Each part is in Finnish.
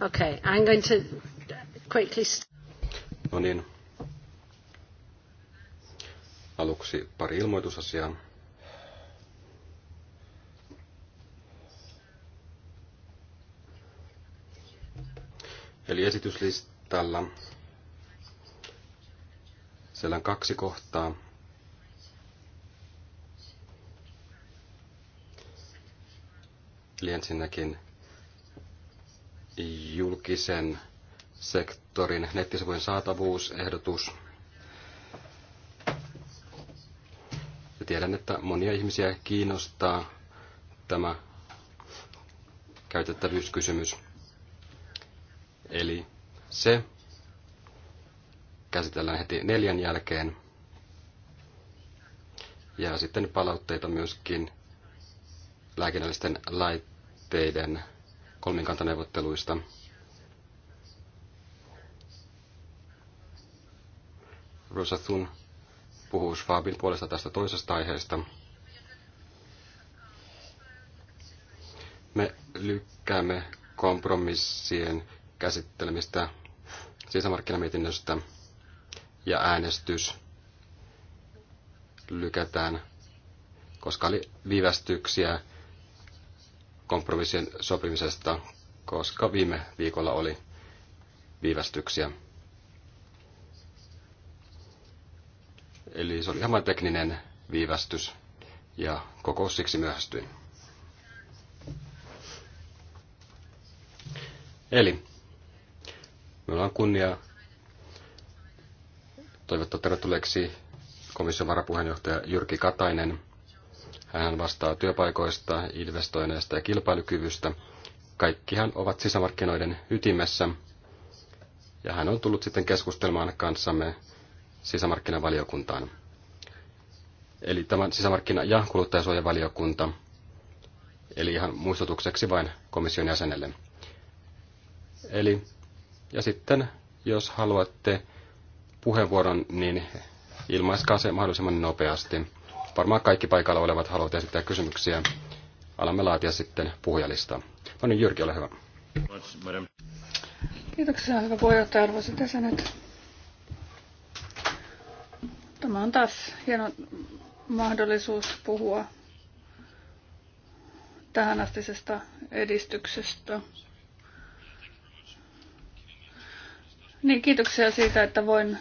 Okay, I'm going to quickly... No niin. Aluksi pari ilmoitusasiaa. Eli esityslistalla siellä on kaksi kohtaa. Eli ensinnäkin julkisen sektorin nettisivujen saatavuusehdotus. Ja tiedän, että monia ihmisiä kiinnostaa tämä käytettävyyskysymys. Eli se käsitellään heti neljän jälkeen. Ja sitten palautteita myöskin lääkinnällisten laitteiden kolmikantaneuvotteluista. Rosa Thun puhuu Schwabin puolesta tästä toisesta aiheesta. Me lykkäämme kompromissien käsittelemistä sisämarkkinamietinnöstä ja äänestys lykätään, koska oli viivästyksiä kompromissien sopimisesta, koska viime viikolla oli viivästyksiä. Eli se oli ihan tekninen viivästys ja kokous siksi myöhästyi. Eli meillä on kunnia toivottaa tervetulleeksi komission varapuheenjohtaja Jyrki Katainen – hän vastaa työpaikoista, investoinneista ja kilpailukyvystä. Kaikkihan ovat sisämarkkinoiden ytimessä. Ja hän on tullut sitten keskustelemaan kanssamme sisämarkkinavaliokuntaan. Eli tämä sisämarkkina- ja kuluttajasuojavaliokunta. Eli ihan muistutukseksi vain komission jäsenelle. Eli, ja sitten jos haluatte puheenvuoron, niin ilmaiskaa se mahdollisimman nopeasti. Varmaan kaikki paikalla olevat haluavat esittää kysymyksiä. Alamme laatia sitten puhujalistaa. No niin, Jyrki, ole hyvä. Kiitoksia, hyvä puheenjohtaja, arvoisat jäsenet. Tämä on taas hieno mahdollisuus puhua tähänastisesta edistyksestä. Niin, kiitoksia siitä, että voin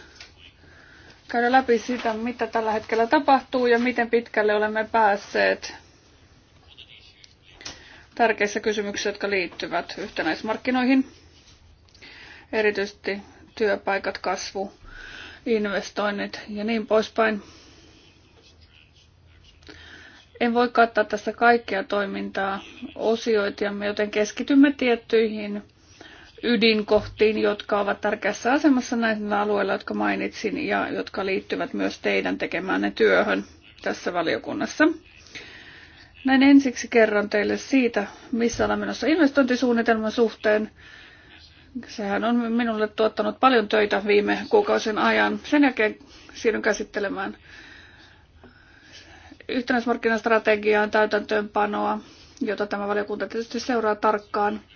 käydä läpi sitä, mitä tällä hetkellä tapahtuu ja miten pitkälle olemme päässeet tärkeissä kysymyksissä, jotka liittyvät yhtenäismarkkinoihin, erityisesti työpaikat, kasvu, investoinnit ja niin poispäin. En voi kattaa tässä kaikkea toimintaa me joten keskitymme tiettyihin ydinkohtiin, jotka ovat tärkeässä asemassa näillä alueilla, jotka mainitsin ja jotka liittyvät myös teidän tekemäänne työhön tässä valiokunnassa. Näin ensiksi kerron teille siitä, missä ollaan menossa investointisuunnitelman suhteen. Sehän on minulle tuottanut paljon töitä viime kuukausien ajan. Sen jälkeen siirryn käsittelemään yhtenäismarkkinastrategiaan täytäntöönpanoa, jota tämä valiokunta tietysti seuraa tarkkaan –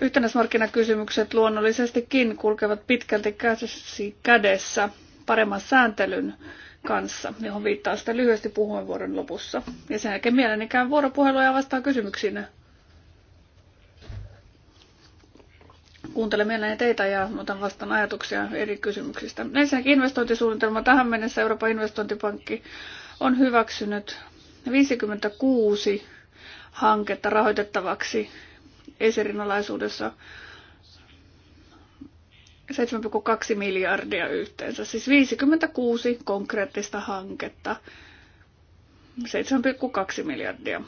Yhtenäismarkkinakysymykset luonnollisestikin kulkevat pitkälti käsi kädessä paremman sääntelyn kanssa, johon viittaa sitä lyhyesti puheenvuoron lopussa. Ja sen jälkeen mielelläni käyn vuoropuhelua ja vastaan kysymyksiin. Kuuntelen mielelläni teitä ja otan vastaan ajatuksia eri kysymyksistä. Ensinnäkin investointisuunnitelma. Tähän mennessä Euroopan investointipankki on hyväksynyt 56 hanketta rahoitettavaksi Eserin 7,2 miljardia yhteensä, siis 56 konkreettista hanketta, 7,2 miljardia.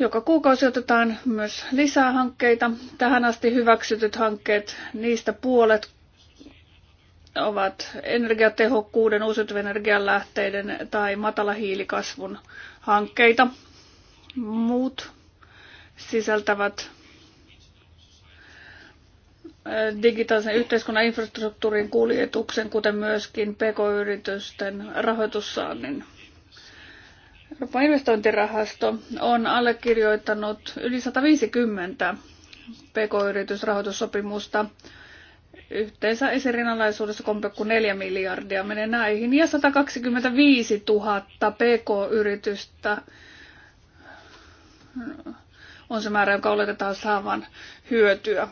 Joka kuukausi otetaan myös lisää hankkeita. Tähän asti hyväksytyt hankkeet, niistä puolet ovat energiatehokkuuden, uusiutuvien energianlähteiden tai hiilikasvun hankkeita. Muut sisältävät äh, digitaalisen yhteiskunnan infrastruktuurin kuljetuksen, kuten myöskin pk-yritysten rahoitussaannin. Euroopan investointirahasto on allekirjoittanut yli 150 pk-yritysrahoitussopimusta yhteensä esirinalaisuudessa 3,4 miljardia menee näihin ja 125 000 pk-yritystä on se määrä, jonka oletetaan saavan hyötyä.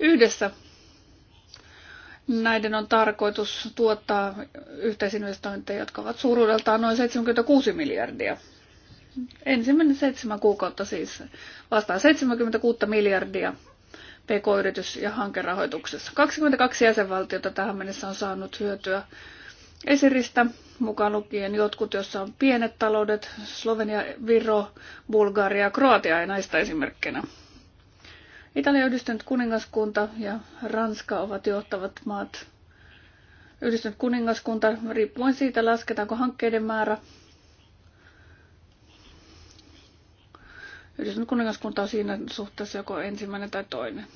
Yhdessä näiden on tarkoitus tuottaa yhteisinvestointeja, jotka ovat suuruudeltaan noin 76 miljardia. Ensimmäinen seitsemän kuukautta siis vastaa 76 miljardia PK-yritys- ja hankerahoituksessa. 22 jäsenvaltiota tähän mennessä on saanut hyötyä Esiristä, mukaan lukien jotkut, joissa on pienet taloudet, Slovenia, Viro, Bulgaria, Kroatia ja näistä esimerkkinä. Italia, Yhdistynyt kuningaskunta ja Ranska ovat johtavat maat. Yhdistynyt kuningaskunta, riippuen siitä lasketaanko hankkeiden määrä. Yhdistynyt kuningaskunta on siinä suhteessa joko ensimmäinen tai toinen.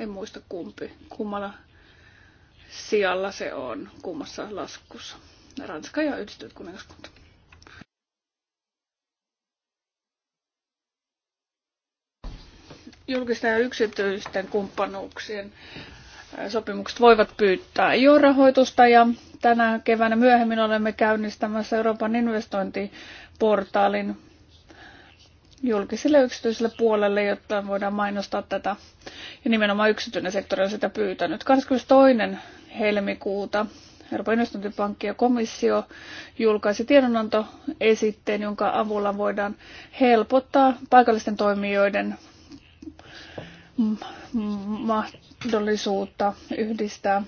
En muista kumpi, kummalla sijalla se on kummassa laskussa. Ranska ja yhdistynyt kuningaskunta. Julkisten ja yksityisten kumppanuuksien sopimukset voivat pyytää EU-rahoitusta ja tänä keväänä myöhemmin olemme käynnistämässä Euroopan investointiportaalin julkiselle yksityiselle puolelle, jotta voidaan mainostaa tätä. Ja nimenomaan yksityinen sektori on sitä pyytänyt. 22. helmikuuta Euroopan investointipankki ja komissio julkaisi tiedonantoesitteen, jonka avulla voidaan helpottaa paikallisten toimijoiden mahdollisuutta yhdistää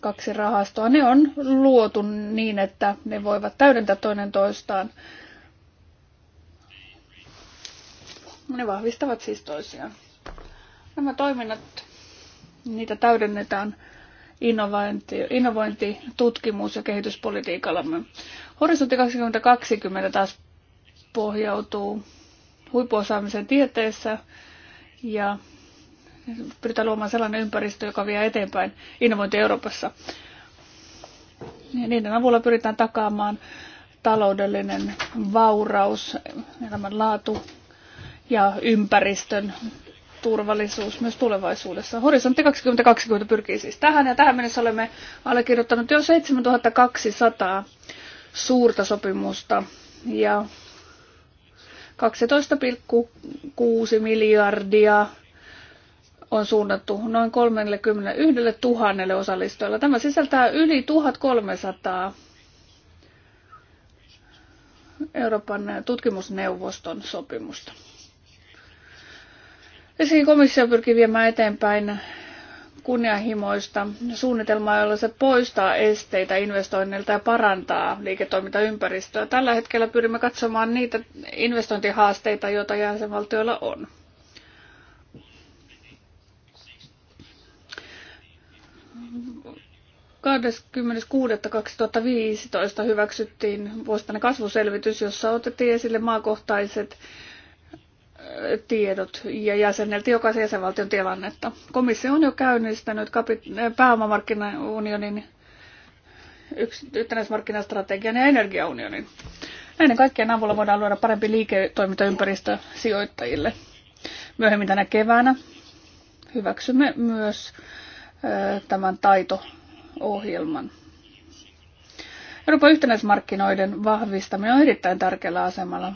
kaksi rahastoa. Ne on luotu niin, että ne voivat täydentää toinen toistaan Ne vahvistavat siis toisiaan. Nämä toiminnat, niitä täydennetään innovointi, innovointi tutkimus- ja kehityspolitiikallamme. Horisontti 2020 taas pohjautuu huippuosaamisen tieteessä ja pyritään luomaan sellainen ympäristö, joka vie eteenpäin innovointi Euroopassa. Ja niiden avulla pyritään takaamaan taloudellinen vauraus, elämänlaatu ja ympäristön turvallisuus myös tulevaisuudessa. Horisontti 2020 pyrkii siis tähän ja tähän mennessä olemme allekirjoittaneet jo 7200 suurta sopimusta ja 12,6 miljardia on suunnattu noin 31 000 osallistujalle. Tämä sisältää yli 1300 Euroopan tutkimusneuvoston sopimusta. Ensinnäkin komissio pyrkii viemään eteenpäin kunnianhimoista suunnitelmaa, jolla se poistaa esteitä investoinneilta ja parantaa liiketoimintaympäristöä. Tällä hetkellä pyrimme katsomaan niitä investointihaasteita, joita jäsenvaltioilla on. kahdeskymmeneskuudetta hyväksyttiin vuosittainen kasvuselvitys, jossa otettiin esille maakohtaiset tiedot ja jäsennelti jokaisen jäsenvaltion tilannetta. Komissio on jo käynnistänyt kapit- pääomamarkkinaunionin, yhtenäismarkkinastrategian ja energiaunionin. Näiden kaikkien avulla voidaan luoda parempi liiketoimintaympäristö sijoittajille. Myöhemmin tänä keväänä hyväksymme myös tämän taito-ohjelman. Euroopan yhtenäismarkkinoiden vahvistaminen on erittäin tärkeällä asemalla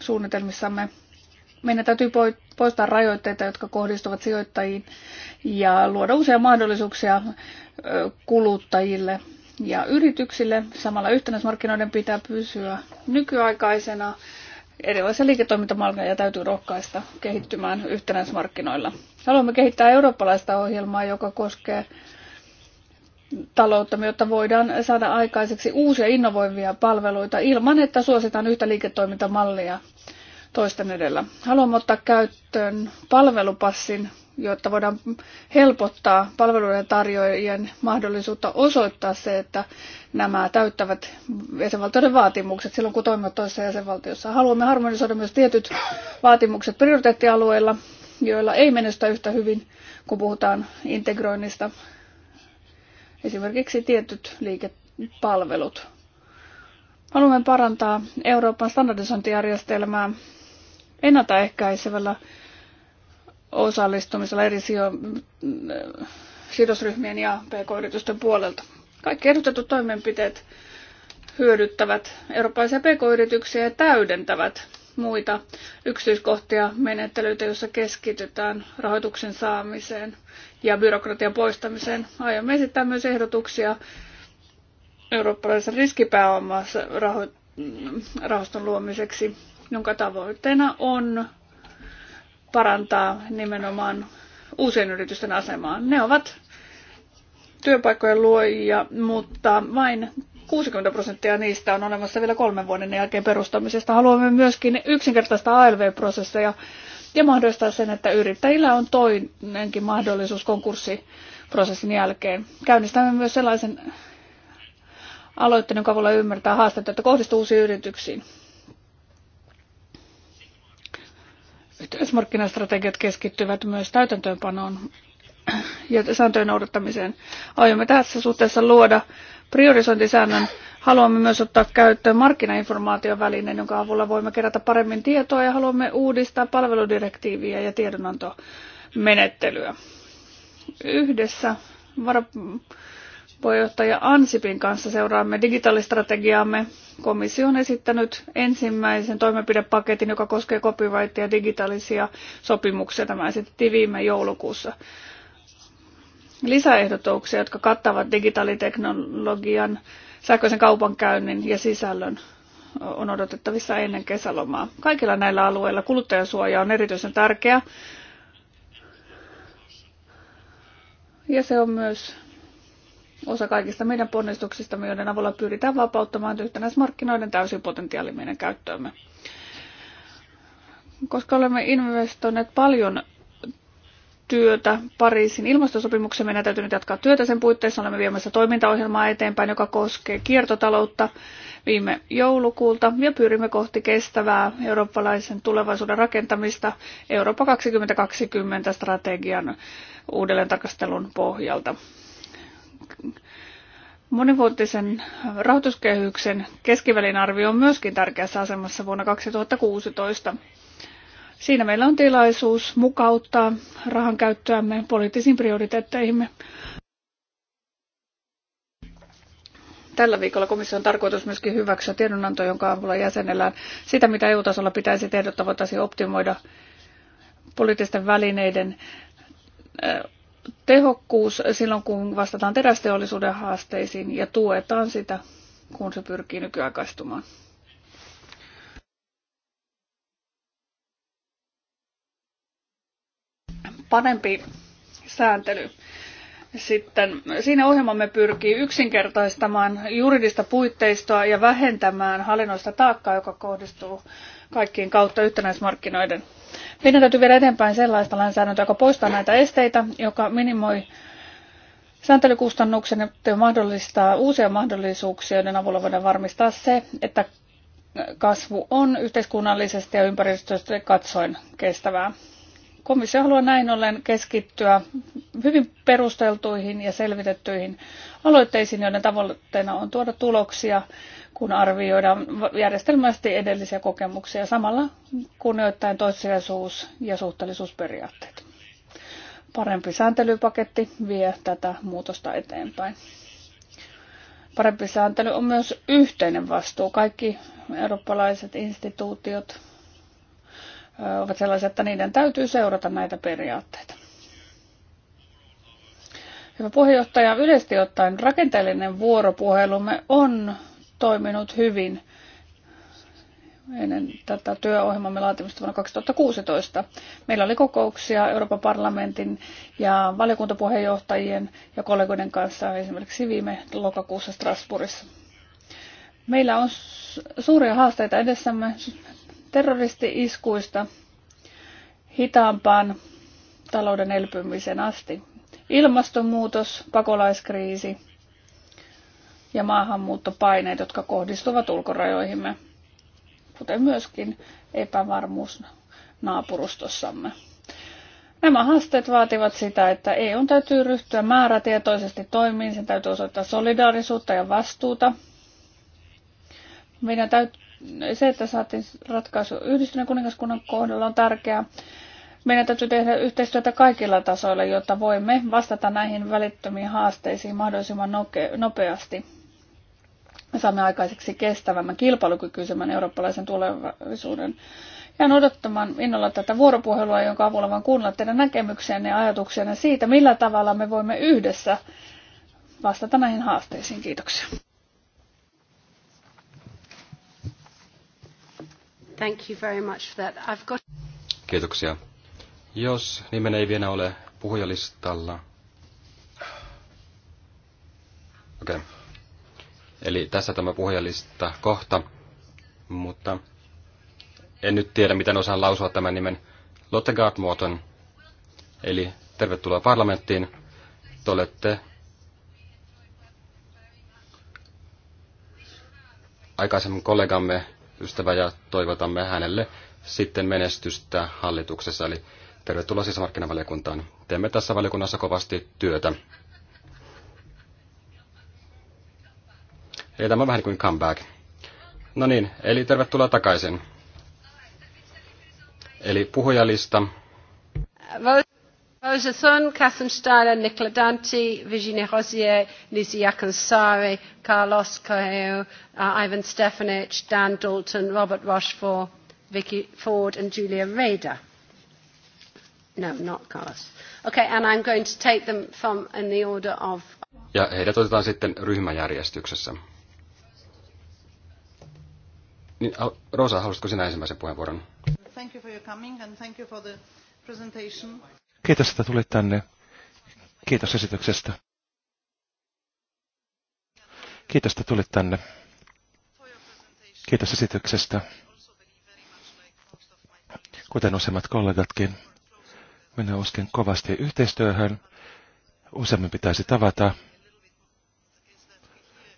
suunnitelmissamme meidän täytyy poistaa rajoitteita, jotka kohdistuvat sijoittajiin ja luoda uusia mahdollisuuksia kuluttajille ja yrityksille. Samalla yhtenäismarkkinoiden pitää pysyä nykyaikaisena. Erilaisia liiketoimintamalleja täytyy rohkaista kehittymään yhtenäismarkkinoilla. Haluamme kehittää eurooppalaista ohjelmaa, joka koskee taloutta, jotta voidaan saada aikaiseksi uusia innovoivia palveluita ilman, että suositaan yhtä liiketoimintamallia toisten edellä. Haluamme ottaa käyttöön palvelupassin, jotta voidaan helpottaa palveluiden tarjoajien mahdollisuutta osoittaa se, että nämä täyttävät jäsenvaltioiden vaatimukset silloin, kun toimivat toisessa jäsenvaltiossa. Haluamme harmonisoida myös tietyt vaatimukset prioriteettialueilla, joilla ei menestä yhtä hyvin, kun puhutaan integroinnista. Esimerkiksi tietyt liikepalvelut. Haluamme parantaa Euroopan standardisointijärjestelmää ennaltaehkäisevällä osallistumisella eri sidosryhmien ja pk-yritysten puolelta. Kaikki ehdotetut toimenpiteet hyödyttävät eurooppalaisia pk-yrityksiä ja täydentävät muita yksityiskohtia menettelyitä, joissa keskitytään rahoituksen saamiseen ja byrokratian poistamiseen. Aiomme esittää myös ehdotuksia eurooppalaisen riskipääomassa raho- rahaston luomiseksi, jonka tavoitteena on parantaa nimenomaan uusien yritysten asemaa. Ne ovat työpaikkojen luojia, mutta vain 60 prosenttia niistä on olemassa vielä kolmen vuoden jälkeen perustamisesta. Haluamme myöskin yksinkertaista ALV-prosesseja ja mahdollistaa sen, että yrittäjillä on toinenkin mahdollisuus konkurssiprosessin jälkeen. Käynnistämme myös sellaisen aloittanut, jonka avulla ymmärtää haastetta, että kohdistuu uusiin yrityksiin. Yhteismarkkinastrategiat keskittyvät myös täytäntöönpanoon ja sääntöjen noudattamiseen. Aiomme tässä suhteessa luoda priorisointisäännön. Haluamme myös ottaa käyttöön markkinainformaation välineen, jonka avulla voimme kerätä paremmin tietoa ja haluamme uudistaa palveludirektiiviä ja tiedonantomenettelyä. Yhdessä varo- puheenjohtaja Ansipin kanssa seuraamme digitaalistrategiaamme. Komissio on esittänyt ensimmäisen toimenpidepaketin, joka koskee copyrightia ja digitaalisia sopimuksia. Tämä esitettiin viime joulukuussa. Lisäehdotuksia, jotka kattavat digitaaliteknologian, sähköisen kaupankäynnin ja sisällön, on odotettavissa ennen kesälomaa. Kaikilla näillä alueilla kuluttajansuoja on erityisen tärkeä. Ja se on myös osa kaikista meidän ponnistuksista joiden avulla pyritään vapauttamaan yhtenäismarkkinoiden täysin potentiaali meidän käyttöömme. Koska olemme investoineet paljon työtä Pariisin ilmastosopimuksen. Meidän täytyy nyt jatkaa työtä sen puitteissa. Olemme viemässä toimintaohjelmaa eteenpäin, joka koskee kiertotaloutta viime joulukuulta ja pyrimme kohti kestävää eurooppalaisen tulevaisuuden rakentamista Eurooppa 2020 strategian uudelleen tarkastelun pohjalta monivuotisen rahoituskehyksen keskivälin arvio on myöskin tärkeässä asemassa vuonna 2016. Siinä meillä on tilaisuus mukauttaa rahan käyttöämme poliittisiin prioriteetteihimme. Tällä viikolla komission on tarkoitus myöskin hyväksyä tiedonanto, jonka avulla jäsenellään sitä, mitä EU-tasolla pitäisi tehdä, jotta voitaisiin optimoida poliittisten välineiden tehokkuus silloin, kun vastataan terästeollisuuden haasteisiin ja tuetaan sitä, kun se pyrkii nykyaikaistumaan. Parempi sääntely. Sitten siinä ohjelmamme pyrkii yksinkertaistamaan juridista puitteistoa ja vähentämään hallinnoista taakkaa, joka kohdistuu kaikkiin kautta yhtenäismarkkinoiden meidän täytyy viedä eteenpäin sellaista lainsäädäntöä, joka poistaa näitä esteitä, joka minimoi sääntelykustannuksen ja mahdollistaa uusia mahdollisuuksia, joiden avulla voidaan varmistaa se, että kasvu on yhteiskunnallisesti ja ympäristöstä katsoen kestävää. Komissio haluaa näin ollen keskittyä hyvin perusteltuihin ja selvitettyihin aloitteisiin, joiden tavoitteena on tuoda tuloksia, kun arvioidaan järjestelmästi edellisiä kokemuksia samalla kunnioittain toissijaisuus- ja suhteellisuusperiaatteet. Parempi sääntelypaketti vie tätä muutosta eteenpäin. Parempi sääntely on myös yhteinen vastuu. Kaikki eurooppalaiset instituutiot ovat sellaisia, että niiden täytyy seurata näitä periaatteita. Hyvä puheenjohtaja, yleisesti ottaen rakenteellinen vuoropuhelumme on toiminut hyvin ennen tätä työohjelmamme laatimista vuonna 2016. Meillä oli kokouksia Euroopan parlamentin ja valiokuntapuheenjohtajien ja kollegoiden kanssa esimerkiksi viime lokakuussa Strasbourgissa. Meillä on suuria haasteita edessämme terroristi-iskuista hitaampaan talouden elpymiseen asti. Ilmastonmuutos, pakolaiskriisi ja maahanmuuttopaineet, jotka kohdistuvat ulkorajoihimme, kuten myöskin epävarmuus naapurustossamme. Nämä haasteet vaativat sitä, että EU täytyy ryhtyä määrätietoisesti toimiin, sen täytyy osoittaa solidaarisuutta ja vastuuta. Meidän täytyy se, että saatiin ratkaisu yhdistyneen kuningaskunnan kohdalla on tärkeää. Meidän täytyy tehdä yhteistyötä kaikilla tasoilla, jotta voimme vastata näihin välittömiin haasteisiin mahdollisimman nopeasti. Saamme aikaiseksi kestävämmän, kilpailukykyisemmän eurooppalaisen tulevaisuuden. Jään odottamaan innolla tätä vuoropuhelua, jonka avulla voin kuunnella teidän näkemyksenne ja ajatuksenne siitä, millä tavalla me voimme yhdessä vastata näihin haasteisiin. Kiitoksia. Thank you very much for that. I've got... Kiitoksia. Jos nimen ei vielä ole puhujalistalla. Okei. Okay. Eli tässä tämä puhujalista kohta, mutta en nyt tiedä, miten osaan lausua tämän nimen. Lottegaard muoton, eli tervetuloa parlamenttiin. Te olette aikaisemmin kollegamme ystävä ja toivotamme hänelle sitten menestystä hallituksessa. Eli tervetuloa sisämarkkinavaliokuntaan. Teemme tässä valiokunnassa kovasti työtä. Eli tämä on vähän kuin comeback. No niin, eli tervetuloa takaisin. Eli puhujalista. Thun, Catherine Steiner, Nicola Dante, Virginia Rosier, Lizzie Akansari, Carlos Correo, uh, Ivan Stefanich, Dan Dalton, Robert Rochefort, Vicky Ford and Julia Rader. No, not Carlos. Okay, and I'm going to take them from in the order of... Ja heidät otetaan sitten ryhmäjärjestyksessä. Niin, Rosa, haluaisitko sinä ensimmäisen puheenvuoron? Thank you for your coming and thank you for the presentation. Kiitos, että tulit tänne. Kiitos esityksestä. Kiitos, että tulit tänne. Kiitos esityksestä. Kuten useimmat kollegatkin, minä uskon kovasti yhteistyöhön. Useammin pitäisi tavata.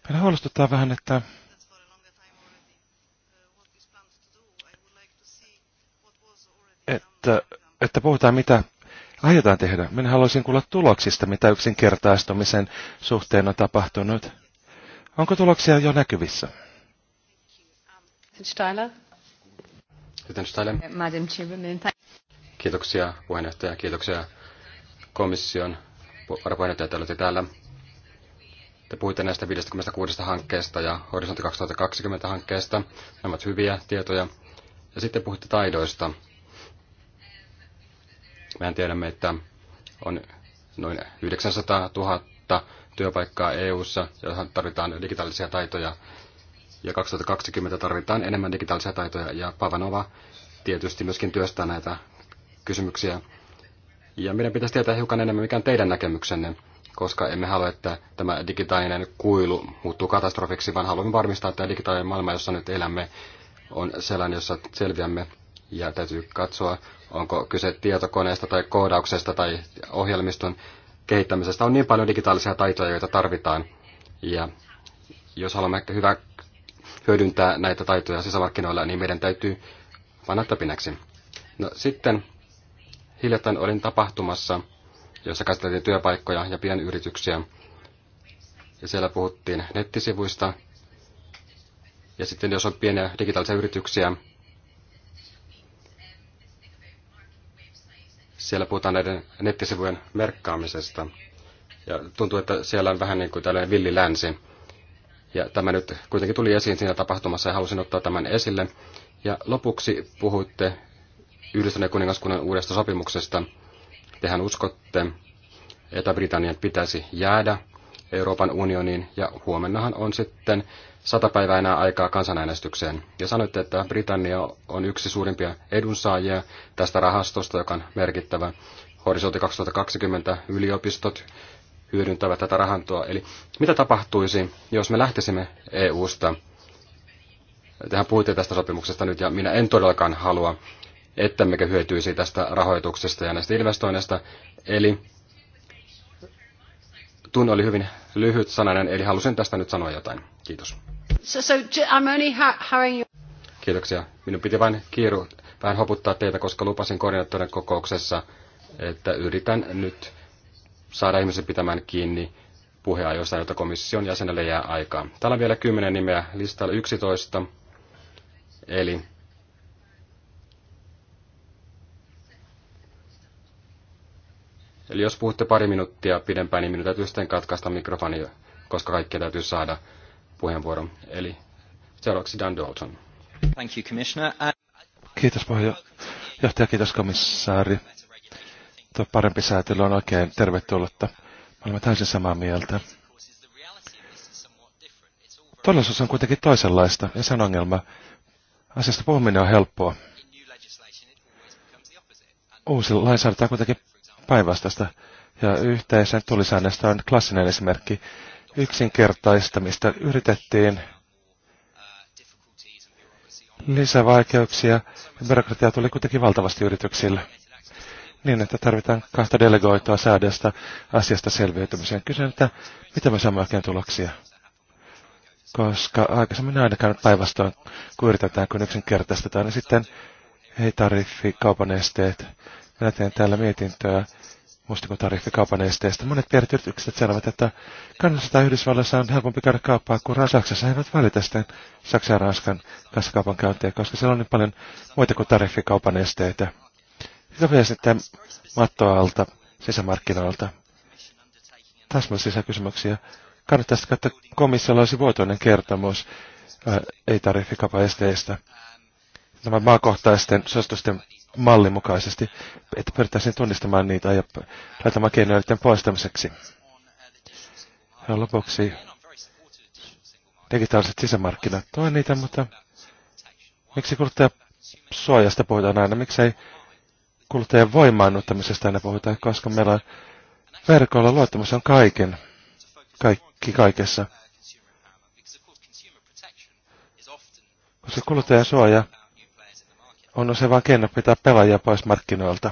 Minä huolestuttaa vähän, että että, että puhutaan mitä aiotaan tehdä. Minä haluaisin kuulla tuloksista, mitä yksinkertaistumisen suhteen on tapahtunut. Onko tuloksia jo näkyvissä? Kiitoksia puheenjohtaja, kiitoksia komission varapuheenjohtaja, te olette täällä. Te puhuitte näistä 56 hankkeesta ja Horisontti 2020 hankkeesta. Nämä ovat hyviä tietoja. Ja sitten puhutte taidoista. Mehän tiedämme, että on noin 900 000 työpaikkaa EU-ssa, johon tarvitaan digitaalisia taitoja. Ja 2020 tarvitaan enemmän digitaalisia taitoja. Ja Pavanova tietysti myöskin työstää näitä kysymyksiä. Ja meidän pitäisi tietää hiukan enemmän, mikä on teidän näkemyksenne, koska emme halua, että tämä digitaalinen kuilu muuttuu katastrofiksi, vaan haluamme varmistaa, että tämä digitaalinen maailma, jossa nyt elämme, on sellainen, jossa selviämme ja täytyy katsoa, onko kyse tietokoneesta tai koodauksesta tai ohjelmiston kehittämisestä. On niin paljon digitaalisia taitoja, joita tarvitaan, ja jos haluamme hyvä hyödyntää näitä taitoja sisämarkkinoilla, niin meidän täytyy panna täpinäksi. No, sitten hiljattain olin tapahtumassa, jossa käsiteltiin työpaikkoja ja pienyrityksiä. Ja siellä puhuttiin nettisivuista. Ja sitten jos on pieniä digitaalisia yrityksiä, Siellä puhutaan näiden nettisivujen merkkaamisesta. Ja tuntuu, että siellä on vähän niin kuin tällainen villi länsi. Ja tämä nyt kuitenkin tuli esiin siinä tapahtumassa ja halusin ottaa tämän esille. Ja lopuksi puhuitte Yhdistyneen kuningaskunnan uudesta sopimuksesta. Tehän uskotte, että Britannian pitäisi jäädä Euroopan unioniin ja huomennahan on sitten sata päivää enää aikaa kansanäänestykseen. Ja sanoitte, että Britannia on yksi suurimpia edunsaajia tästä rahastosta, joka on merkittävä. Horisontti 2020 yliopistot hyödyntävät tätä rahantoa. Eli mitä tapahtuisi, jos me lähtisimme EU-sta? Tehän puhuitte tästä sopimuksesta nyt, ja minä en todellakaan halua, ettemmekö hyötyisi tästä rahoituksesta ja näistä investoinneista. Eli tunne oli hyvin lyhyt sananen, eli halusin tästä nyt sanoa jotain. Kiitos. So, so, I'm only you. Kiitoksia. Minun piti vain kiiru vähän hoputtaa teitä, koska lupasin koordinaattorin kokouksessa, että yritän nyt saada ihmisen pitämään kiinni puheajoista, joita komission jäsenelle jää aikaa. Täällä on vielä kymmenen nimeä, listalla 11. Eli Eli jos puhutte pari minuuttia pidempään, niin minun täytyy sitten katkaista mikrofoni, koska kaikkia täytyy saada puheenvuoron. Eli seuraavaksi Dan Dalton. Thank you, Commissioner. Uh, kiitos puheenjohtaja, kiitos komissaari. Tuo parempi säätely on oikein tervetullutta. Me olemme täysin samaa mieltä. Todellisuus on kuitenkin toisenlaista, ja on ongelma. Asiasta puhuminen on helppoa. Uusi lainsäädäntö on kuitenkin päinvastaista. Ja yhteisen tulisäännöstä on klassinen esimerkki yksinkertaistamista. Yritettiin lisävaikeuksia ja byrokratiaa tuli kuitenkin valtavasti yrityksille. Niin, että tarvitaan kahta delegoitua säädöstä asiasta selviytymiseen. Kysyn, että mitä me saamme oikein tuloksia? Koska aikaisemmin aina käynyt päinvastoin, kun yritetään, kun yksinkertaistetaan, niin sitten ei tariffi, kaupan esteet, minä teen täällä mietintöä mustikotariffikaupan esteestä. Monet pienet yritykset sanovat, että Kanadassa Yhdysvalloissa on helpompi käydä kauppaa kuin Saksassa. He eivät valita sitten Saksan ja Ranskan kanssa kaupan käyntiä, koska siellä on niin paljon muita kuin tariffikaupan esteitä. Sitä vielä sitten mattoa alta sisämarkkinoilta. Täsmällisiä kysymyksiä. Kannattaisi että komissiolla olisi vuotoinen kertomus ei tariffikaupan esteistä. Nämä maakohtaisten suositusten mallin mukaisesti, että pyrittäisiin tunnistamaan niitä ja laitamaan keinoja poistamiseksi. Ja lopuksi digitaaliset sisämarkkinat toivat niitä, mutta miksi kuluttajasuojasta puhutaan aina? Miksei kuluttajan voimaannuttamisesta aina puhutaan, koska meillä on verkolla luottamus on kaiken, kaikki kaikessa. Koska kuluttajasuoja suoja on se vaan keino pitää pelaajia pois markkinoilta.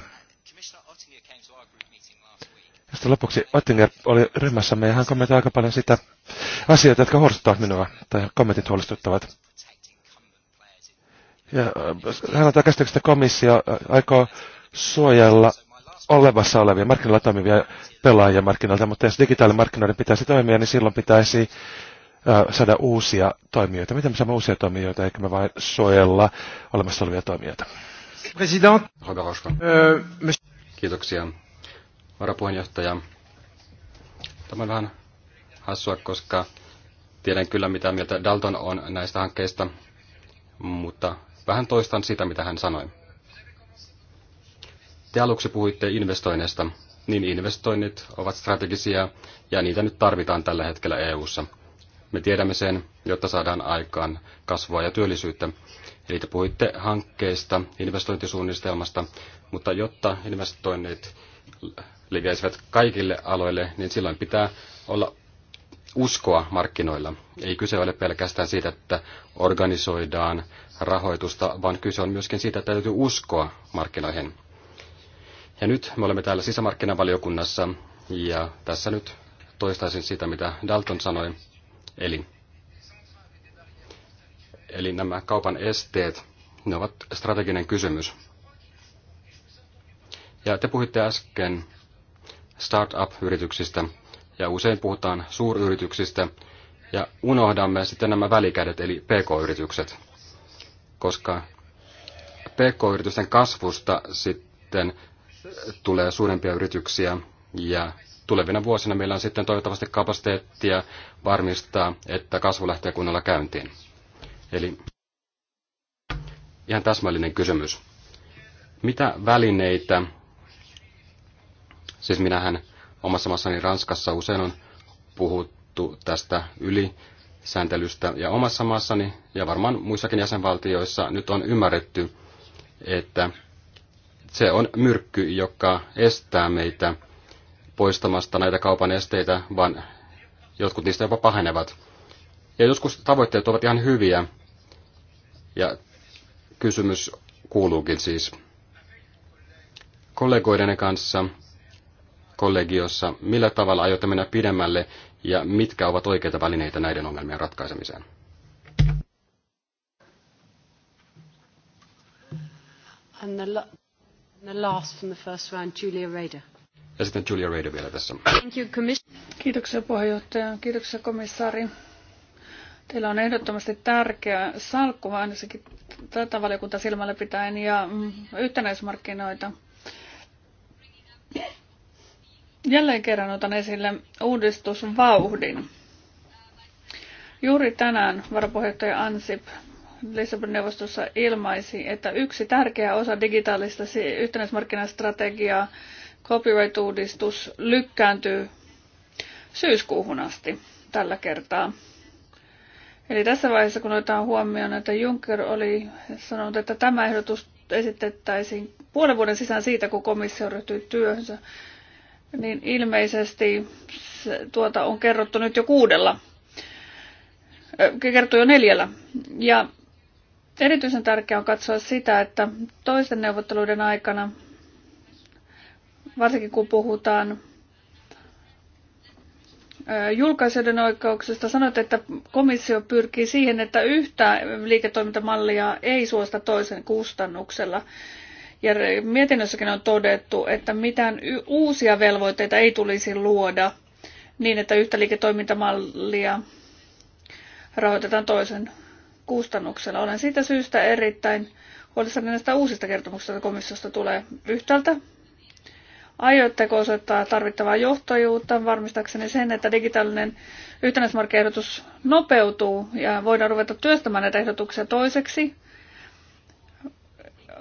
Ja sitten lopuksi Ottinger oli ryhmässämme ja hän kommentoi aika paljon sitä asioita, jotka huolestuttavat minua, tai kommentit huolestuttavat. Ja äh, hän antaa käsityksestä komissio äh, aikoo suojella olevassa olevia markkinoilla toimivia pelaajia markkinoilta, mutta jos digitaalimarkkinoiden pitäisi toimia, niin silloin pitäisi saada uusia toimijoita. Miten me saamme uusia toimijoita, eikä me vain suojella olemassa olevia toimijoita? President. Kiitoksia. Varapuheenjohtaja. Tämä on vähän hassua, koska tiedän kyllä mitä mieltä Dalton on näistä hankkeista, mutta vähän toistan sitä, mitä hän sanoi. Te aluksi puhuitte investoinneista, niin investoinnit ovat strategisia ja niitä nyt tarvitaan tällä hetkellä EU:ssa. ssa me tiedämme sen, jotta saadaan aikaan kasvua ja työllisyyttä. Eli te puhuitte hankkeista, investointisuunnistelmasta, mutta jotta investoinnit leviäisivät kaikille aloille, niin silloin pitää olla uskoa markkinoilla. Ei kyse ole pelkästään siitä, että organisoidaan rahoitusta, vaan kyse on myöskin siitä, että täytyy uskoa markkinoihin. Ja nyt me olemme täällä sisämarkkinavaliokunnassa, ja tässä nyt toistaisin sitä, mitä Dalton sanoi. Eli, eli nämä kaupan esteet, ne ovat strateginen kysymys. Ja te puhuitte äsken startup-yrityksistä, ja usein puhutaan suuryrityksistä, ja unohdamme sitten nämä välikädet, eli pk-yritykset, koska pk-yritysten kasvusta sitten tulee suurempia yrityksiä, ja tulevina vuosina meillä on sitten toivottavasti kapasiteettia varmistaa, että kasvu lähtee kunnolla käyntiin. Eli ihan täsmällinen kysymys. Mitä välineitä, siis minähän omassa maassani Ranskassa usein on puhuttu tästä yli sääntelystä ja omassa maassani ja varmaan muissakin jäsenvaltioissa nyt on ymmärretty, että se on myrkky, joka estää meitä poistamasta näitä kaupan esteitä, vaan jotkut niistä jopa pahenevat. Ja joskus tavoitteet ovat ihan hyviä, ja kysymys kuuluukin siis kollegoiden kanssa kollegiossa, millä tavalla aiotte mennä pidemmälle ja mitkä ovat oikeita välineitä näiden ongelmien ratkaisemiseen? And the, and the last from the first round, Julia Rader. Ja sitten Julia Raider vielä tässä. Kiitoksia puheenjohtaja, kiitoksia komissaari. Teillä on ehdottomasti tärkeä salkku, ainakin tätä valiokunta silmällä pitäen, ja mm, yhtenäismarkkinoita. Jälleen kerran otan esille uudistusvauhdin. Juuri tänään varapuheenjohtaja Ansip Lissabonin neuvostossa ilmaisi, että yksi tärkeä osa digitaalista yhtenäismarkkinastrategiaa copyright-uudistus lykkääntyy syyskuuhun asti tällä kertaa. Eli tässä vaiheessa, kun otetaan huomioon, että Juncker oli sanonut, että tämä ehdotus esitettäisiin puolen vuoden sisään siitä, kun komissio ryhtyy työhönsä, niin ilmeisesti tuota on kerrottu nyt jo kuudella, kerrottu jo neljällä. Ja erityisen tärkeää on katsoa sitä, että toisten neuvotteluiden aikana varsinkin kun puhutaan julkaisijoiden oikeuksista. Sanoit, että komissio pyrkii siihen, että yhtä liiketoimintamallia ei suosta toisen kustannuksella. Ja mietinnössäkin on todettu, että mitään uusia velvoitteita ei tulisi luoda niin, että yhtä liiketoimintamallia rahoitetaan toisen kustannuksella. Olen siitä syystä erittäin huolissani näistä uusista kertomuksista, joita komissiosta tulee yhtäältä. Aiotteko osoittaa tarvittavaa johtajuutta varmistaakseni sen, että digitaalinen yhtenäismarkkinehdotus nopeutuu ja voidaan ruveta työstämään näitä ehdotuksia toiseksi?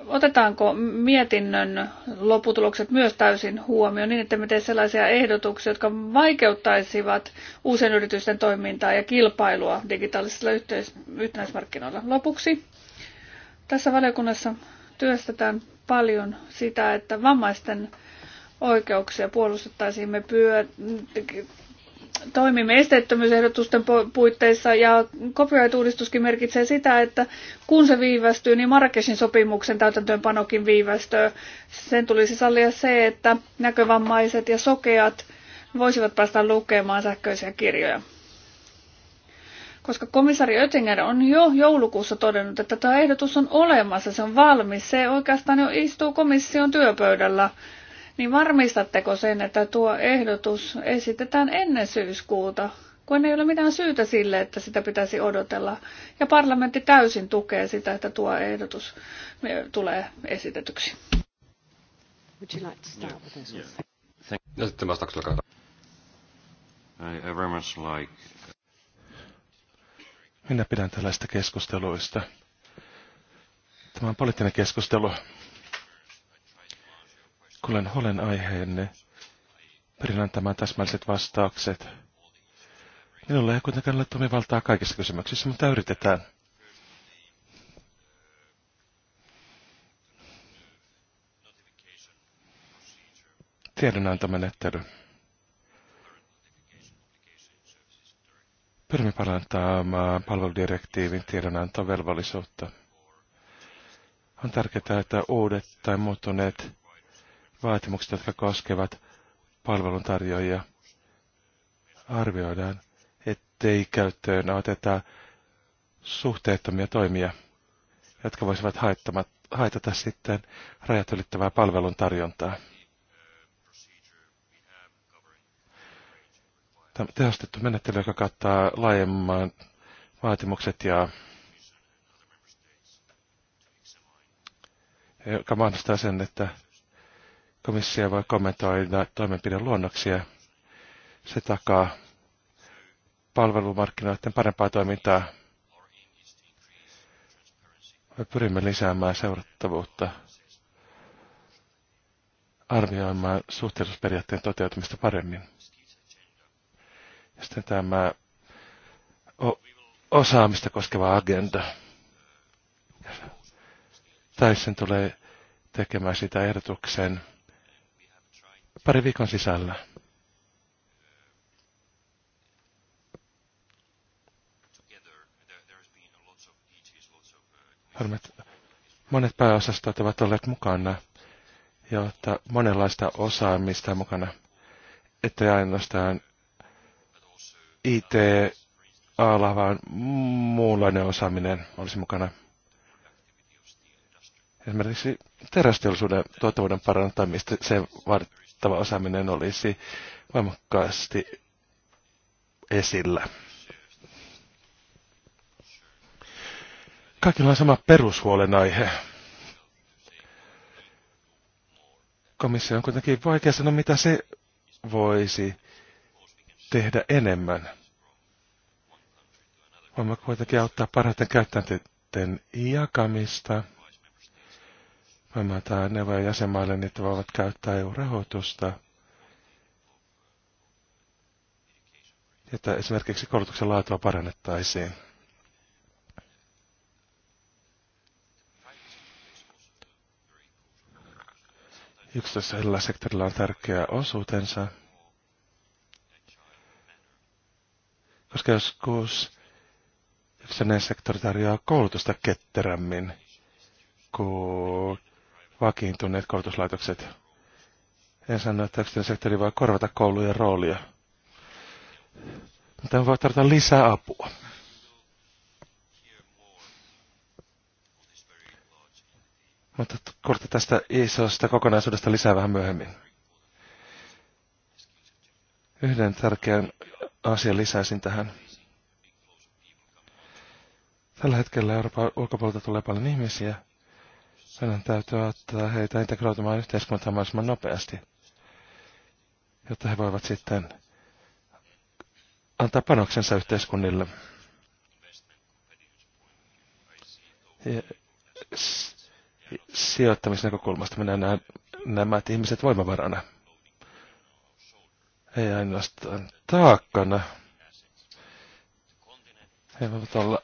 Otetaanko mietinnön lopputulokset myös täysin huomioon niin, että me tee sellaisia ehdotuksia, jotka vaikeuttaisivat uusien yritysten toimintaa ja kilpailua digitaalisilla yhtenäismarkkinoilla? Lopuksi tässä valiokunnassa työstetään paljon sitä, että vammaisten oikeuksia puolustettaisiin. Me pyö, toimimme esteettömyysehdotusten puitteissa ja copyright-uudistuskin merkitsee sitä, että kun se viivästyy, niin Marrakeshin sopimuksen täytäntöönpanokin viivästyy. Sen tulisi sallia se, että näkövammaiset ja sokeat voisivat päästä lukemaan sähköisiä kirjoja. Koska komissari Oettinger on jo joulukuussa todennut, että tämä ehdotus on olemassa, se on valmis, se oikeastaan jo istuu komission työpöydällä niin varmistatteko sen, että tuo ehdotus esitetään ennen syyskuuta, kun ei ole mitään syytä sille, että sitä pitäisi odotella. Ja parlamentti täysin tukee sitä, että tuo ehdotus eh, tulee esitetyksi. Minä pidän tällaista keskusteluista. Tämä on poliittinen keskustelu. Kuulen huolen aiheenne. Pyrin antamaan täsmälliset vastaukset. Minulla ei kuitenkaan ole toimivaltaa kaikissa kysymyksissä, mutta yritetään. Tiedonantomenettely. Pyrimme parantamaan palveludirektiivin tiedonantovelvollisuutta. On tärkeää, että uudet tai muuttuneet vaatimukset, jotka koskevat palveluntarjoajia. Arvioidaan, ettei käyttöön oteta suhteettomia toimia, jotka voisivat haitata sitten rajat ylittävää palveluntarjontaa. Tämä tehostettu menettely, joka kattaa laajemman vaatimukset ja joka mahdollistaa sen, että Komissio voi kommentoida toimenpideluonnoksia. Se takaa palvelumarkkinoiden parempaa toimintaa. Me pyrimme lisäämään seurattavuutta, arvioimaan suhteellisuusperiaatteen toteutumista paremmin. Ja sitten tämä osaamista koskeva agenda. Tai sen tulee tekemään sitä ehdotuksen pari viikon sisällä. Monet pääosastot ovat olleet mukana, että monenlaista osaamista mukana, Että ainoastaan IT-ala, vaan muunlainen osaaminen olisi mukana. Esimerkiksi terästeollisuuden tuottavuuden parantamista, se vaatii joustava osaaminen olisi voimakkaasti esillä. Kaikilla on sama perushuolenaihe. Komissio on kuitenkin vaikea sanoa, mitä se voisi tehdä enemmän. Voimme kuitenkin auttaa parhaiten käytäntöjen jakamista – annetaan vain jäsenmaille, niin että voivat käyttää EU-rahoitusta. Että esimerkiksi koulutuksen laatua parannettaisiin. Yksityisellä sektorilla on tärkeä osuutensa, koska joskus yksityinen sektori tarjoaa koulutusta ketterämmin kuin vakiintuneet koulutuslaitokset. En sano, että yksityinen sektori voi korvata koulujen roolia. Mutta voi tarvita lisää apua. Mutta kohta tästä isosta kokonaisuudesta lisää vähän myöhemmin. Yhden tärkeän asian lisäisin tähän. Tällä hetkellä Euroopan ulkopuolelta tulee paljon ihmisiä, meidän täytyy ottaa heitä integroitumaan yhteiskuntaan mahdollisimman nopeasti, jotta he voivat sitten antaa panoksensa yhteiskunnille. Ja sijoittamisnäkökulmasta minä näen nämä ihmiset voimavarana. Ei ainoastaan taakkana. He voivat olla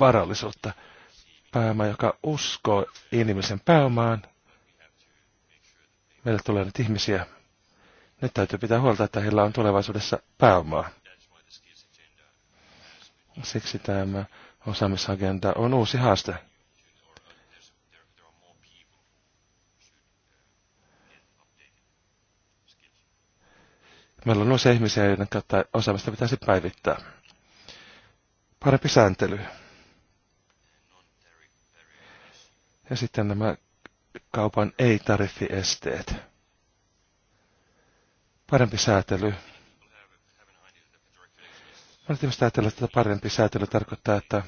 varallisuutta pääoma, joka uskoo inhimillisen pääomaan. Meille tulee nyt ihmisiä. Nyt täytyy pitää huolta, että heillä on tulevaisuudessa pääomaa. Siksi tämä osaamisagenda on uusi haaste. Meillä on uusia ihmisiä, joiden osaamista pitäisi päivittää. Parempi sääntely. Ja sitten nämä kaupan ei-tariffiesteet. Parempi säätely. Mä nyt ajatella, että parempi säätely tarkoittaa, että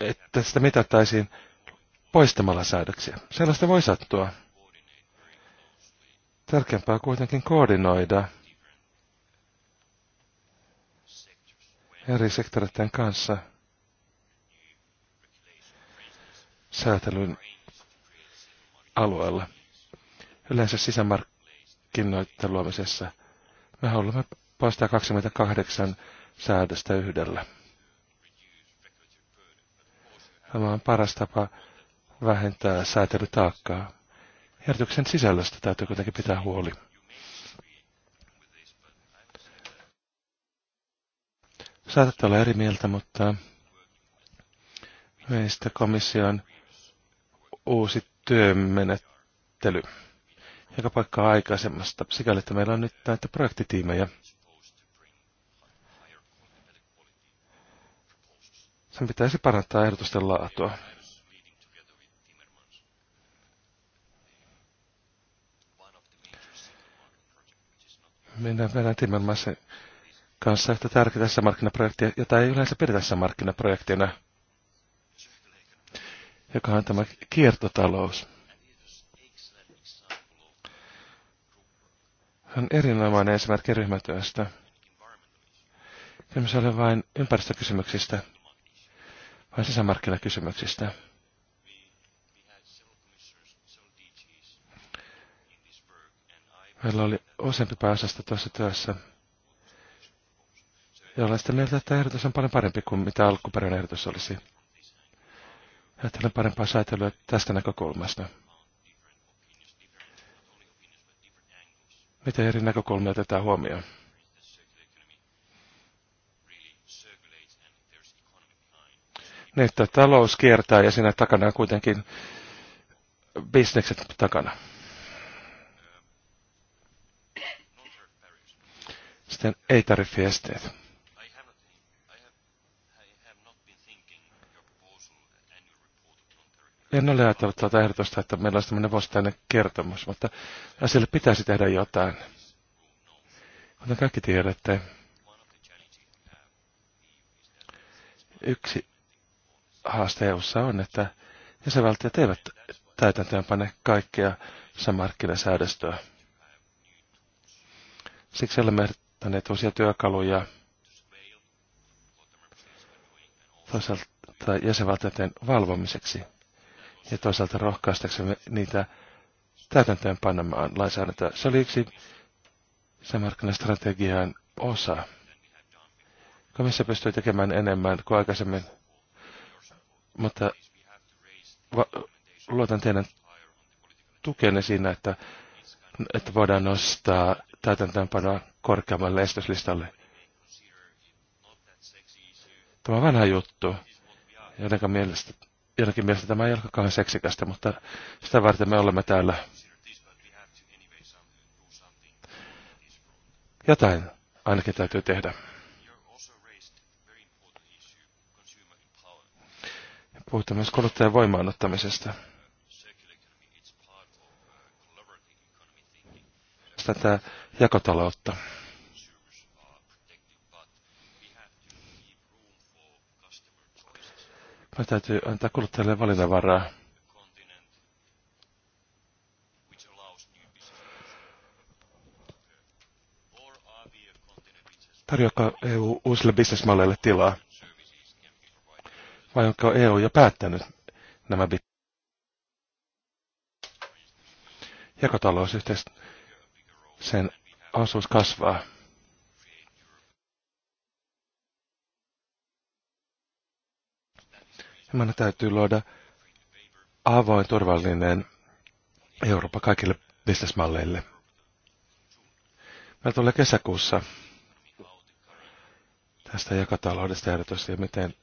että sitä mitattaisiin poistamalla säädöksiä. Sellaista voi sattua. Tärkeämpää kuitenkin koordinoida eri sektoreiden kanssa säätelyn alueella. Yleensä sisämarkkinoiden luomisessa me haluamme poistaa 28 säädöstä yhdellä. Tämä on paras tapa vähentää säätelytaakkaa. Järjestyksen sisällöstä täytyy kuitenkin pitää huoli. saatatte olla eri mieltä, mutta meistä komission uusi työmenettely, joka paikkaa aikaisemmasta, sikäli että meillä on nyt näitä projektitiimejä. Sen pitäisi parantaa ehdotusten laatua. Minä vedän Timmermansin kanssa yhtä tärkeä tässä markkinaprojektia, jota ei yleensä pidetä tässä markkinaprojektina, joka on tämä kiertotalous. on erinomainen esimerkki ryhmätyöstä. Kysymys ei ole vain ympäristökysymyksistä, vaan sisämarkkinakysymyksistä. Meillä oli useampi pääosasta tuossa työssä ja olen sitä mieltä, että ehdotus on paljon parempi kuin mitä alkuperäinen ehdotus olisi. Ajattelen parempaa säätelyä tästä näkökulmasta. Miten eri näkökulmia otetaan huomioon? Niin, että talous kiertää ja siinä takana on kuitenkin bisnekset takana. Sitten ei tarvitse esteet. En ole ajatellut tuota ehdotusta, että meillä olisi tämmöinen vuosittainen kertomus, mutta asialle pitäisi tehdä jotain. Mutta kaikki tiedätte, yksi haaste EU:ssa on, että jäsenvaltiot eivät täytäntöönpane kaikkea sisämarkkinasäädöstöä. Siksi olemme ehdottaneet uusia työkaluja toisaalta jäsenvaltioiden valvomiseksi ja toisaalta rohkaistaksemme niitä täytäntöön panemaan lainsäädäntöä. Se oli yksi sisämarkkinastrategian osa. Komissio pystyi tekemään enemmän kuin aikaisemmin, mutta luotan teidän tukenne siinä, että, että voidaan nostaa täytäntöönpanoa korkeammalle estyslistalle. Tämä on vanha juttu, jotenka mielestä jonnekin mielestä tämä ei ole kauhean seksikästä, mutta sitä varten me olemme täällä. Jotain ainakin täytyy tehdä. Puhutaan myös kuluttajan voimaanottamisesta. Tätä jakotaloutta. Vai täytyy antaa kuluttajalle valinnanvaraa? Tarjoako EU uusille bisnesmalleille tilaa? Vai onko EU jo päättänyt nämä bit? Jakotalousyhteistyö, sen osuus kasvaa. meidän täytyy luoda avoin, turvallinen Eurooppa kaikille bisnesmalleille. Meillä tulee kesäkuussa tästä jakataloudesta ehdotus ja miten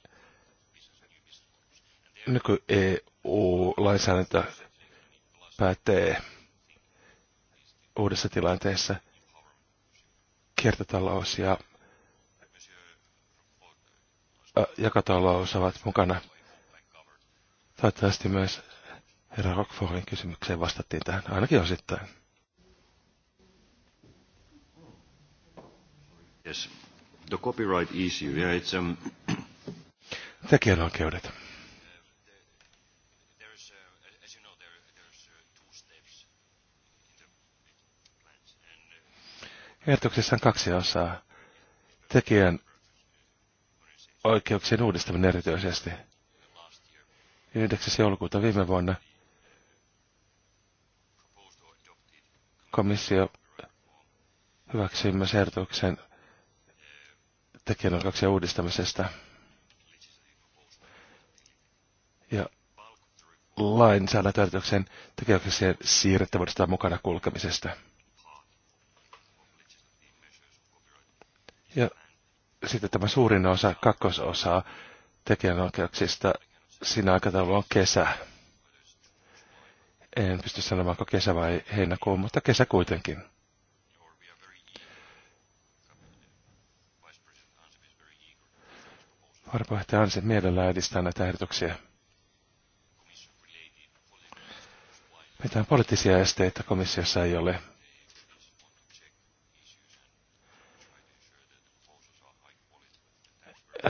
nyky-EU-lainsäädäntö pätee uudessa tilanteessa kiertotalous ja jakatalous ovat mukana Toivottavasti myös herra Rockfordin kysymykseen vastattiin tähän, ainakin osittain. Yes. The copyright issue, yeah, it's, um... Tekijänoikeudet. Uh, Ehdotuksessa on kaksi osaa. Tekijän oikeuksien uudistaminen erityisesti – 9. joulukuuta viime vuonna komissio hyväksyi myös ehdotuksen tekijänoikeuksien uudistamisesta. Ja lainsäädäntöehdotuksen tekijänoikeuksien siirrettävyydestä mukana kulkemisesta. Ja sitten tämä suurin osa, kakkososa tekijänoikeuksista siinä aikataulu on kesä. En pysty sanomaan, onko kesä vai heinäkuu, mutta kesä kuitenkin. Varapuheenjohtaja Ansi mielellään edistää näitä ehdotuksia. Mitään poliittisia esteitä komissiossa ei ole.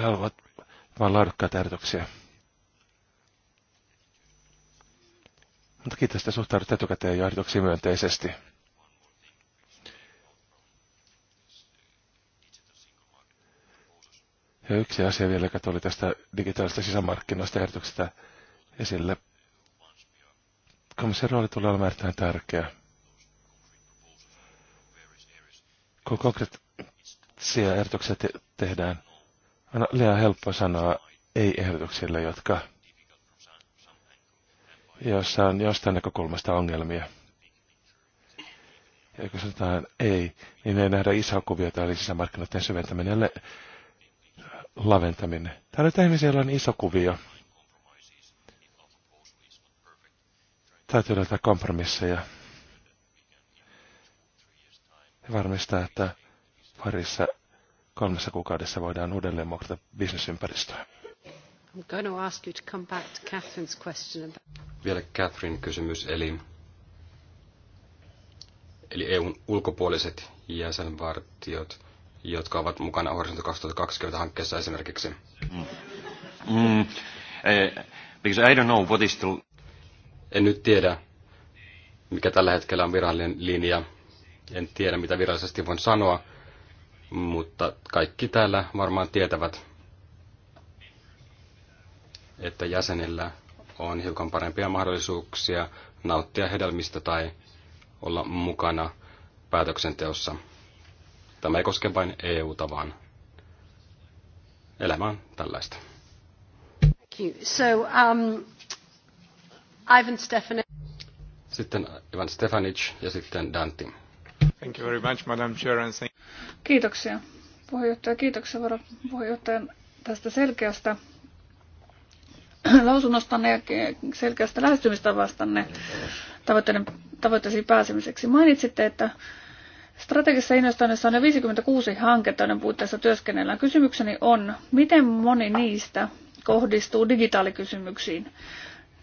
He ovat vain laadukkaita ehdotuksia. Mutta kiitos, että suhtaudut etukäteen ja ehdotuksiin myönteisesti. Ja yksi asia vielä, joka tuli tästä digitaalista sisämarkkinoista ehdotuksesta esille. Komission rooli tulee olemaan erittäin tärkeä. Kun konkreettisia ehdotuksia te- tehdään, on liian helppo sanoa ei-ehdotuksille, jotka jossa on jostain näkökulmasta ongelmia. Ja kun sanotaan ei, niin ei nähdä isoa kuviota, eli sisämarkkinoiden syventäminen ja laventaminen. Täällä on ihmisiä, joilla on iso kuvio. Täytyy löytää kompromisseja. Ja varmistaa, että parissa kolmessa kuukaudessa voidaan uudelleen muokata bisnesympäristöä. I'm going to ask you to come back to Catherine's question. Vielä Catherine kysymys, eli, eli EUn ulkopuoliset jäsenvartiot, jotka ovat mukana Horisontti 2020 hankkeessa esimerkiksi. Mm. Mm. Eh, because I don't know what is the... En nyt tiedä, mikä tällä hetkellä on virallinen linja. En tiedä, mitä virallisesti voin sanoa, mutta kaikki täällä varmaan tietävät, että jäsenillä on hiukan parempia mahdollisuuksia nauttia hedelmistä tai olla mukana päätöksenteossa. Tämä ei koske vain EUta, vaan elämä on tällaista. So, um, Ivan Stefanic. Sitten Ivan Stefanic ja sitten Dante. Thank you very much, Madam Chair. And thank... Kiitoksia puheenjohtaja. Kiitoksia varapuheenjohtajan tästä selkeästä lausunnostanne ja selkeästä lähestymistavastanne tavoitteisiin pääsemiseksi. Mainitsitte, että strategisessa investoinnissa on jo 56 hanketta, joiden puitteissa työskennellään. Kysymykseni on, miten moni niistä kohdistuu digitaalikysymyksiin?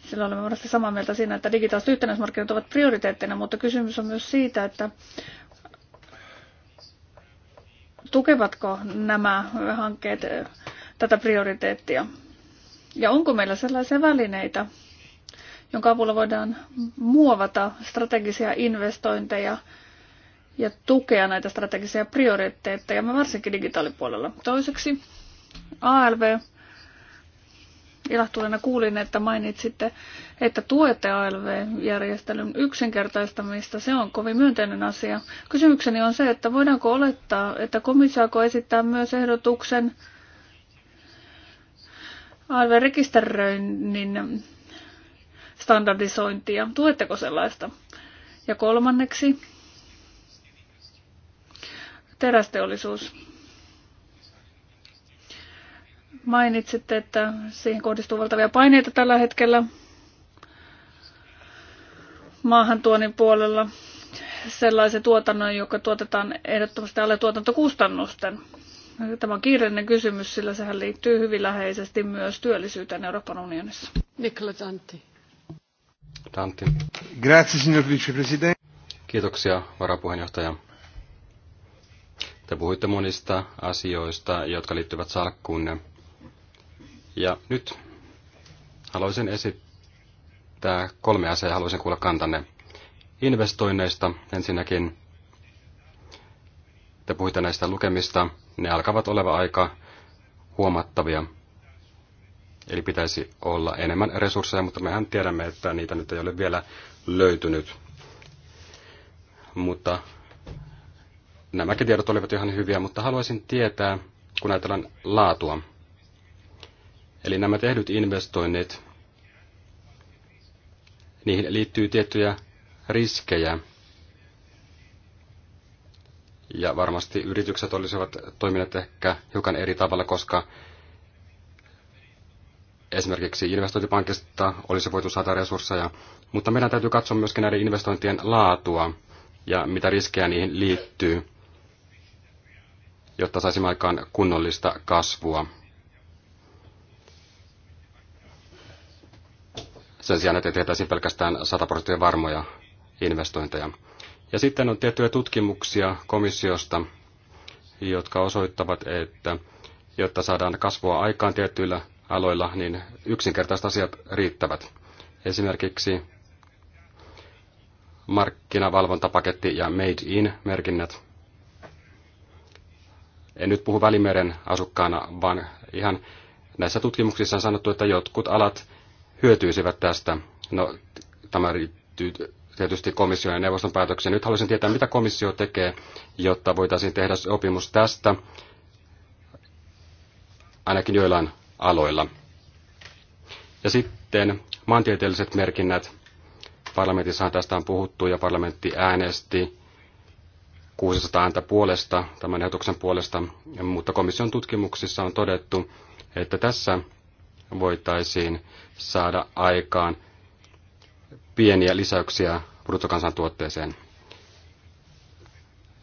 Sillä olemme varmasti samaa mieltä siinä, että digitaaliset yhtenäismarkkinat ovat prioriteettina, mutta kysymys on myös siitä, että tukevatko nämä hankkeet äh, tätä prioriteettia. Ja onko meillä sellaisia välineitä, jonka avulla voidaan muovata strategisia investointeja ja tukea näitä strategisia prioriteetteja, varsinkin digitaalipuolella. Toiseksi ALV. Ilahtuneena kuulin, että mainitsitte, että tuette ALV-järjestelyn yksinkertaistamista. Se on kovin myönteinen asia. Kysymykseni on se, että voidaanko olettaa, että komissio esittää myös ehdotuksen ALV-rekisteröinnin standardisointia. Tuetteko sellaista? Ja kolmanneksi, terästeollisuus. Mainitsitte, että siihen kohdistuu valtavia paineita tällä hetkellä maahantuonnin puolella sellaisen tuotannon, joka tuotetaan ehdottomasti alle tuotantokustannusten. Tämä on kiireinen kysymys, sillä sehän liittyy hyvin läheisesti myös työllisyyteen Euroopan unionissa. Nicolas Tanti. Tanti. Grazie, signor vicepresidente. Kiitoksia, varapuheenjohtaja. Te puhuitte monista asioista, jotka liittyvät salkkuunne. Ja nyt haluaisin esittää kolme asiaa ja haluaisin kuulla kantanne. Investoinneista ensinnäkin te puhuitte näistä lukemista. Ne alkavat oleva aika huomattavia. Eli pitäisi olla enemmän resursseja, mutta mehän tiedämme, että niitä nyt ei ole vielä löytynyt. Mutta nämäkin tiedot olivat ihan hyviä, mutta haluaisin tietää, kun ajatellaan laatua. Eli nämä tehdyt investoinnit, niihin liittyy tiettyjä riskejä, ja varmasti yritykset olisivat toimineet ehkä hiukan eri tavalla, koska esimerkiksi investointipankista olisi voitu saada resursseja, mutta meidän täytyy katsoa myöskin näiden investointien laatua ja mitä riskejä niihin liittyy, jotta saisimme aikaan kunnollista kasvua. Sen sijaan, että tehtäisiin pelkästään 100 prosenttia varmoja investointeja. Ja sitten on tiettyjä tutkimuksia komissiosta, jotka osoittavat, että jotta saadaan kasvua aikaan tiettyillä aloilla, niin yksinkertaiset asiat riittävät. Esimerkiksi markkinavalvontapaketti ja Made in-merkinnät. En nyt puhu Välimeren asukkaana, vaan ihan näissä tutkimuksissa on sanottu, että jotkut alat hyötyisivät tästä. No, tämä riittyy tietysti komission ja neuvoston päätöksiä. Nyt haluaisin tietää, mitä komissio tekee, jotta voitaisiin tehdä sopimus tästä, ainakin joillain aloilla. Ja sitten maantieteelliset merkinnät. Parlamentissahan tästä on puhuttu ja parlamentti äänesti 600 ääntä puolesta, tämän ehdotuksen puolesta, mutta komission tutkimuksissa on todettu, että tässä voitaisiin saada aikaan pieniä lisäyksiä bruttokansantuotteeseen.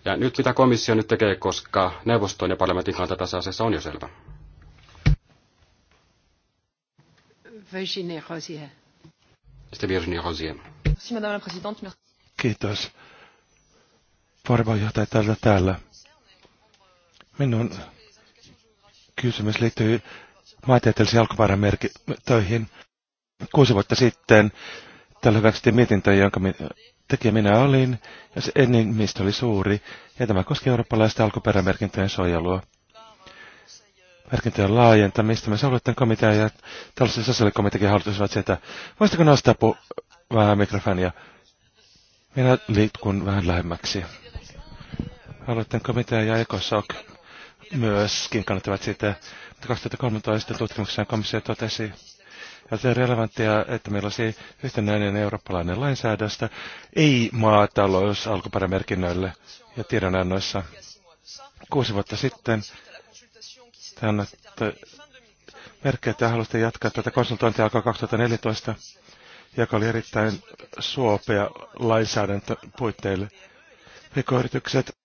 Ja nyt mitä komissio nyt tekee, koska neuvoston ja parlamentin kanta tässä asiassa on jo selvä. Virginie Rosier. Sitten Virginie Rosier. Kiitos. Varmaanjohtaja täällä täällä. Minun kysymys liittyy maantieteellisiin alkuperämerkintöihin. Kuusi vuotta sitten Täällä hyväksytti mietintö, jonka tekijä minä olin, ja se mistä oli suuri, ja tämä koski eurooppalaista alkuperämerkintöjen suojelua. Merkintöjen laajentamista. Me sovittiin komitea ja tällaisen sosiaalikomitekin hallitusivat sitä. Voisitko nostaa pu- vähän mikrofonia? Minä liikun vähän lähemmäksi. Aloitteen komitea ja ECOSOC myöskin kannattavat sitä. 2013 tutkimuksessa komissio totesi, on relevanttia, että meillä olisi yhtenäinen eurooppalainen lainsäädäntö, ei maatalous alkuperämerkinnöille ja tiedonannoissa. Kuusi vuotta sitten tämän merkki merkkejä, että haluaisitte jatkaa tätä konsultointia alkaa 2014, joka oli erittäin suopea lainsäädäntöpuitteille. Pk-yritykset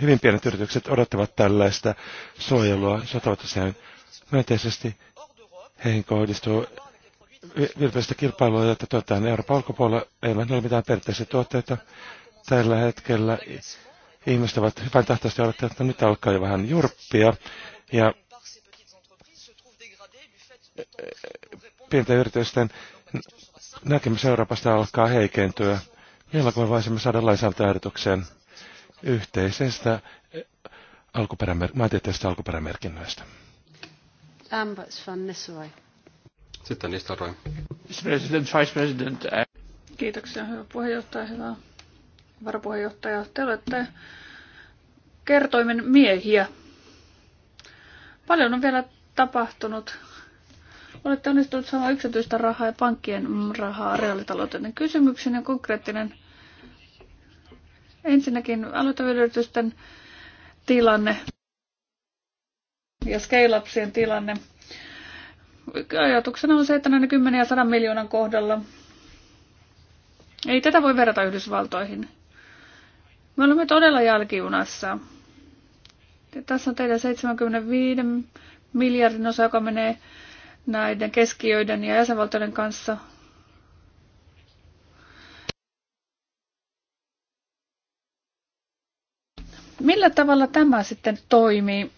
hyvin pienet yritykset odottavat tällaista suojelua sotavatukseen myönteisesti heihin kohdistuu vilpistä kilpailua, jotta tuotetaan Euroopan ulkopuolella. Ei ole mitään perinteisiä tuotteita. Tällä hetkellä ihmiset ovat hyvän tahtoisesti odottaneet, että nyt alkaa jo vähän jurppia. Ja e, e, pienten yritysten näkemys Euroopasta alkaa heikentyä. Milloin me voisimme saada lainsäädäntöehdotuksen yhteisestä e, alkuperämer- maantieteellisestä alkuperämerkinnöistä? Ambrats van Nisseroy. Sitten Nisseroy. President, Vice President. Eh. Kiitoksia, hyvä puheenjohtaja, hyvä varapuheenjohtaja. Te olette kertoimen miehiä. Paljon on vielä tapahtunut. Olette onnistuneet saamaan yksityistä rahaa ja pankkien rahaa reaalitalouteen. Kysymyksen ja konkreettinen. Ensinnäkin aloittavien yritysten tilanne ja scale-upsien tilanne. Ajatuksena on se, että näin 10 ja 100 miljoonan kohdalla ei tätä voi verrata Yhdysvaltoihin. Me olemme todella jälkijunassa. Ja tässä on teidän 75 miljardin osa, joka menee näiden keskiöiden ja jäsenvaltioiden kanssa. Millä tavalla tämä sitten toimii?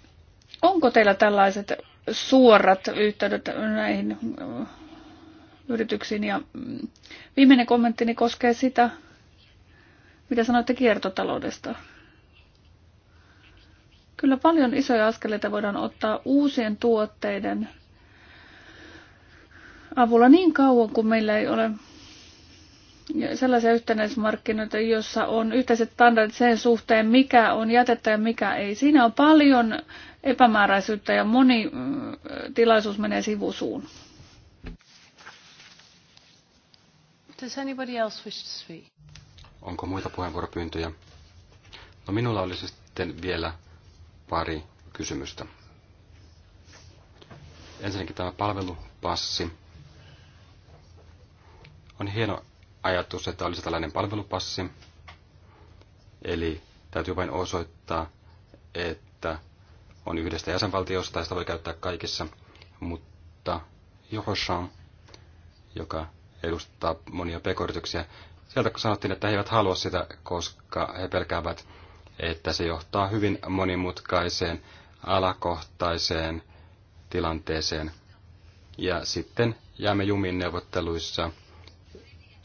Onko teillä tällaiset suorat yhteydet näihin yrityksiin? Ja mm, viimeinen kommenttini koskee sitä, mitä sanoitte kiertotaloudesta. Kyllä paljon isoja askeleita voidaan ottaa uusien tuotteiden avulla niin kauan, kun meillä ei ole sellaisia yhtenäismarkkinoita, jossa on yhteiset standardit sen suhteen, mikä on jätettä ja mikä ei. Siinä on paljon epämääräisyyttä ja moni mm, tilaisuus menee sivusuun. Does anybody else wish to speak? Onko muita puheenvuoropyyntöjä? No minulla olisi siis sitten vielä pari kysymystä. Ensinnäkin tämä palvelupassi. On hieno ajatus, että olisi tällainen palvelupassi. Eli täytyy vain osoittaa, että on yhdestä jäsenvaltiosta ja sitä voi käyttää kaikissa. Mutta Johoshan, joka edustaa monia pk sieltä sanottiin, että he eivät halua sitä, koska he pelkäävät, että se johtaa hyvin monimutkaiseen, alakohtaiseen tilanteeseen. Ja sitten jäämme jumiin neuvotteluissa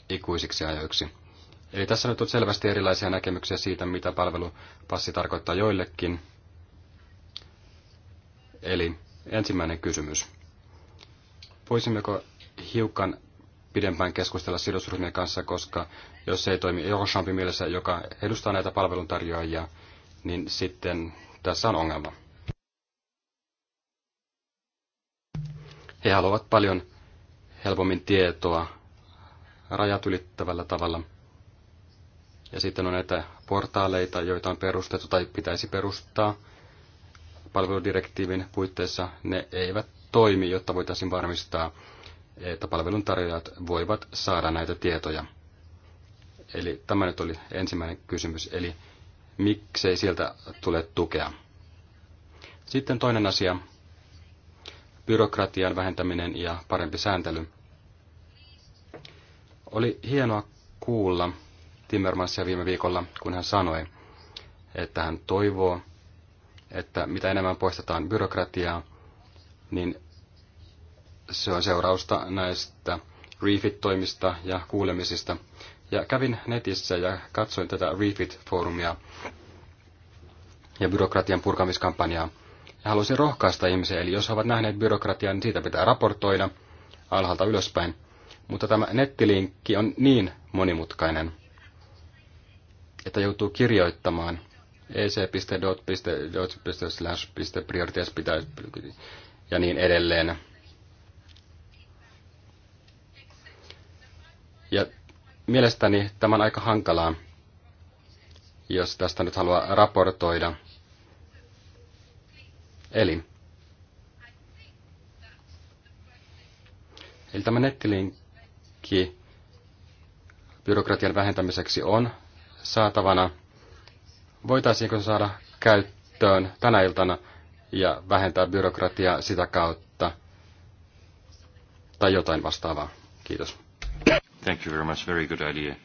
ikuisiksi ajoiksi. Eli tässä nyt on selvästi erilaisia näkemyksiä siitä, mitä palvelupassi tarkoittaa joillekin. Eli ensimmäinen kysymys. Voisimmeko hiukan pidempään keskustella sidosryhmien kanssa, koska jos se ei toimi Eurochampion mielessä, joka edustaa näitä palveluntarjoajia, niin sitten tässä on ongelma. He haluavat paljon helpommin tietoa rajat ylittävällä tavalla. Ja sitten on näitä portaaleita, joita on perustettu tai pitäisi perustaa palveludirektiivin puitteissa. Ne eivät toimi, jotta voitaisiin varmistaa, että palveluntarjoajat voivat saada näitä tietoja. Eli tämä nyt oli ensimmäinen kysymys, eli miksei sieltä tule tukea. Sitten toinen asia, byrokratian vähentäminen ja parempi sääntely. Oli hienoa kuulla Timmermansia viime viikolla, kun hän sanoi, että hän toivoo, että mitä enemmän poistetaan byrokratiaa, niin se on seurausta näistä Refit-toimista ja kuulemisista. Ja kävin netissä ja katsoin tätä Refit-foorumia ja byrokratian purkamiskampanjaa. Ja haluaisin rohkaista ihmisiä, eli jos he ovat nähneet byrokratiaa, niin siitä pitää raportoida alhaalta ylöspäin. Mutta tämä nettilinkki on niin monimutkainen, että joutuu kirjoittamaan ec.dot.dot.priorities e ja niin edelleen. Ja mielestäni tämä on aika hankalaa, jos tästä nyt haluaa raportoida. Eli, eli tämä nettilinkki kaikki byrokratian vähentämiseksi on saatavana. Voitaisiinko saada käyttöön tänä iltana ja vähentää byrokratiaa sitä kautta tai jotain vastaavaa? Kiitos. Thank you very much. Very good idea.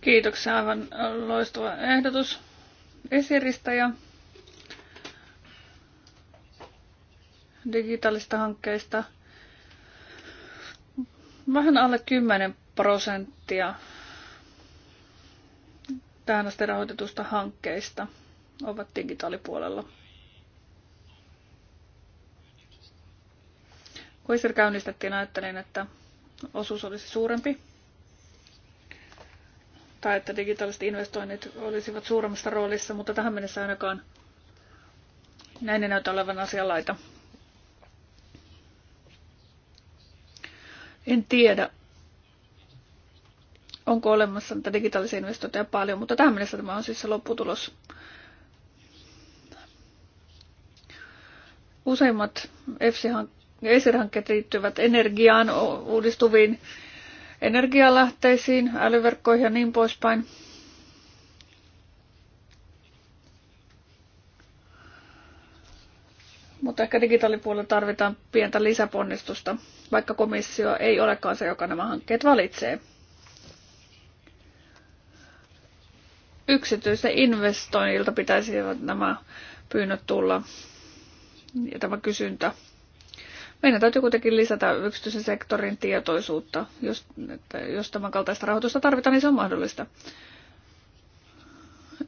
Kiitoksia. Aivan loistava ehdotus esiristä ja digitaalista hankkeista – vähän alle 10 prosenttia tähän asti rahoitetusta hankkeista ovat digitaalipuolella. Kun Isir käynnistettiin, ajattelin, että osuus olisi suurempi tai että digitaaliset investoinnit olisivat suuremmassa roolissa, mutta tähän mennessä ainakaan näin ei näytä olevan asianlaita. En tiedä, onko olemassa näitä digitaalisia investointeja paljon, mutta tähän mennessä tämä on siis se lopputulos. Useimmat ESER-hankkeet liittyvät energiaan, uudistuviin energialähteisiin, älyverkkoihin ja niin poispäin. mutta ehkä digitaalipuolella tarvitaan pientä lisäponnistusta, vaikka komissio ei olekaan se, joka nämä hankkeet valitsee. Yksityisten investoinnilta pitäisi nämä pyynnöt tulla ja tämä kysyntä. Meidän täytyy kuitenkin lisätä yksityisen sektorin tietoisuutta. Jos, että jos tämän kaltaista rahoitusta tarvitaan, niin se on mahdollista.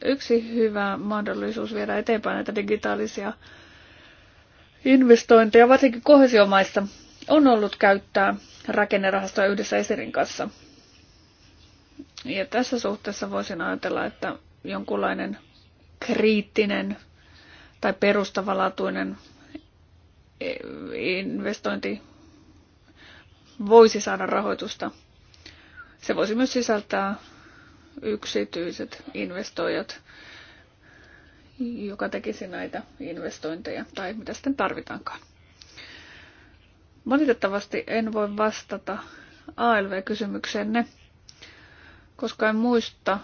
Yksi hyvä mahdollisuus viedä eteenpäin näitä digitaalisia investointeja, varsinkin kohesiomaissa, on ollut käyttää rakennerahastoja yhdessä Eserin kanssa. Ja tässä suhteessa voisin ajatella, että jonkunlainen kriittinen tai perustavalaatuinen e- investointi voisi saada rahoitusta. Se voisi myös sisältää yksityiset investoijat joka tekisi näitä investointeja tai mitä sitten tarvitaankaan. Valitettavasti en voi vastata ALV-kysymykseenne, koska en muista,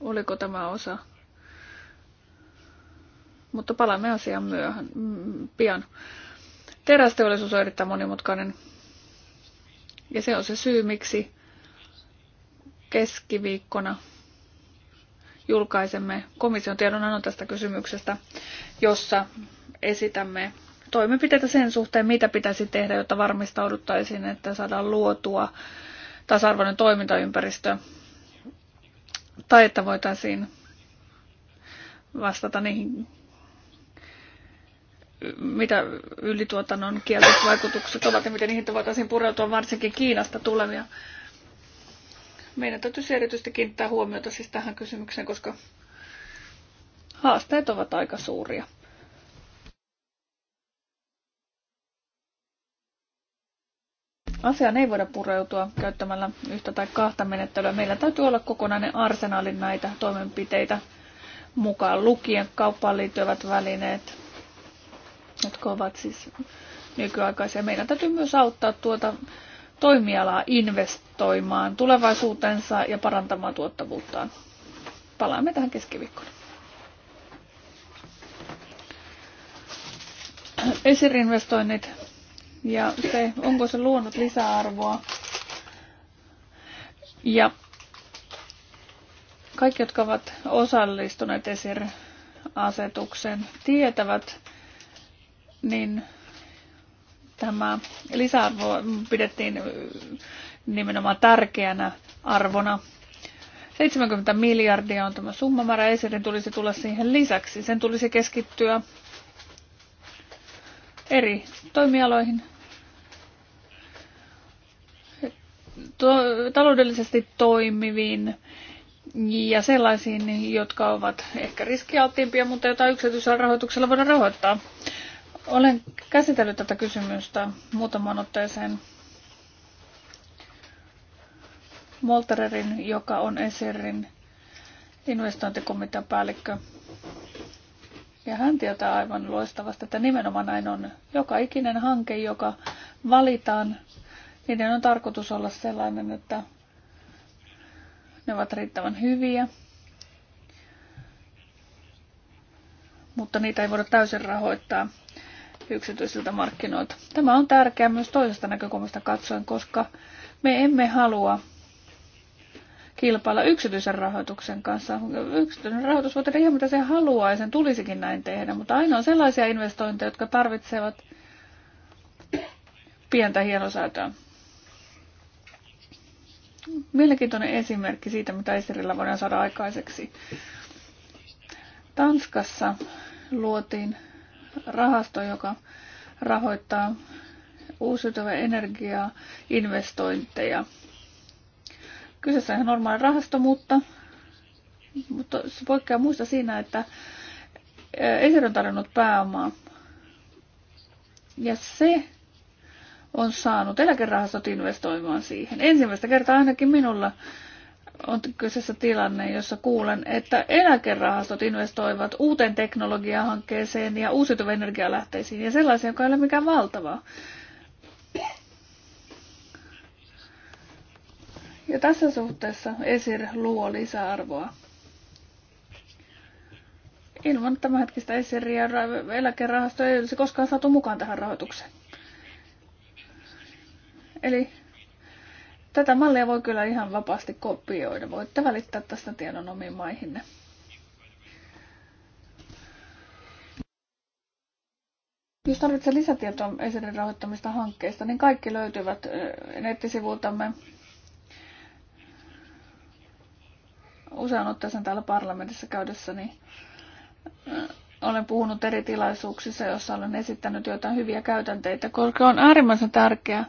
oliko tämä osa. Mutta palaamme asiaan myöhän, mm, pian. Terästeollisuus on erittäin monimutkainen. Ja se on se syy, miksi keskiviikkona julkaisemme komission tiedonannon tästä kysymyksestä, jossa esitämme toimenpiteitä sen suhteen, mitä pitäisi tehdä, jotta varmistauduttaisiin, että saadaan luotua tasa-arvoinen toimintaympäristö tai että voitaisiin vastata niihin, mitä ylituotannon kielteiset vaikutukset ovat ja miten niihin voitaisiin pureutua varsinkin Kiinasta tulevia meidän täytyisi erityisesti kiinnittää huomiota siis tähän kysymykseen, koska haasteet ovat aika suuria. Asiaan ei voida pureutua käyttämällä yhtä tai kahta menettelyä. Meillä täytyy olla kokonainen arsenaali näitä toimenpiteitä mukaan lukien kauppaan liittyvät välineet, jotka ovat siis nykyaikaisia. Meidän täytyy myös auttaa tuota toimialaa investoimaan tulevaisuutensa ja parantamaan tuottavuuttaan. Palaamme tähän keskiviikkona. Esirinvestoinnit ja se, onko se luonut lisäarvoa. Ja kaikki, jotka ovat osallistuneet ESIR-asetuksen, tietävät, niin Tämä lisäarvo pidettiin nimenomaan tärkeänä arvona 70 miljardia on tämä summamäärä, Eserin tulisi tulla siihen lisäksi. Sen tulisi keskittyä eri toimialoihin. To- taloudellisesti toimiviin ja sellaisiin, jotka ovat ehkä riskialttiimpia, mutta joita yksityisellä rahoituksella voidaan rahoittaa. Olen käsitellyt tätä kysymystä muutaman otteeseen Moltererin, joka on Eserin investointikomitean päällikkö. Ja hän tietää aivan loistavasti, että nimenomaan näin on. Joka ikinen hanke, joka valitaan, niiden on tarkoitus olla sellainen, että ne ovat riittävän hyviä, mutta niitä ei voida täysin rahoittaa yksityisiltä markkinoilta. Tämä on tärkeää myös toisesta näkökulmasta katsoen, koska me emme halua kilpailla yksityisen rahoituksen kanssa. Yksityinen rahoitus voi tehdä ihan mitä se haluaa ja sen tulisikin näin tehdä, mutta aina on sellaisia investointeja, jotka tarvitsevat pientä hienosäätöä. Mielenkiintoinen esimerkki siitä, mitä Esterillä voidaan saada aikaiseksi. Tanskassa luotiin rahasto, joka rahoittaa uusiutuvia energiaa, investointeja. Kyseessä on normaali rahasto, mutta, mutta se poikkeaa muista siinä, että Ether on tarjonnut pääomaa. Ja se on saanut eläkerahastot investoimaan siihen. Ensimmäistä kertaa ainakin minulla on kyseessä tilanne, jossa kuulen, että eläkerahastot investoivat uuteen teknologiahankkeeseen ja uusiutuviin energialähteisiin ja sellaisia, joka ei ole mikään valtava. Ja tässä suhteessa ESIR luo lisäarvoa. Ilman tämänhetkistä ESIRiä eläkerahastoa ei olisi koskaan saatu mukaan tähän rahoitukseen. Eli Tätä mallia voi kyllä ihan vapaasti kopioida. Voitte välittää tästä tiedon omiin maihinne. Jos tarvitset lisätietoa esiden rahoittamista hankkeista, niin kaikki löytyvät nettisivultamme. Usean otteeseen täällä parlamentissa käydessäni niin, olen puhunut eri tilaisuuksissa, joissa olen esittänyt joitain hyviä käytänteitä, koska on äärimmäisen tärkeää,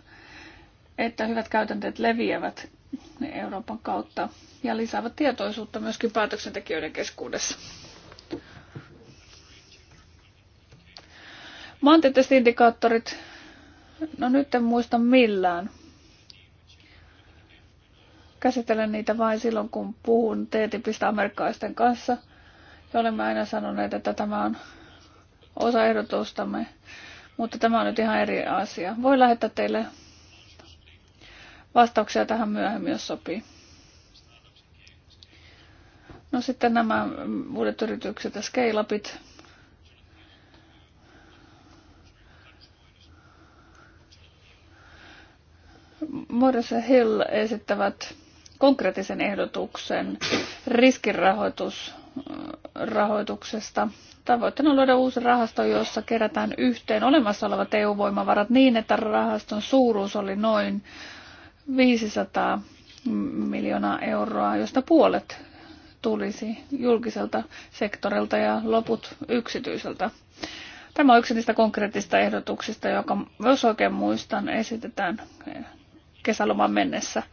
että hyvät käytänteet leviävät Euroopan kautta ja lisäävät tietoisuutta myöskin päätöksentekijöiden keskuudessa. Maantieteelliset indikaattorit, no nyt en muista millään. Käsittelen niitä vain silloin, kun puhun TTIPistä amerikkalaisten kanssa. Ja olemme aina sanoneet, että tämä on osa ehdotustamme. Mutta tämä on nyt ihan eri asia. Voi lähettää teille vastauksia tähän myöhemmin, jos sopii. No sitten nämä uudet yritykset ja scale-upit. Morris Hill esittävät konkreettisen ehdotuksen riskirahoituksesta. Tavoitteena on luoda uusi rahasto, jossa kerätään yhteen olemassa olevat EU-voimavarat niin, että rahaston suuruus oli noin 500 miljoonaa euroa, josta puolet tulisi julkiselta sektorilta ja loput yksityiseltä. Tämä on yksi niistä konkreettista ehdotuksista, joka, jos oikein muistan, esitetään kesäloman mennessä.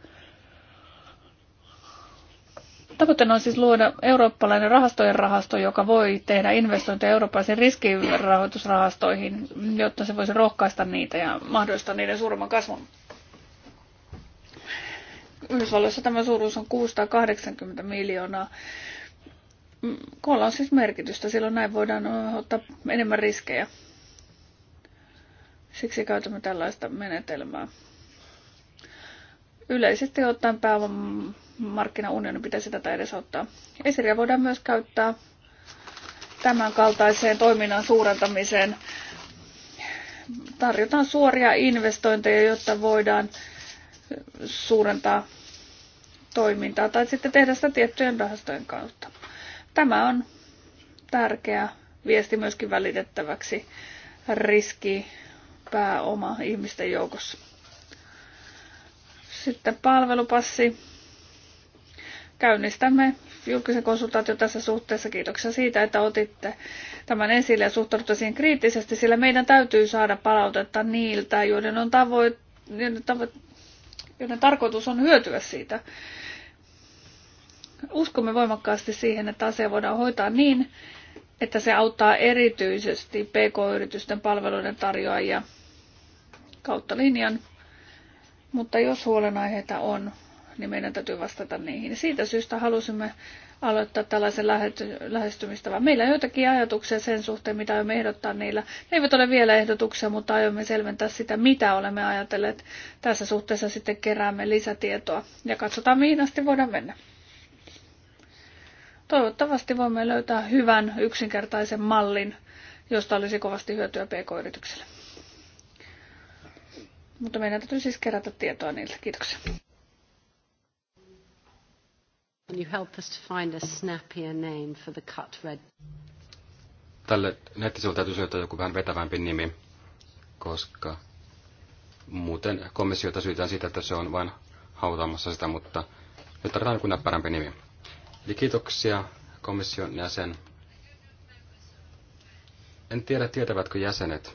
Tavoitteena on siis luoda eurooppalainen rahastojen rahasto, joka voi tehdä investointeja eurooppalaisiin riskirahoitusrahastoihin, jotta se voisi rohkaista niitä ja mahdollistaa niiden suuremman kasvun. Yhdysvalloissa tämä suuruus on 680 miljoonaa. Mm, Koolla on siis merkitystä, silloin näin voidaan ottaa enemmän riskejä. Siksi käytämme tällaista menetelmää. Yleisesti ottaen pääomamarkkinaunioni pitäisi tätä ottaa. Esiriä voidaan myös käyttää tämän kaltaiseen toiminnan suurentamiseen. Tarjotaan suoria investointeja, jotta voidaan suurentaa toimintaa tai sitten tehdä sitä tiettyjen rahastojen kautta. Tämä on tärkeä viesti myöskin välitettäväksi riski pääoma ihmisten joukossa. Sitten palvelupassi. Käynnistämme julkisen konsultaatio tässä suhteessa. Kiitoksia siitä, että otitte tämän esille ja suhtaudutte siihen kriittisesti, sillä meidän täytyy saada palautetta niiltä, joiden on tavoitteena joiden tarkoitus on hyötyä siitä. Uskomme voimakkaasti siihen, että asia voidaan hoitaa niin, että se auttaa erityisesti PK-yritysten palveluiden tarjoajia kautta linjan. Mutta jos huolenaiheita on, niin meidän täytyy vastata niihin. Siitä syystä halusimme aloittaa tällaisen lähestymistavan. Meillä on joitakin ajatuksia sen suhteen, mitä aiomme ehdottaa niillä. Ne eivät ole vielä ehdotuksia, mutta aiomme selventää sitä, mitä olemme ajatelleet. Tässä suhteessa sitten keräämme lisätietoa ja katsotaan, mihin asti voidaan mennä. Toivottavasti voimme löytää hyvän yksinkertaisen mallin, josta olisi kovasti hyötyä pk-yritykselle. Mutta meidän täytyy siis kerätä tietoa niiltä. Kiitoksia. Can you help us to find a snappier name for the cut red? Tälle nettisivulle täytyy syöttää joku vähän vetävämpi nimi, koska muuten komissiota syytään siitä, että se on vain hautaamassa sitä, mutta nyt tarvitaan joku näppärämpi nimi. Eli kiitoksia komission jäsen. En tiedä, tietävätkö jäsenet,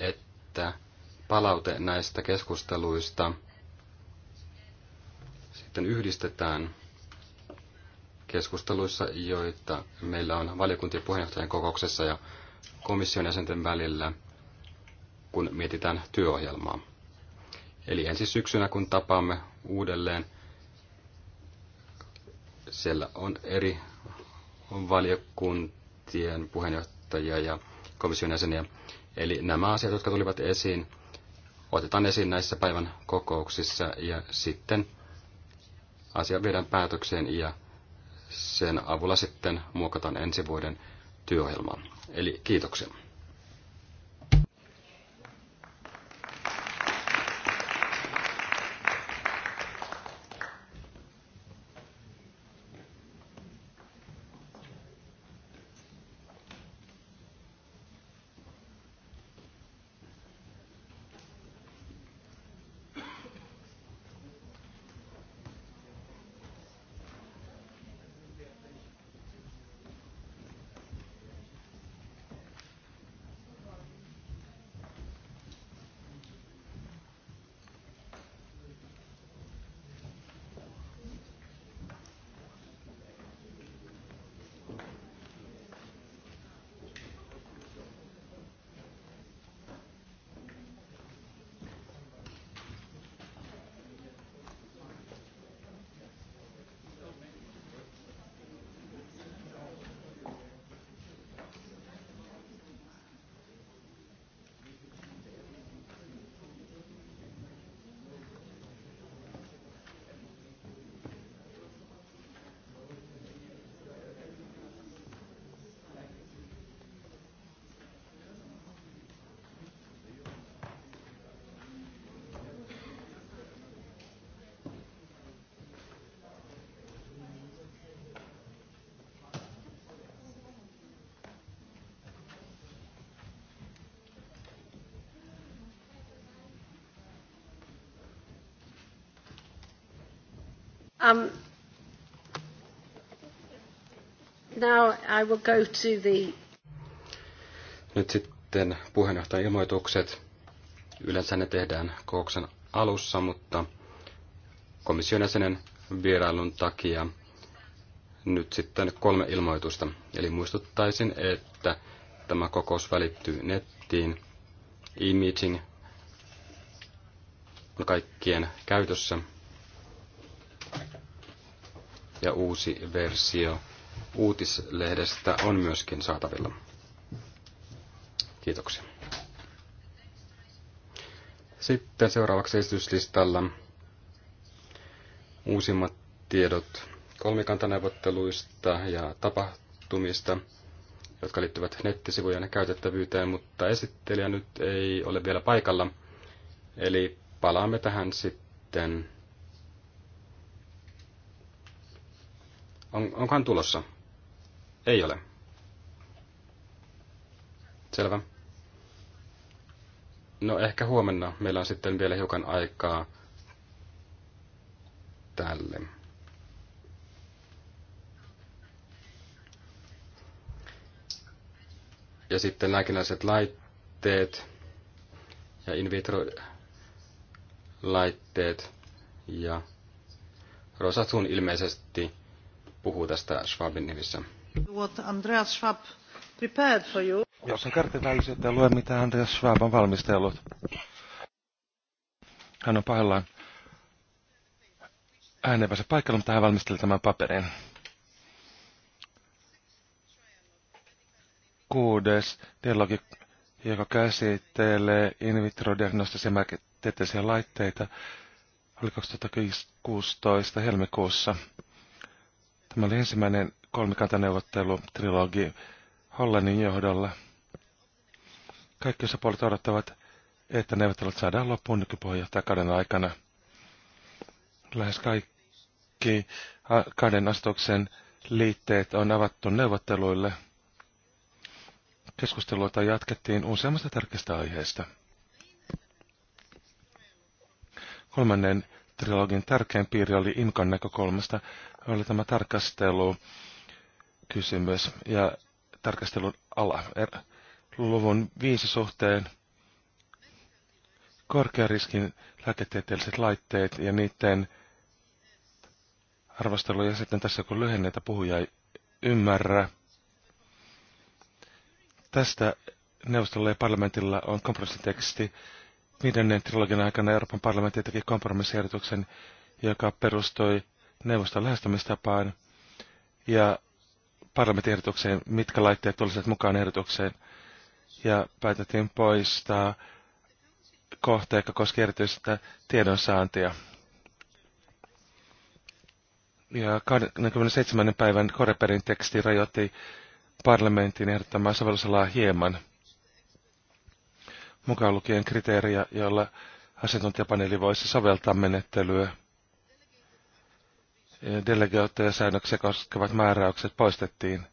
että palaute näistä keskusteluista – sitten yhdistetään keskusteluissa, joita meillä on valiokuntien puheenjohtajan kokouksessa ja komission jäsenten välillä, kun mietitään työohjelmaa. Eli ensi syksynä, kun tapaamme uudelleen, siellä on eri valiokuntien puheenjohtajia ja komission jäseniä. Eli nämä asiat, jotka tulivat esiin, otetaan esiin näissä päivän kokouksissa ja sitten asia viedään päätökseen ja sen avulla sitten muokataan ensi vuoden työohjelmaa. Eli kiitoksia. Um, now I will go to the... Nyt sitten puheenjohtajan ilmoitukset. Yleensä ne tehdään kokouksen alussa, mutta komission jäsenen vierailun takia nyt sitten kolme ilmoitusta. Eli muistuttaisin, että tämä kokous välittyy nettiin. E-meeting on kaikkien käytössä ja uusi versio uutislehdestä on myöskin saatavilla. Kiitoksia. Sitten seuraavaksi esityslistalla uusimmat tiedot kolmikantaneuvotteluista ja tapahtumista, jotka liittyvät nettisivujen käytettävyyteen, mutta esittelijä nyt ei ole vielä paikalla, eli palaamme tähän sitten On, onkohan tulossa? Ei ole. Selvä. No ehkä huomenna meillä on sitten vielä hiukan aikaa tälle. Ja sitten lääkinnälliset laitteet ja in vitro laitteet ja Rosatun ilmeisesti puhuu tästä Schwabin nimissä. What Andreas Schwab prepared for you. Jos on että lue mitä Andreas Schwab on valmistellut. Hän on pahoillaan. Hän ei pääse paikalle, mutta hän valmisteli tämän paperin. Kuudes dialogi, joka käsittelee in vitro diagnostisia lääketieteellisiä laitteita, oli 2016 helmikuussa. Tämä oli ensimmäinen kolmikantaneuvottelu trilogi Hollannin johdolla. Kaikki osapuolet odottavat, että neuvottelut saadaan loppuun kauden aikana. Lähes kaikki kauden astuksen liitteet on avattu neuvotteluille. Keskusteluita jatkettiin useammasta tärkeästä aiheesta. Kolmannen trilogin tärkein piiri oli Inkan näkökulmasta, oli tämä tarkastelu kysymys ja tarkastelun ala. Er, luvun viisi suhteen korkeariskin lääketieteelliset laitteet ja niiden arvostelu. Ja sitten tässä kun lyhenneitä puhuja ei ymmärrä. Tästä neuvostolle ja parlamentilla on kompromissiteksti, viidennen trilogian aikana Euroopan parlamentti teki kompromissiehdotuksen, joka perustui neuvoston lähestymistapaan ja parlamentin ehdotukseen, mitkä laitteet tulisivat mukaan ehdotukseen. Ja päätettiin poistaa kohta, joka koski erityistä tiedonsaantia. Ja 27. päivän Koreperin teksti rajoitti parlamentin ehdottamaa sovellusalaa hieman – mukaan lukien kriteeriä, joilla asiantuntijapaneeli voisi soveltaa menettelyä. Delegaatteja säännöksiä koskevat määräykset poistettiin.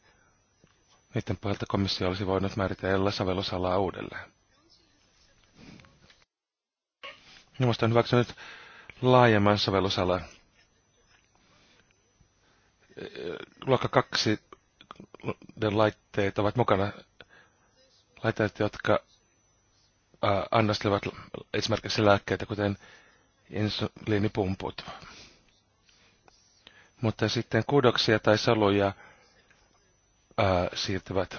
Niiden pohjalta komissio olisi voinut määritellä sovellusalaa uudelleen. Minusta on hyväksynyt laajemman sovellusalan. Luokka 2 laitteet ovat mukana. Laitteet, jotka Äh, annostelevat esimerkiksi lääkkeitä, kuten insuliinipumput. Mutta sitten kudoksia tai soluja äh, siirtävät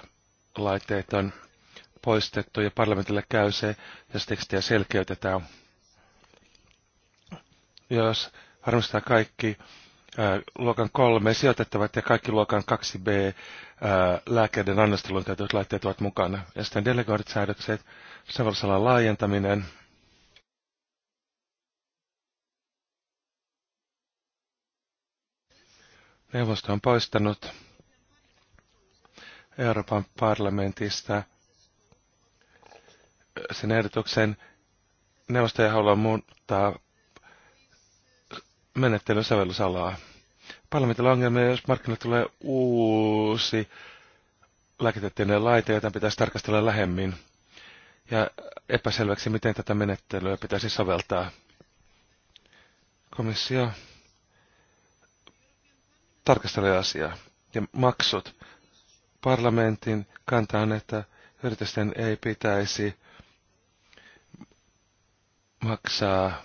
laitteet on poistettu ja parlamentille käy se, jos tekstiä selkeytetään. Jos varmistaa kaikki Äh, luokan kolme sijoitettavat ja kaikki luokan 2B äh, lääkkeiden annostelun käytetyt laitteet ovat mukana. Ja sitten delegoidut säädökset, sovellusalan laajentaminen, Neuvosto on poistanut Euroopan parlamentista sen ehdotuksen neuvostoja haluaa muuttaa menettelyn sovellusalaa. Parlamentilla on ongelmia, jos markkinoille tulee uusi lääketieteellinen laite, jota pitäisi tarkastella lähemmin. Ja epäselväksi, miten tätä menettelyä pitäisi soveltaa. Komissio tarkastelee asiaa. Ja maksut. Parlamentin kanta on, että yritysten ei pitäisi maksaa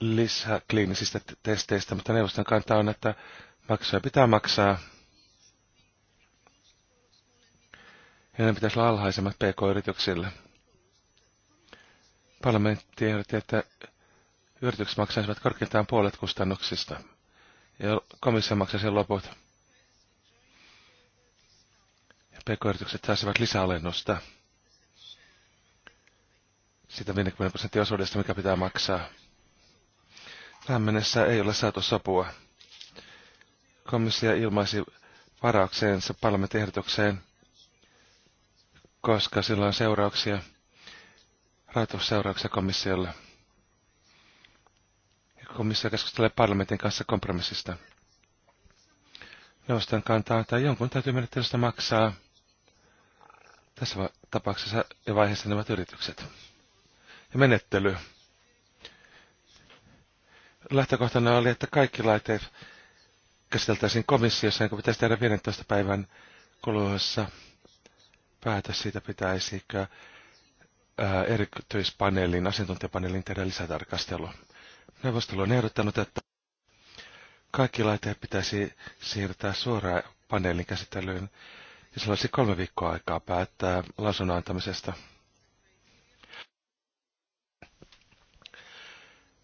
lisäkliinisistä testeistä, mutta neuvoston kanta on, että maksuja pitää maksaa. Ja ne pitäisi olla alhaisemmat pk-yrityksille. Parlamentti ehdotti, että yritykset maksaisivat korkeintaan puolet kustannuksista ja komissio maksaisi loput. Ja pk-yritykset saisivat lisäalennusta sitä 50 prosenttia osuudesta, mikä pitää maksaa. Tähän mennessä ei ole saatu sopua. Komissio ilmaisi varaukseensa parlamenttiehdotukseen, koska sillä on seurauksia, rahoitusseurauksia komissiolle. Komissio keskustelee parlamentin kanssa kompromissista. Neuvoston kantaa että jonkun täytyy menettelystä maksaa. Tässä tapauksessa ja vaiheessa ne ovat yritykset. Ja menettely lähtökohtana oli, että kaikki laitteet käsiteltäisiin komissiossa, jonka pitäisi tehdä 15 päivän kuluessa päätös siitä, pitäisikö erityispaneelin, asiantuntijapaneelin tehdä lisätarkastelu. Neuvostelu on ehdottanut, että kaikki laitteet pitäisi siirtää suoraan paneelin käsittelyyn, ja se olisi kolme viikkoa aikaa päättää lausunnon antamisesta.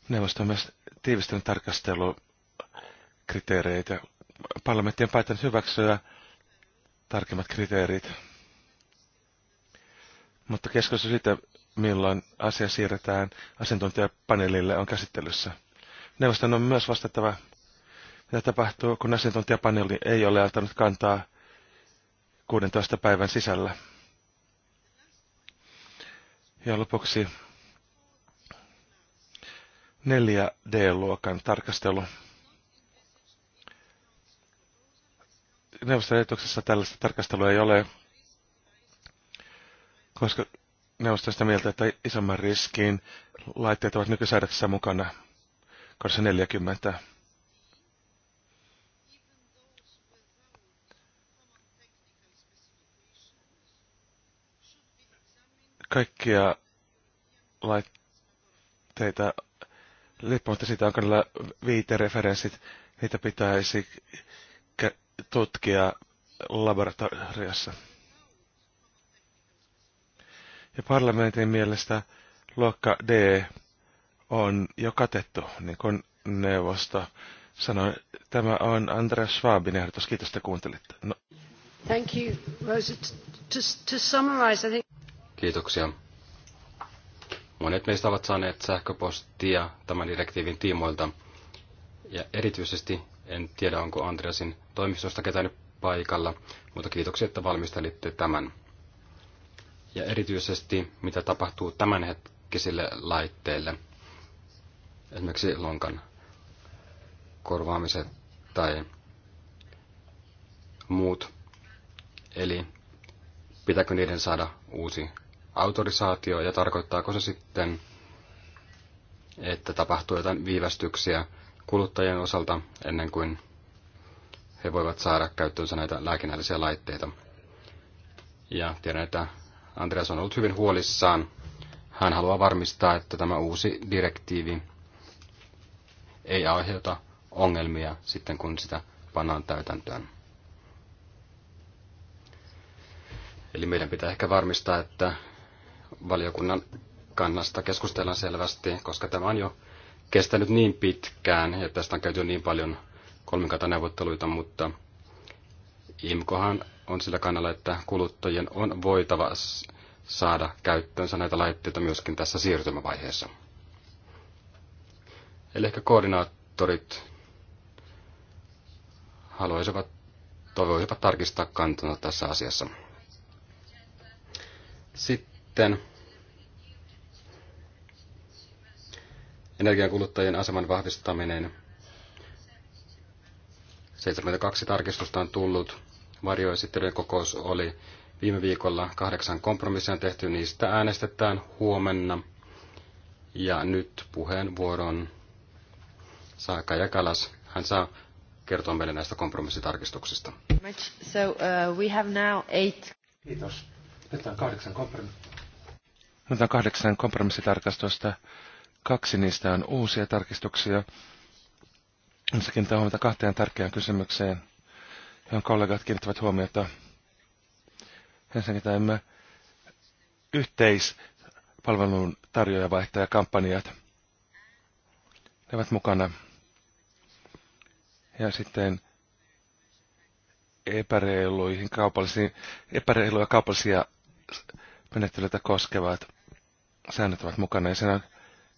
Neuvosto on myös tiivistynyt tarkastelukriteereitä. Parlamentti on päättänyt hyväksyä tarkemmat kriteerit. Mutta keskustelu siitä, milloin asia siirretään asiantuntijapaneelille, on käsittelyssä. Neuvoston on myös vastattava, mitä tapahtuu, kun asiantuntijapaneeli ei ole antanut kantaa 16 päivän sisällä. Ja lopuksi 4D-luokan tarkastelu. Neuvostoliitoksessa tällaista tarkastelua ei ole, koska neuvosto sitä mieltä, että isomman riskiin laitteet ovat nykysäädöksessä mukana, koska 40. Kaikkia laitteita riippumatta siitä, onko viite viitereferenssit, niitä pitäisi tutkia laboratoriossa. Ja parlamentin mielestä luokka D on jo katettu, niin kuin neuvosto sanoi. Tämä on Andreas Schwabin ehdotus. Kiitos, että kuuntelitte. No. Thank you, Rosa. To, to summarize, I think... Kiitoksia. Monet meistä ovat saaneet sähköpostia tämän direktiivin tiimoilta. Ja erityisesti en tiedä, onko Andreasin toimistosta ketään nyt paikalla, mutta kiitoksia, että valmistelitte tämän. Ja erityisesti, mitä tapahtuu tämänhetkisille laitteille, esimerkiksi lonkan korvaamiset tai muut. Eli pitääkö niiden saada uusi autorisaatio ja tarkoittaako se sitten, että tapahtuu jotain viivästyksiä kuluttajien osalta ennen kuin he voivat saada käyttöönsä näitä lääkinnällisiä laitteita. Ja tiedän, että Andreas on ollut hyvin huolissaan. Hän haluaa varmistaa, että tämä uusi direktiivi ei aiheuta ongelmia sitten, kun sitä pannaan täytäntöön. Eli meidän pitää ehkä varmistaa, että valiokunnan kannasta keskustellaan selvästi, koska tämä on jo kestänyt niin pitkään ja tästä on käyty niin paljon kolmikantaneuvotteluita, mutta IMKohan on sillä kannalla, että kuluttajien on voitava saada käyttöönsä näitä laitteita myöskin tässä siirtymävaiheessa. Eli ehkä koordinaattorit haluaisivat, toivoisivat tarkistaa kantona tässä asiassa. Sitten energiankuluttajien aseman vahvistaminen. 72 tarkistusta on tullut. Varjoesittelyjen kokous oli viime viikolla. Kahdeksan kompromissia on tehty. Niistä äänestetään huomenna. Ja nyt puheenvuoron saa Kaja Kalas. Hän saa kertoa meille näistä kompromissitarkistuksista. So, uh, we have now eight. Kiitos. Nyt on kahdeksan, nyt on kahdeksan kompromissitarkastusta. Kaksi niistä on uusia tarkistuksia. Se kiinnittää huomiota kahteen tärkeään kysymykseen, johon kollegat kiinnittävät huomiota. Ensinnäkin tämä yhteispalvelun tarjoajavaihtajakampanjat. Ne ovat mukana. Ja sitten epäreiluihin kaupallisiin, epäreiluja kaupallisia menettelyitä koskevat säännöt ovat mukana. Ja siinä on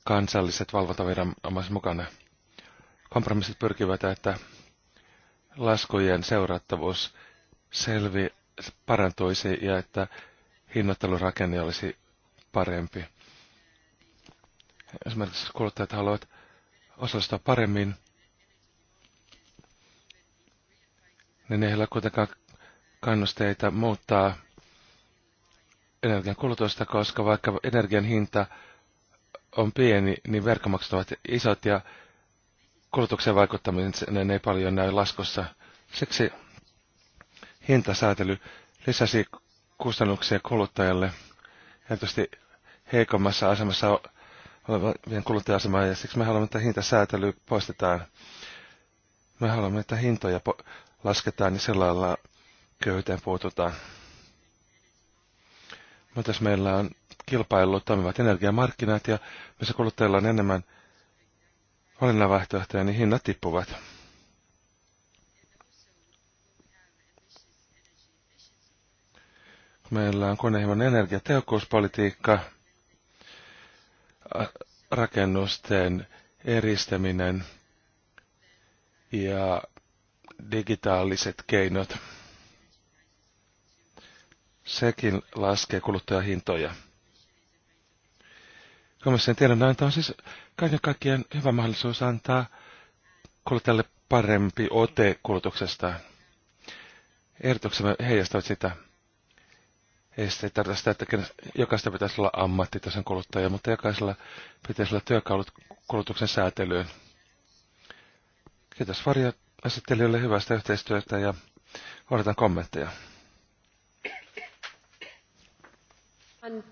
kansalliset valvontaviranomaiset mukana. Kompromissit pyrkivät, että laskujen seurattavuus selvi, parantuisi ja että hinnoittelurakenne olisi parempi. Esimerkiksi kuluttajat haluavat osallistua paremmin, niin ei ole kuitenkaan kannusteita muuttaa energian kulutusta, koska vaikka energian hinta on pieni, niin verkkomaksut ovat isot ja kulutuksen vaikuttaminen ei paljon näy laskussa. Siksi hintasäätely lisäsi kustannuksia kuluttajalle, erityisesti heikommassa asemassa olevien kuluttaja-asemaa, ja siksi me haluamme, että hintasäätely poistetaan. Me haluamme, että hintoja lasketaan, niin sillä lailla köyhyyteen puututaan. Mutta jos meillä on kilpailu toimivat energiamarkkinat ja missä kuluttajilla on enemmän valinnanvaihtoehtoja, niin hinnat tippuvat. Meillä on kunnianhimoinen energiatehokkuuspolitiikka, rakennusten eristäminen ja digitaaliset keinot. Sekin laskee kuluttajahintoja. Komission tiedonanto on siis kaiken kaikkien hyvä mahdollisuus antaa kuluttajalle parempi ote kulutuksesta. Ehdotuksemme heijastavat sitä. Ei se tarkoita sitä, että jokaista pitäisi olla ammattitason kuluttaja, mutta jokaisella pitäisi olla työkalut kulutuksen säätelyyn. Kiitos Varja asettelijoille hyvästä yhteistyötä ja odotan kommentteja. And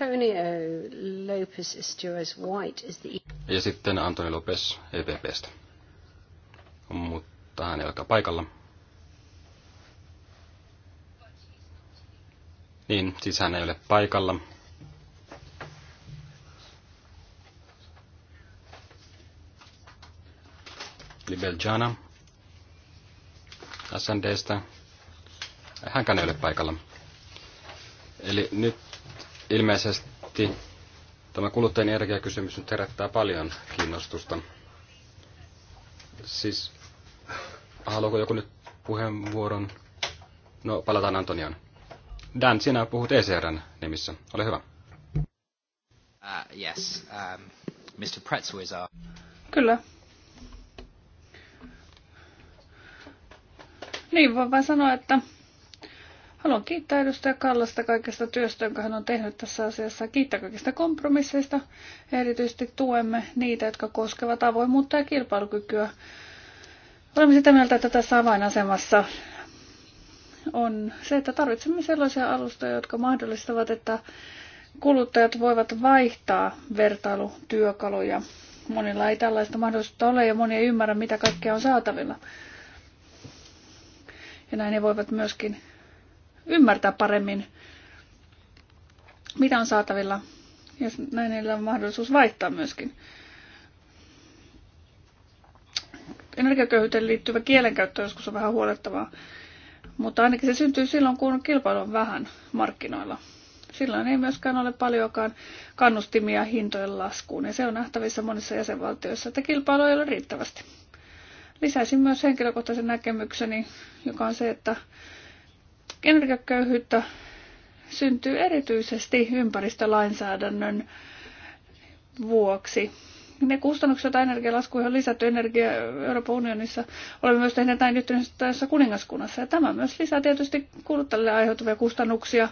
Antonio Lopez Estuas White is the... Ja sitten Antonio Lopez EPPstä. Mutta hän ei olekaan paikalla. Niin, siis hän ei ole paikalla. Eli Belgiana SNDstä. Hänkään ei ole paikalla. Eli nyt Ilmeisesti tämä kuluttajien energiakysymys nyt herättää paljon kiinnostusta. Siis, haluaako joku nyt puheenvuoron? No, palataan Antonian. Dan, sinä puhut ECRn nimissä. Ole hyvä. Uh, yes, um, Mr. Pretzel is our... Kyllä. Niin, voin vain sanoa, että Haluan kiittää edustaja Kallasta kaikesta työstä, jonka hän on tehnyt tässä asiassa. Kiittää kaikista kompromisseista. Erityisesti tuemme niitä, jotka koskevat avoimuutta ja kilpailukykyä. Olemme sitä mieltä, että tässä avainasemassa on se, että tarvitsemme sellaisia alustoja, jotka mahdollistavat, että kuluttajat voivat vaihtaa vertailutyökaluja. Monilla ei tällaista mahdollisuutta ole ja moni ei ymmärrä, mitä kaikkea on saatavilla. Ja näin ne voivat myöskin ymmärtää paremmin, mitä on saatavilla, ja näin niillä on mahdollisuus vaihtaa myöskin. Energiaköyhyyteen liittyvä kielenkäyttö joskus on vähän huolettavaa, mutta ainakin se syntyy silloin, kun kilpailu on vähän markkinoilla. Silloin ei myöskään ole paljonkaan kannustimia hintojen laskuun, ja se on nähtävissä monissa jäsenvaltioissa, että kilpailu ei ole riittävästi. Lisäisin myös henkilökohtaisen näkemykseni, joka on se, että Energiaköyhyyttä syntyy erityisesti ympäristölainsäädännön vuoksi. Ne kustannukset, joita energialaskuihin on lisätty energia Euroopan unionissa, olemme myös tehneet näin tässä kuningaskunnassa. Ja tämä myös lisää tietysti kuluttajille aiheutuvia kustannuksia,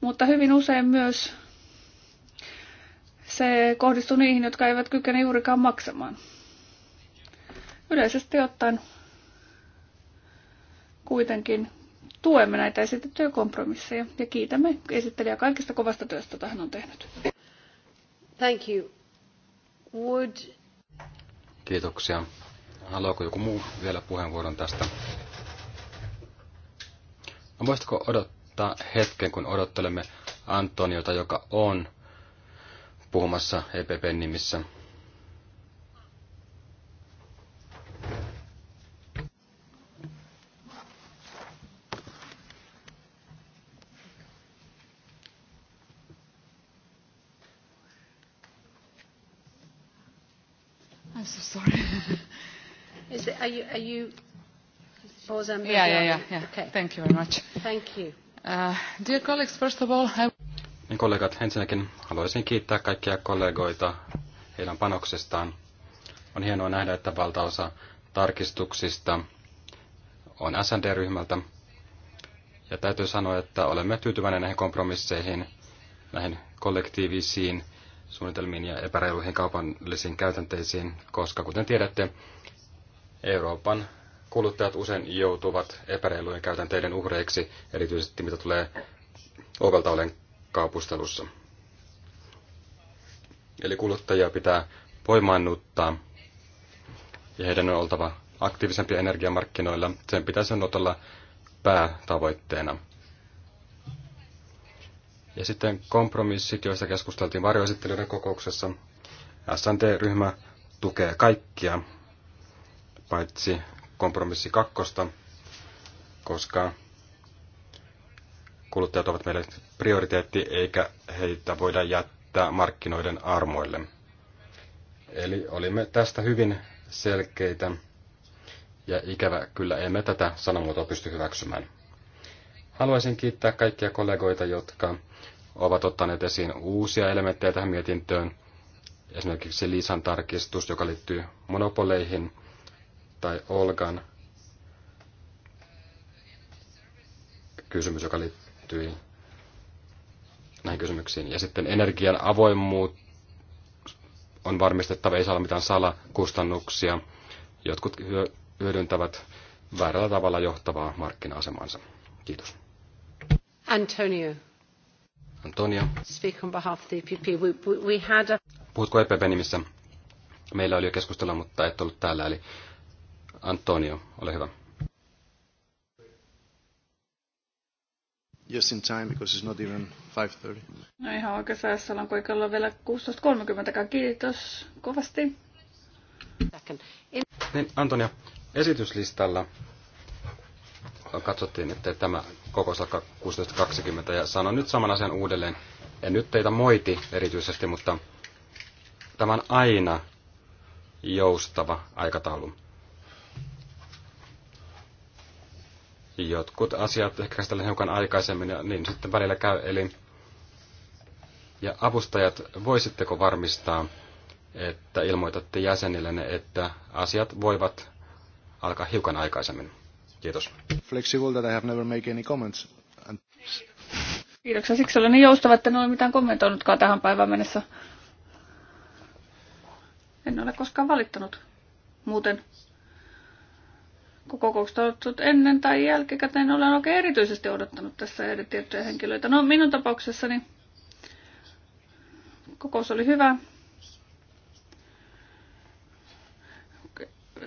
mutta hyvin usein myös se kohdistuu niihin, jotka eivät kykene juurikaan maksamaan. Yleisesti ottaen kuitenkin tuemme näitä esitettyjä kompromisseja ja kiitämme esittelijää kaikista kovasta työstä, jota hän on tehnyt. Thank you. Would... Kiitoksia. Haluaako joku muu vielä puheenvuoron tästä? No, voisitko odottaa hetken, kun odottelemme Antoniota, joka on puhumassa EPP nimissä? are you, are you Mozambique? Yeah, yeah, yeah. yeah. Okay. Thank you very much. Thank you. Uh, dear colleagues, first of all, I... Niin kollegat, ensinnäkin haluaisin kiittää kaikkia kollegoita heidän panoksestaan. On hienoa nähdä, että valtaosa tarkistuksista on SND-ryhmältä. Ja täytyy sanoa, että olemme tyytyväinen näihin kompromisseihin, näihin kollektiivisiin suunnitelmiin ja epäreiluihin kaupallisiin käytänteisiin, koska kuten tiedätte, Euroopan kuluttajat usein joutuvat epäreilujen käytänteiden uhreiksi, erityisesti mitä tulee ovelta olen kaupustelussa. Eli kuluttajia pitää voimaannuttaa ja heidän on oltava aktiivisempia energiamarkkinoilla. Sen pitäisi on olla päätavoitteena. Ja sitten kompromissit, joista keskusteltiin varjoesittelyiden kokouksessa. SNT-ryhmä tukee kaikkia paitsi kompromissi kakkosta, koska kuluttajat ovat meille prioriteetti, eikä heitä voida jättää markkinoiden armoille. Eli olimme tästä hyvin selkeitä, ja ikävä kyllä emme tätä sanamuotoa pysty hyväksymään. Haluaisin kiittää kaikkia kollegoita, jotka ovat ottaneet esiin uusia elementtejä tähän mietintöön, esimerkiksi Liisan tarkistus, joka liittyy monopoleihin – tai Olkan kysymys, joka liittyi näihin kysymyksiin. Ja sitten energian avoimuus on varmistettava, ei saa olla mitään salakustannuksia. Jotkut hyödyntävät väärällä tavalla johtavaa markkina-asemansa. Kiitos. Antonio. Antonio. Speak on behalf of the EPP. We, we had a... Puhutko EPP nimissä? Meillä oli jo keskustella, mutta et ollut täällä. Eli Antonio, ole hyvä. Just in time, because it's not even 5.30. No ihan oikeassa ajassa ollaan kaikilla vielä 16.30. Kiitos kovasti. Niin, Antonia, esityslistalla katsottiin, että tämä koko saakka 16.20 ja sanon nyt saman asian uudelleen. En nyt teitä moiti erityisesti, mutta tämä on aina joustava aikataulu. jotkut asiat ehkä sitä hiukan aikaisemmin ja niin sitten välillä käy. Eli ja avustajat, voisitteko varmistaa, että ilmoitatte jäsenillenne, että asiat voivat alkaa hiukan aikaisemmin? Kiitos. Flexible that I have never made any comments. And... Kiitoksia. Siksi olen niin joustava, että en ole mitään kommentoinutkaan tähän päivään mennessä. En ole koskaan valittanut muuten kokoukset ollut ennen tai jälkikäteen, olen oikein erityisesti odottanut tässä eri tiettyjä henkilöitä. No minun tapauksessani kokous oli hyvä.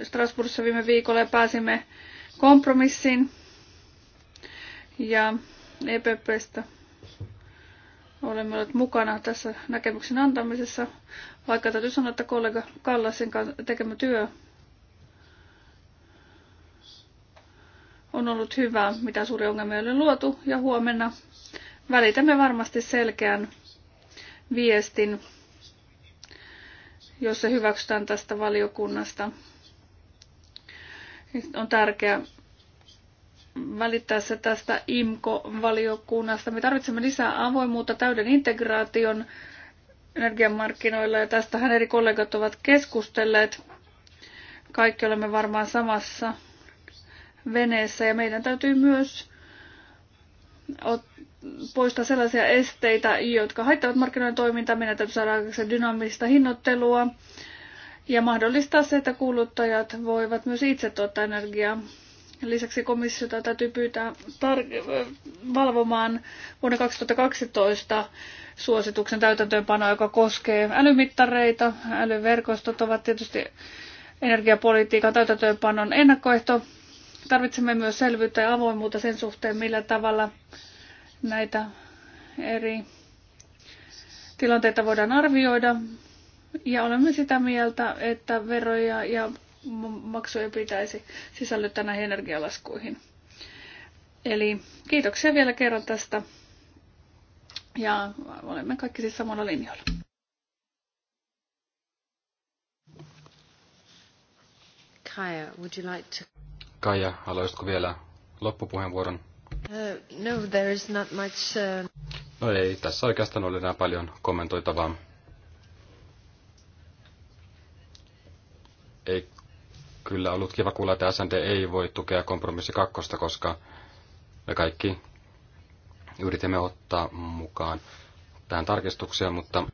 Strasbourgissa viime viikolla pääsimme kompromissiin ja EPPstä olemme olleet mukana tässä näkemyksen antamisessa, vaikka täytyy sanoa, että kollega Kallasin tekemä työ on ollut hyvä, mitä suuri ongelma oli luotu, ja huomenna välitämme varmasti selkeän viestin, jos se hyväksytään tästä valiokunnasta. On tärkeää välittää se tästä IMKO-valiokunnasta. Me tarvitsemme lisää avoimuutta, täyden integraation energiamarkkinoilla, ja tästähän eri kollegat ovat keskustelleet. Kaikki olemme varmaan samassa veneessä ja meidän täytyy myös poistaa sellaisia esteitä, jotka haittavat markkinoiden toimintaa. Meidän täytyy saada aikaisemmin dynaamista hinnoittelua ja mahdollistaa se, että kuluttajat voivat myös itse tuottaa energiaa. Lisäksi komissiota täytyy pyytää tar- valvomaan vuonna 2012 suosituksen täytäntöönpanoa, joka koskee älymittareita. Älyverkostot ovat tietysti energiapolitiikan täytäntöönpanon ennakkoehto Tarvitsemme myös selvyyttä ja avoimuutta sen suhteen, millä tavalla näitä eri tilanteita voidaan arvioida. Ja olemme sitä mieltä, että veroja ja maksuja pitäisi sisällyttää näihin energialaskuihin. Eli kiitoksia vielä kerran tästä ja olemme kaikki siis samalla linjoilla. Kaya, would you like to... Kaija, haluaisitko vielä loppupuheenvuoron? Uh, no, there is not much, uh... No ei, tässä oikeastaan oli enää paljon kommentoitavaa. Ei kyllä ollut kiva kuulla, että SND ei voi tukea kompromissi kakkosta, koska me kaikki yritimme ottaa mukaan tähän tarkistuksia, mutta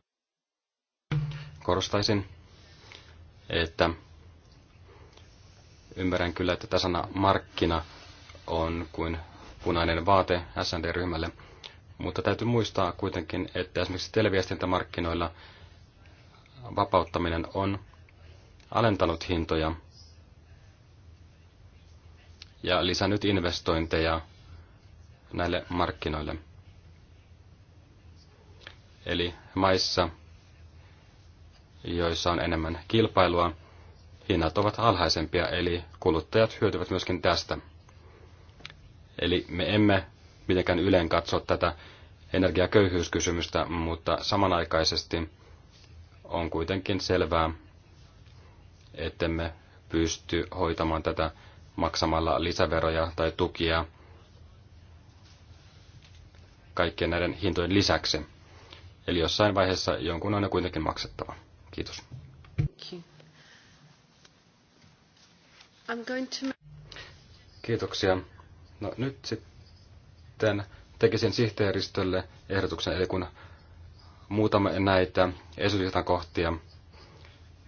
korostaisin, että Ymmärrän kyllä, että tämä sana markkina on kuin punainen vaate SND-ryhmälle, mutta täytyy muistaa kuitenkin, että esimerkiksi televiestintämarkkinoilla vapauttaminen on alentanut hintoja ja lisännyt investointeja näille markkinoille. Eli maissa, joissa on enemmän kilpailua, hinnat ovat alhaisempia, eli kuluttajat hyötyvät myöskin tästä. Eli me emme mitenkään yleen katso tätä energiaköyhyyskysymystä, mutta samanaikaisesti on kuitenkin selvää, ettemme pysty hoitamaan tätä maksamalla lisäveroja tai tukia kaikkien näiden hintojen lisäksi. Eli jossain vaiheessa jonkun on ne kuitenkin maksettava. Kiitos. Kiitos. I'm going to... Kiitoksia. No nyt sitten tekisin sihteeristölle ehdotuksen, eli kun muutamme näitä esityslistan kohtia,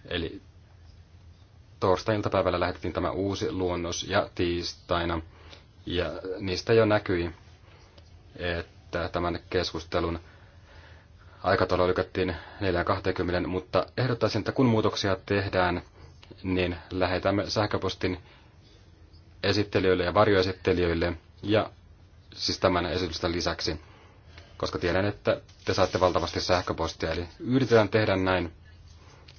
eli torstai-iltapäivällä lähetettiin tämä uusi luonnos ja tiistaina, ja niistä jo näkyi, että tämän keskustelun aikataulu lykättiin 4.20, mutta ehdottaisin, että kun muutoksia tehdään, niin lähetämme sähköpostin esittelijöille ja varjoesittelijöille ja siis tämän esitystä lisäksi, koska tiedän, että te saatte valtavasti sähköpostia. Eli yritetään tehdä näin,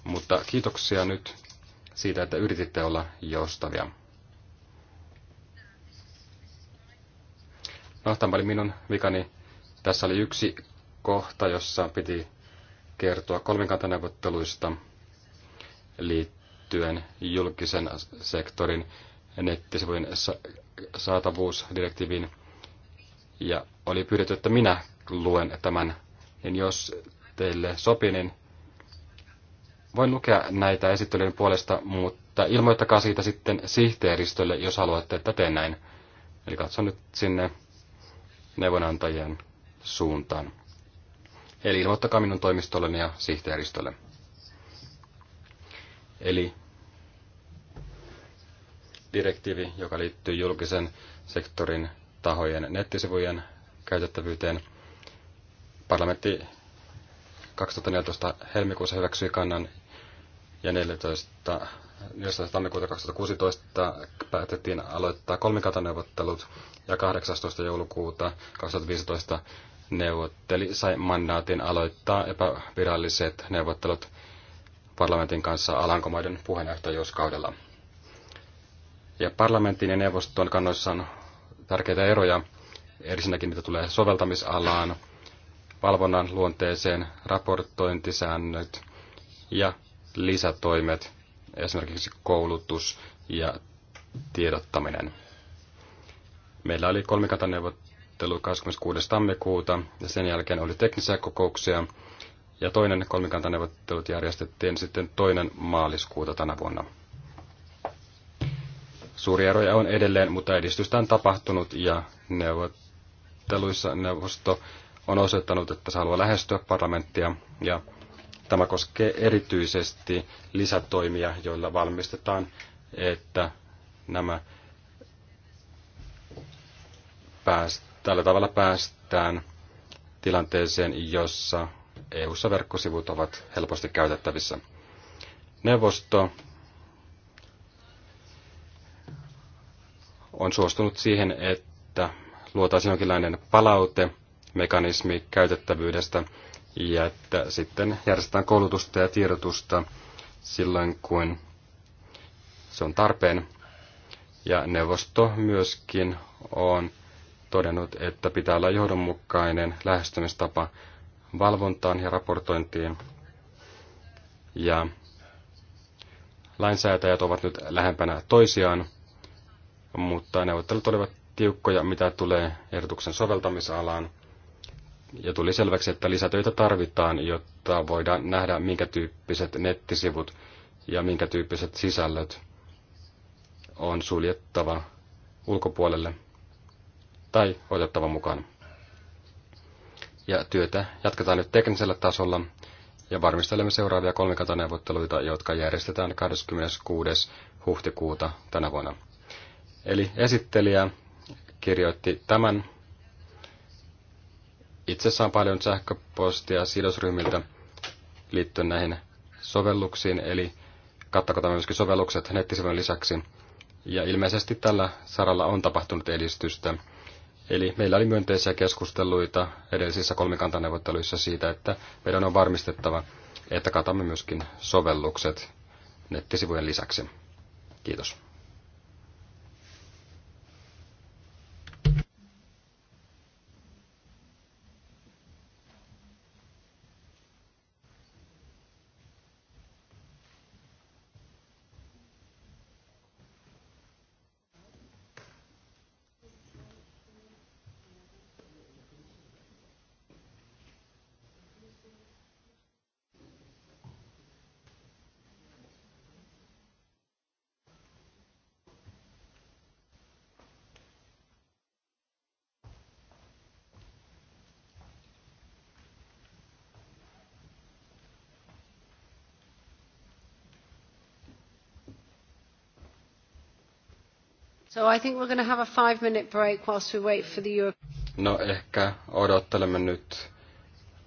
mutta kiitoksia nyt siitä, että yrititte olla joustavia. No, tämä oli minun vikani. Tässä oli yksi kohta, jossa piti kertoa kolmikantaneuvotteluista liittyen liittyen julkisen sektorin nettisivujen saatavuusdirektiiviin. Ja oli pyydetty, että minä luen tämän, niin jos teille sopii, niin voin lukea näitä esittelyjen puolesta, mutta ilmoittakaa siitä sitten sihteeristölle, jos haluatte, että teen näin. Eli katson nyt sinne neuvonantajien suuntaan. Eli ilmoittakaa minun toimistolleni ja sihteeristölle. Eli direktiivi, joka liittyy julkisen sektorin tahojen nettisivujen käytettävyyteen. Parlamentti 2014 helmikuussa hyväksyi kannan ja 14. 14. tammikuuta 2016 päätettiin aloittaa kolmikantaneuvottelut ja 18. joulukuuta 2015 neuvotteli sai mandaatin aloittaa epäviralliset neuvottelut parlamentin kanssa Alankomaiden puheenjohtajuuskaudella. Ja parlamentin ja neuvoston kannoissa on tärkeitä eroja, ensinnäkin mitä tulee soveltamisalaan, valvonnan luonteeseen, raportointisäännöt ja lisätoimet, esimerkiksi koulutus ja tiedottaminen. Meillä oli kolmikantaneuvottelu 26. tammikuuta ja sen jälkeen oli teknisiä kokouksia, ja toinen kolmikantaneuvottelut järjestettiin sitten toinen maaliskuuta tänä vuonna. Suuria eroja on edelleen, mutta edistystä on tapahtunut ja neuvotteluissa neuvosto on osoittanut, että se haluaa lähestyä parlamenttia ja tämä koskee erityisesti lisätoimia, joilla valmistetaan, että nämä pääst, tällä tavalla päästään tilanteeseen, jossa EU-ssa verkkosivut ovat helposti käytettävissä. Neuvosto on suostunut siihen, että luotaisiin jonkinlainen palautemekanismi käytettävyydestä ja että sitten järjestetään koulutusta ja tiedotusta silloin, kun se on tarpeen. Ja neuvosto myöskin on todennut, että pitää olla johdonmukainen lähestymistapa valvontaan ja raportointiin. Ja lainsäätäjät ovat nyt lähempänä toisiaan, mutta neuvottelut olivat tiukkoja, mitä tulee ehdotuksen soveltamisalaan. Ja tuli selväksi, että lisätöitä tarvitaan, jotta voidaan nähdä, minkä tyyppiset nettisivut ja minkä tyyppiset sisällöt on suljettava ulkopuolelle tai otettava mukaan ja työtä jatketaan nyt teknisellä tasolla ja varmistelemme seuraavia kolmikantaneuvotteluita, jotka järjestetään 26. huhtikuuta tänä vuonna. Eli esittelijä kirjoitti tämän. Itse saan paljon sähköpostia sidosryhmiltä liittyen näihin sovelluksiin, eli kattako tämä myöskin sovellukset nettisivun lisäksi. Ja ilmeisesti tällä saralla on tapahtunut edistystä Eli meillä oli myönteisiä keskusteluita edellisissä kolmikantaneuvotteluissa siitä, että meidän on varmistettava, että katamme myöskin sovellukset nettisivujen lisäksi. Kiitos. I think we're going to have a five minute break whilst we wait for the No ehkä odottelemme nyt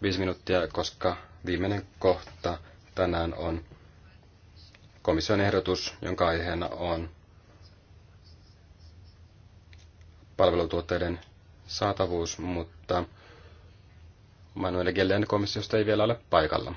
viisi minuuttia, koska viimeinen kohta tänään on komission ehdotus, jonka aiheena on palvelutuotteiden saatavuus, mutta Manuel Gellen komissiosta ei vielä ole paikalla.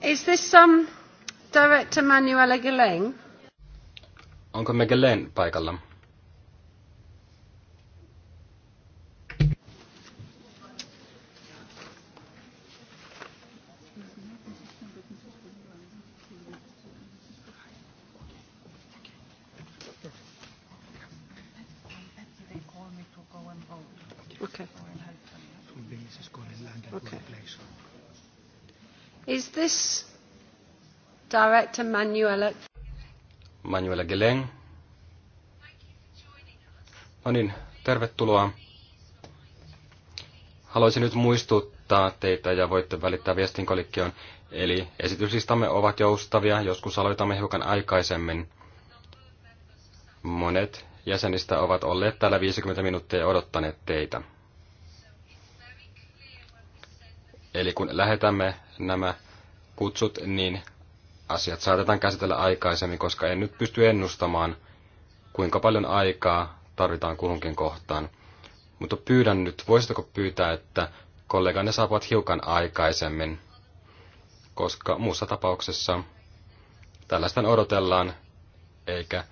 Is this um, Director Manuela Onko paikalla? this director Manuela... Manuela Geleng. No niin, tervetuloa. Haluaisin nyt muistuttaa teitä ja voitte välittää viestin kolikkioon. Eli esityslistamme ovat joustavia, joskus aloitamme hiukan aikaisemmin. Monet jäsenistä ovat olleet täällä 50 minuuttia ja odottaneet teitä. Eli kun lähetämme nämä kutsut, niin asiat saatetaan käsitellä aikaisemmin, koska en nyt pysty ennustamaan, kuinka paljon aikaa tarvitaan kuhunkin kohtaan. Mutta pyydän nyt, voisitko pyytää, että kolleganne saapuvat hiukan aikaisemmin, koska muussa tapauksessa tällaista odotellaan, eikä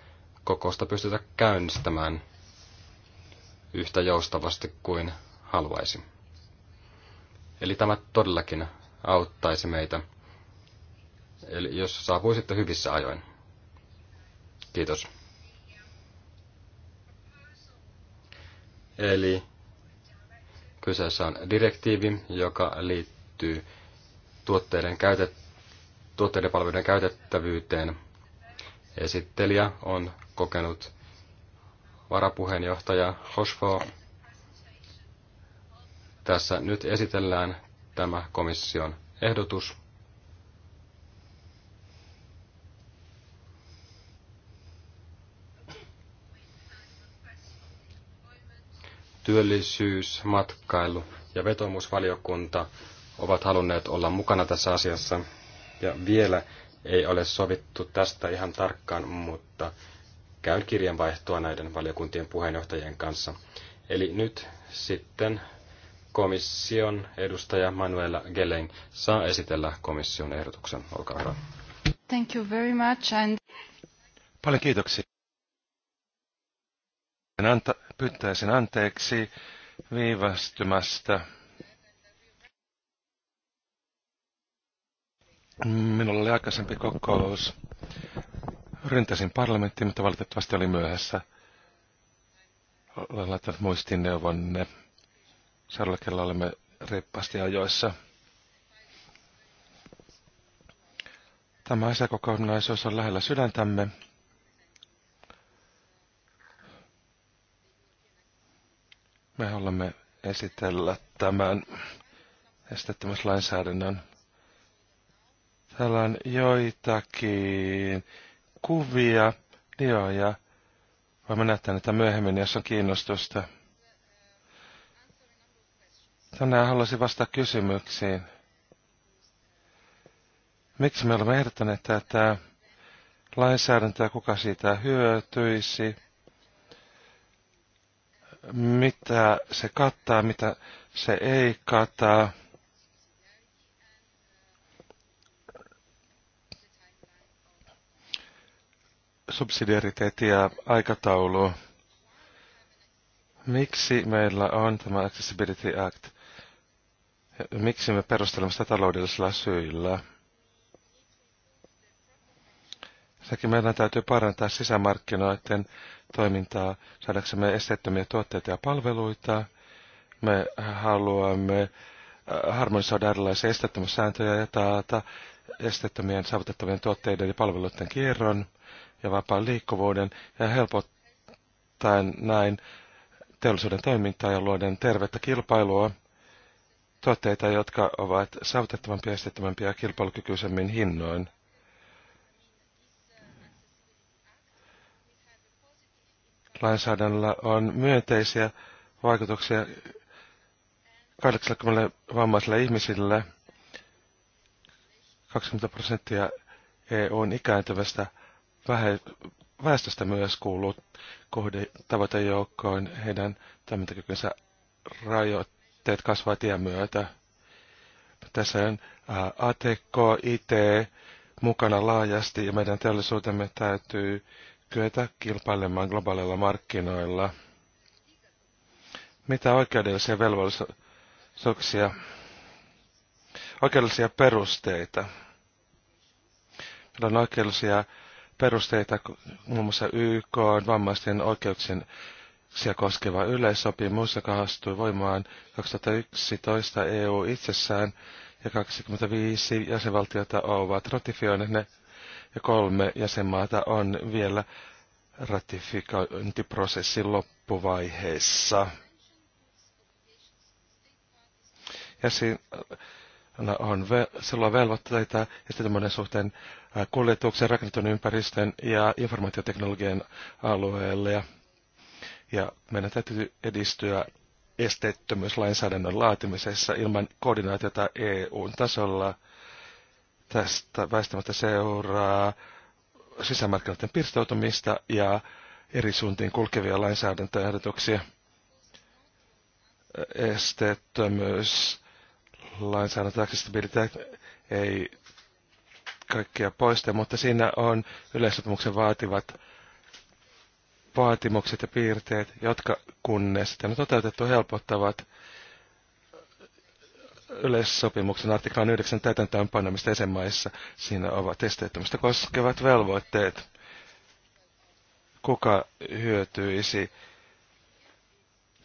kokousta pystytä käynnistämään yhtä joustavasti kuin haluaisi. Eli tämä todellakin auttaisi meitä. Eli jos saapuisitte hyvissä ajoin. Kiitos. Eli kyseessä on direktiivi, joka liittyy tuotteiden, käytet- tuotteiden palveluiden käytettävyyteen. Esittelijä on kokenut varapuheenjohtaja Hosfo. Tässä nyt esitellään tämä komission ehdotus. työllisyys, matkailu ja vetomusvaliokunta ovat halunneet olla mukana tässä asiassa. Ja vielä ei ole sovittu tästä ihan tarkkaan, mutta käyn kirjanvaihtoa näiden valiokuntien puheenjohtajien kanssa. Eli nyt sitten komission edustaja Manuela Gelling saa esitellä komission ehdotuksen. Olkaa hyvä. Thank you very much and... Paljon kiitoksia anta, pyytäisin anteeksi viivästymästä. Minulla oli aikaisempi kokous. Ryntäsin parlamenttiin, mutta valitettavasti oli myöhässä. Olen laittanut muistineuvonne. Seuraavalla olemme reippaasti ajoissa. Tämä asiakokonaisuus on lähellä sydäntämme. Me haluamme esitellä tämän esteettömyyslainsäädännön. Täällä on joitakin kuvia, dioja. Voimme näyttää niitä myöhemmin, jos on kiinnostusta. Tänään haluaisin vastata kysymyksiin. Miksi me olemme ehdottaneet tätä lainsäädäntöä, kuka siitä hyötyisi? mitä se kattaa, mitä se ei kattaa? subsidiariteetti ja aikataulu. Miksi meillä on tämä Accessibility Act? Miksi me perustelemme sitä taloudellisilla syillä? Sekin meidän täytyy parantaa sisämarkkinoiden toimintaa saadaksemme esteettömiä tuotteita ja palveluita. Me haluamme äh, harmonisoida erilaisia sääntöjä ja taata esteettömien saavutettavien tuotteiden ja palveluiden kierron ja vapaan liikkuvuuden ja helpottaa näin teollisuuden toimintaa ja luoden tervettä kilpailua, tuotteita, jotka ovat saavutettavampia, esteettömämpiä ja kilpailukykyisemmin hinnoin. lainsäädännöllä on myönteisiä vaikutuksia 80 vammaisille ihmisille. 20 prosenttia EUn ikääntyvästä väestöstä myös kuuluu kohde tavoitejoukkoon. Heidän toimintakykynsä rajoitteet kasvaa tien myötä. Tässä on ATK, IT mukana laajasti ja meidän teollisuutemme täytyy kyetä kilpailemaan globaaleilla markkinoilla. Mitä oikeudellisia velvollisuuksia, oikeudellisia perusteita? Meillä on oikeudellisia perusteita muun muassa YK, vammaisten oikeuksien Ihmisoikeuksia koskeva yleissopimus, joka astui voimaan 2011 EU itsessään ja 25 jäsenvaltiota ovat ratifioineet ne ja kolme jäsenmaata on vielä ratifikointiprosessin loppuvaiheessa. Ja siinä on ve- silloin velvoitteita tämmöinen suhteen äh, kuljetuksen, rakennetun ympäristön ja informaatioteknologian alueelle. Ja, ja meidän täytyy edistyä esteettömyyslainsäädännön laatimisessa ilman koordinaatiota EUn tasolla – Tästä väistämättä seuraa sisämarkkinoiden pirstoutumista ja eri suuntiin kulkevia lainsäädäntöehdotuksia. Esteettömyys, lainsäädäntö accessibility ei kaikkia poista, mutta siinä on yleisötumuksen vaativat vaatimukset ja piirteet, jotka kunnes sitten on toteutettu helpottavat yleissopimuksen artiklan 9 täytäntöönpanemista jäsenmaissa. Siinä ovat esteettömistä koskevat velvoitteet. Kuka hyötyisi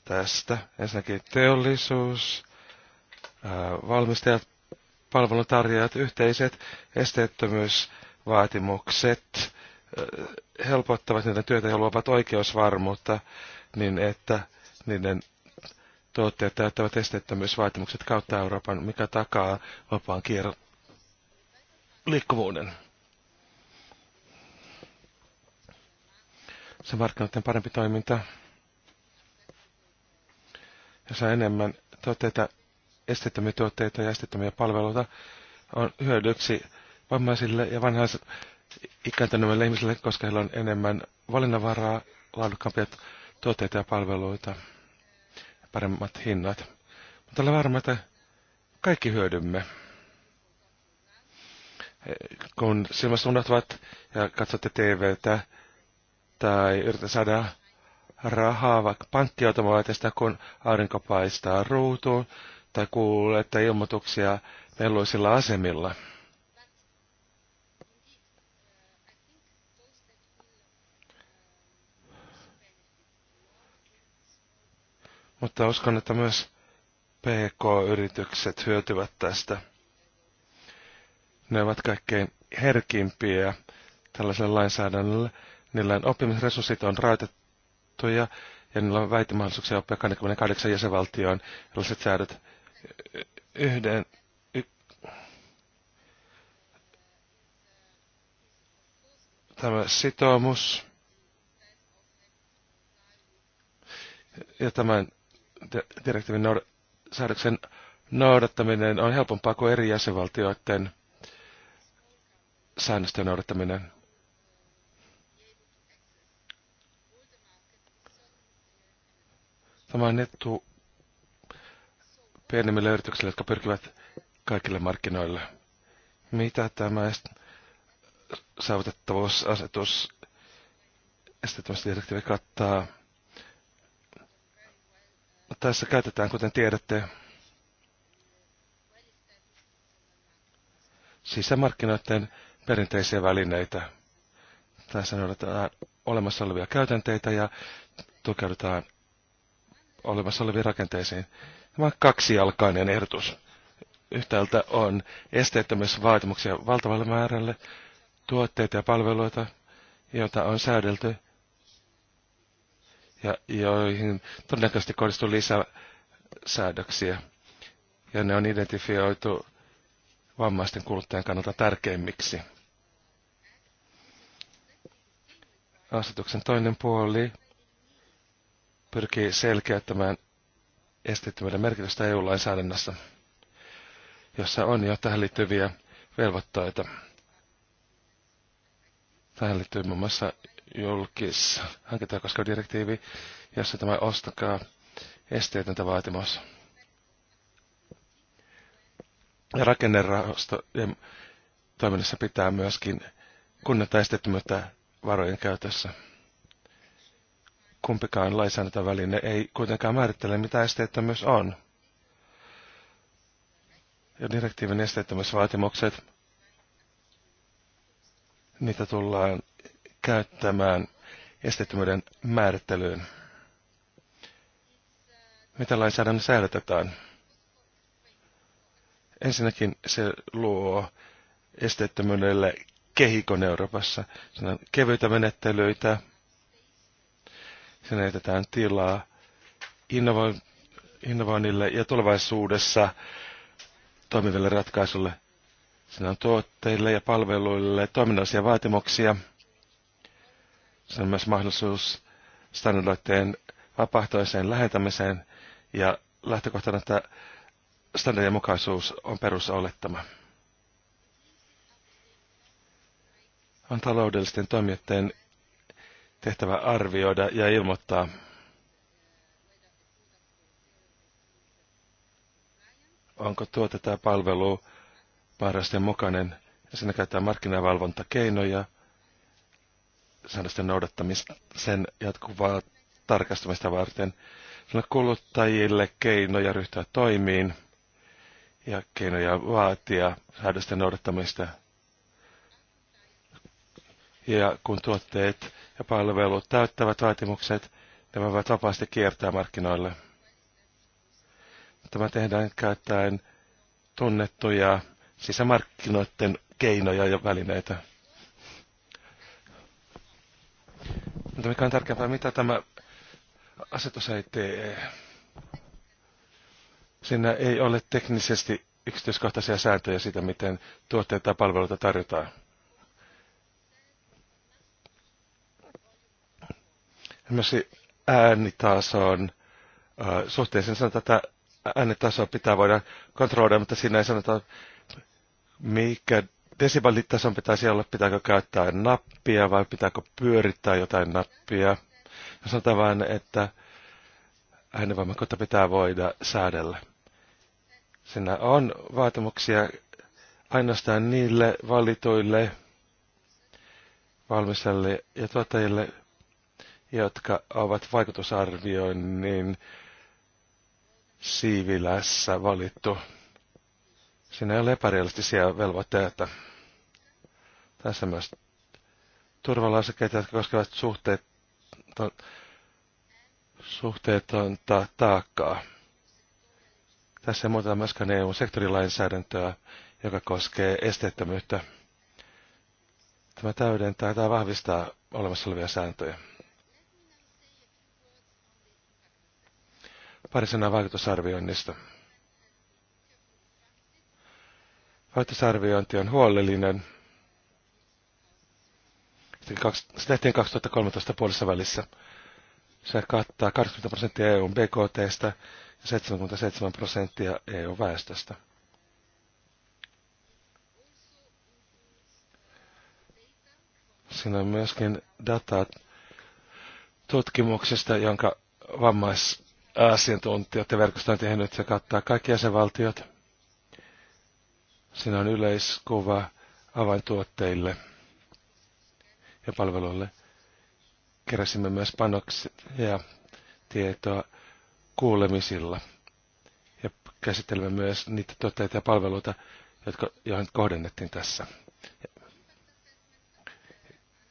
tästä? Ensinnäkin teollisuus, valmistajat, palveluntarjoajat, yhteiset esteettömyysvaatimukset helpottavat niiden työtä ja luovat oikeusvarmuutta niin, että niiden tuotteet täyttävät esteettömyysvaatimukset kautta Euroopan, mikä takaa vapaan kierron liikkuvuuden. Se markkinoiden parempi toiminta ja saa enemmän tuotteita, esteettömiä tuotteita ja esteettömiä palveluita on hyödyksi vammaisille ja vanhaisille ikääntyneille ihmisille, koska heillä on enemmän valinnanvaraa, laadukkaampia tuotteita ja palveluita paremmat hinnat. Mutta olen varma, että kaikki hyödymme. Kun silmässä unohtavat ja katsotte TVtä tai yritätte saada rahaa vaikka panttiautomaatista, kun aurinko paistaa ruutuun, tai kuulette ilmoituksia meluisilla asemilla. Mutta uskon, että myös PK-yritykset hyötyvät tästä. Ne ovat kaikkein herkimpiä tällaiselle lainsäädännölle. Niillä on oppimisresurssit on rajoitettuja ja niillä on väitömahdollisuuksia oppia 28 jäsenvaltioon Tällaiset säädöt yhden y, tämä sitoumus ja tämän direktiivin noud- säädöksen noudattaminen on helpompaa kuin eri jäsenvaltioiden säännösten noudattaminen. Tämä on nettu pienemmille yrityksille, jotka pyrkivät kaikille markkinoille. Mitä tämä saavutettavuusasetus esteettömästi direktiivi kattaa? Tässä käytetään, kuten tiedätte, sisämarkkinoiden perinteisiä välineitä. Tässä noudatetaan äh, olemassa olevia käytänteitä ja tukeudutaan olemassa oleviin rakenteisiin. Tämä on kaksijalkainen ehdotus. Yhtäältä on esteettömyysvaatimuksia valtavalle määrälle tuotteita ja palveluita, joita on säädelty – ja joihin todennäköisesti kohdistuu lisäsäädöksiä. Ja ne on identifioitu vammaisten kuluttajan kannalta tärkeimmiksi. Asetuksen toinen puoli pyrkii selkeyttämään esteettömyyden merkitystä EU-lainsäädännössä, jossa on jo tähän liittyviä velvoitteita. Tähän liittyy muun muassa julkis hankintaa koskeva direktiivi, jossa tämä ostakaa esteetöntä vaatimus. Ja rakennerahastojen toiminnassa pitää myöskin kunnata esteettömyyttä varojen käytössä. Kumpikaan lainsäädäntöväline ei kuitenkaan määrittele, mitä esteettömyys on. Ja direktiivin esteettömyysvaatimukset, niitä tullaan käyttämään esteettömyyden määrittelyyn. Mitä lainsäädännön säilytetään? Ensinnäkin se luo esteettömyydelle kehikon Euroopassa. Siinä on kevyitä menettelyitä, siinä jätetään tilaa innovoinnille ja tulevaisuudessa toimiville ratkaisulle Siinä on tuotteille ja palveluille toiminnallisia vaatimuksia – se on myös mahdollisuus standardoitteen vapaaehtoiseen lähentämiseen ja lähtökohtana, että standardien mukaisuus on perusolettama. On taloudellisten toimijoiden tehtävä arvioida ja ilmoittaa onko tuote tai palvelu määräysten mukainen, ja siinä käytetään markkinavalvontakeinoja, säännösten noudattamista, sen jatkuvaa tarkastamista varten. Sillä kuluttajille keinoja ryhtyä toimiin ja keinoja vaatia säädösten noudattamista. Ja kun tuotteet ja palvelut täyttävät vaatimukset, ne voivat vapaasti kiertää markkinoille. Tämä tehdään käyttäen tunnettuja sisämarkkinoiden keinoja ja välineitä. Mutta mikä on tärkeämpää, mitä tämä asetus ei tee? Siinä ei ole teknisesti yksityiskohtaisia sääntöjä siitä, miten tuotteita tai palveluita tarjotaan. Esimerkiksi äänitason suhteeseen sanotaan, että äänitasoa pitää voida kontrolloida, mutta siinä ei sanota, mikä desibelitason pitäisi olla, pitääkö käyttää nappia vai pitääkö pyörittää jotain nappia. Ja sanotaan vain, että äänenvoimakkuutta pitää voida säädellä. Siinä on vaatimuksia ainoastaan niille valituille valmistajille ja tuottajille, jotka ovat vaikutusarvioinnin siivilässä valittu. Siinä ei ole epärealistisia velvoitteita. Tässä myös turvalausekkeita, jotka koskevat suhteet, to, suhteetonta taakkaa. Tässä ei muuteta myöskään EU-sektorilainsäädäntöä, joka koskee esteettömyyttä. Tämä täydentää tai vahvistaa olemassa olevia sääntöjä. Pari sanaa vaikutusarvioinnista. Vaikutusarviointi on huolellinen se tehtiin 2013 puolessa välissä. Se kattaa 80 prosenttia EUn BKTstä ja 77 prosenttia EU-väestöstä. Siinä on myöskin dataa tutkimuksesta, jonka vammaisasiantuntijat ja verkosto on tehnyt. Se kattaa kaikki jäsenvaltiot. Siinä on yleiskuva avaintuotteille ja palveluille. Keräsimme myös panoksia tietoa kuulemisilla ja käsittelemme myös niitä tuotteita ja palveluita, jotka, joihin kohdennettiin tässä.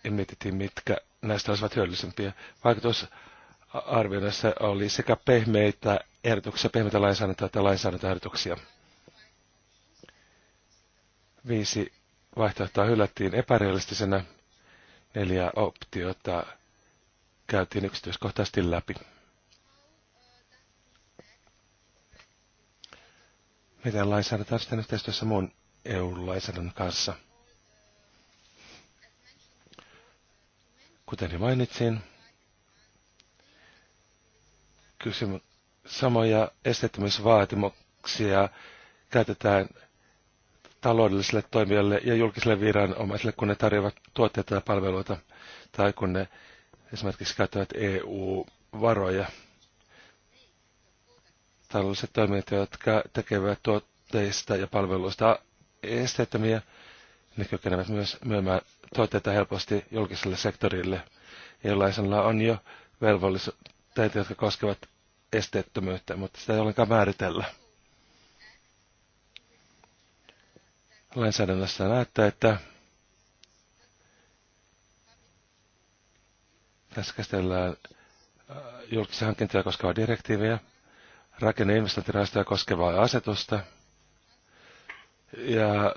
Ja mietittiin, mitkä näistä olisivat hyödyllisempiä. Vaikutusarvioinnissa oli sekä pehmeitä ehdotuksia, pehmeitä lainsäädäntöä että lainsäädäntöehdotuksia. Viisi vaihtoehtoa hylättiin epärealistisena neljä optiota käytiin yksityiskohtaisesti läpi. Miten lainsäädäntö sitten yhteistyössä muun EU-lainsäädännön kanssa? Kuten jo mainitsin, kysymys, samoja esteettömyysvaatimuksia käytetään taloudellisille toimijoille ja julkisille viranomaisille, kun ne tarjoavat tuotteita ja palveluita tai kun ne esimerkiksi käyttävät EU-varoja. Taloudelliset toimijat, jotka tekevät tuotteista ja palveluista esteettömiä, ne kykenevät myös myymään tuotteita helposti julkiselle sektorille, jollaisella on jo velvollisuutta, jotka koskevat esteettömyyttä, mutta sitä ei ollenkaan määritellä. lainsäädännössä näyttää, että tässä käsitellään äh, julkisia hankintoja koskevaa direktiiviä, rakenne- ja investointirahastoja koskevaa asetusta ja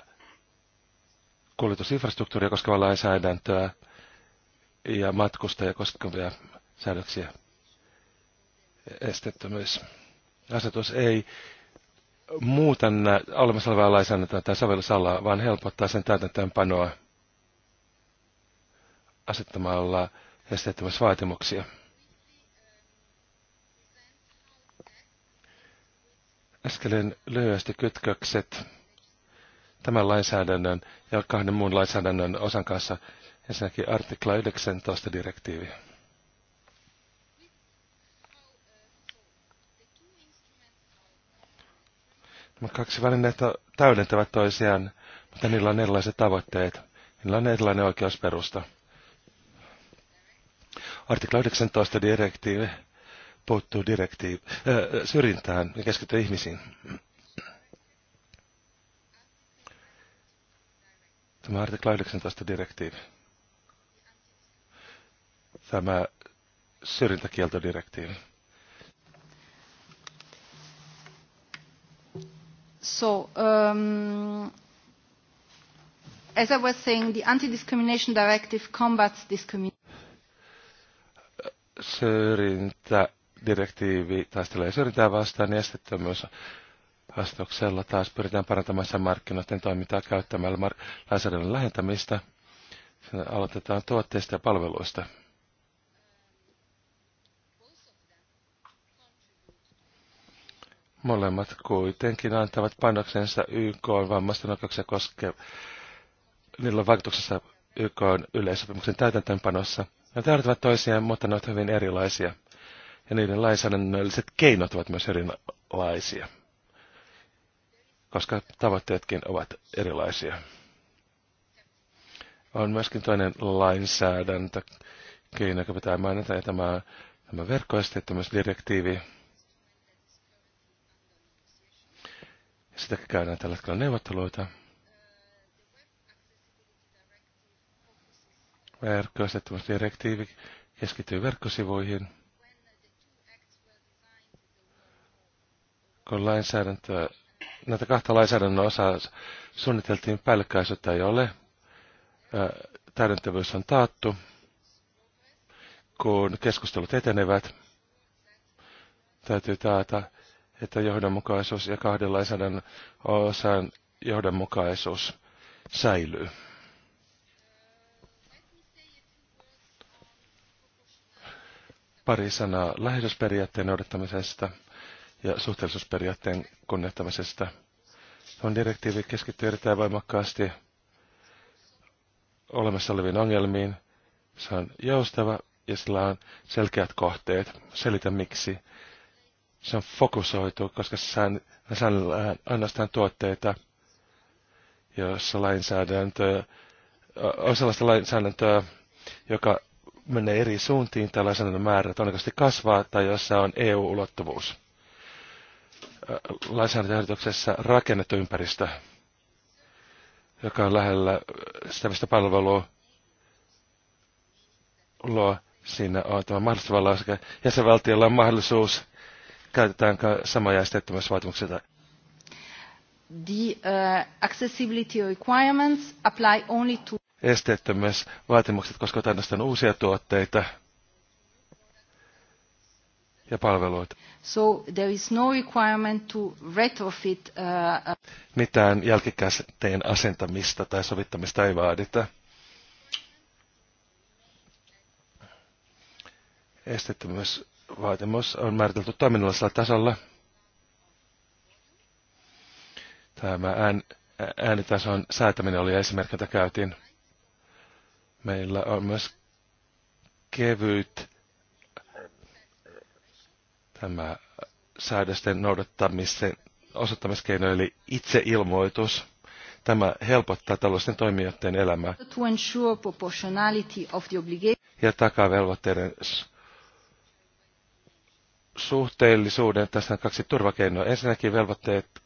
kuljetusinfrastruktuuria koskevaa lainsäädäntöä ja matkustajia koskevia säädöksiä. Asetus ei muuta äh, olemassa olevaa lainsäädäntöä tai sovellusalaa, vaan helpottaa sen täytäntöönpanoa asettamalla esteettömässä vaatimuksia. Äskeinen lyhyesti kytkökset tämän lainsäädännön ja kahden muun lainsäädännön osan kanssa ensinnäkin artikla 19 direktiivi. kaksi välineitä täydentävät toisiaan, mutta niillä on erilaiset tavoitteet. Niillä on erilainen oikeusperusta. Artikla 19 direktiivi puuttuu direktiiv- äh, syrjintään ja keskittyy ihmisiin. Tämä artikla 19 direktiivi. Tämä syrjintäkieltodirektiivi. So, um, as I was saying, the anti-discrimination directive combats discrimination. Syrjintä direktiivi taistelee syrjintää vastaan ja estettömyys vastauksella taas pyritään parantamaan sen markkinoiden toimintaa käyttämällä lainsäädännön lähentämistä. Sen aloitetaan tuotteista ja palveluista. Molemmat kuitenkin antavat panoksensa YK vammaisten oikeuksia koske. Niillä on vaikutuksessa YK yleissopimuksen täytäntöönpanossa. Ne tarvitsevat toisiaan, mutta ne ovat hyvin erilaisia. Ja niiden lainsäädännölliset keinot ovat myös erilaisia, koska tavoitteetkin ovat erilaisia. On myöskin toinen lainsäädäntö, keino, joka pitää mainita, ja tämä, tämä verkkoesteettömyysdirektiivi, Sitä käydään tällä hetkellä neuvotteluita. Verkkoasettomuusdirektiivi keskittyy verkkosivuihin. Kun lainsäädäntöä, näitä kahta lainsäädännön osaa suunniteltiin päällekkäisyyttä ei ole. Täydentävyys on taattu. Kun keskustelut etenevät, täytyy taata että johdonmukaisuus ja kahden lainsäädännön osan johdonmukaisuus säilyy. Pari sanaa läheisyysperiaatteen noudattamisesta ja suhteellisuusperiaatteen kunnioittamisesta. on direktiivi keskittyy erittäin voimakkaasti olemassa oleviin ongelmiin. Se on joustava ja sillä on selkeät kohteet. Selitä miksi se on fokusoitu, koska sään, säännellään ainoastaan tuotteita, joissa lainsäädäntö, on sellaista lainsäädäntöä, joka menee eri suuntiin, tai lainsäädännön määrä todennäköisesti kasvaa, tai jossa on EU-ulottuvuus. Lainsäädäntöehdotuksessa rakennettu ympäristö, joka on lähellä sitä, mistä palvelua luo, siinä on tämä mahdollistava lauseke. Jäsenvaltiolla on mahdollisuus käytetäänkö samoja esteettömyysvaatimuksia? The uh, accessibility requirements apply only to vaatimukset koskevat ainoastaan uusia tuotteita ja palveluita. So there is no requirement to retrofit, uh, uh- Mitään jälkikäteen asentamista tai sovittamista ei vaadita. Esteettömyys vaatimus on määritelty toiminnallisella tasolla. Tämä ään, äänitason säätäminen oli esimerkki, jota käytiin. Meillä on myös kevyt tämä säädösten noudattamisen osoittamiskeino, eli itseilmoitus. Tämä helpottaa taloudellisten toimijoiden elämää ja takaa velvoitteiden suhteellisuuden. Tässä on kaksi turvakeinoa. Ensinnäkin velvoitteet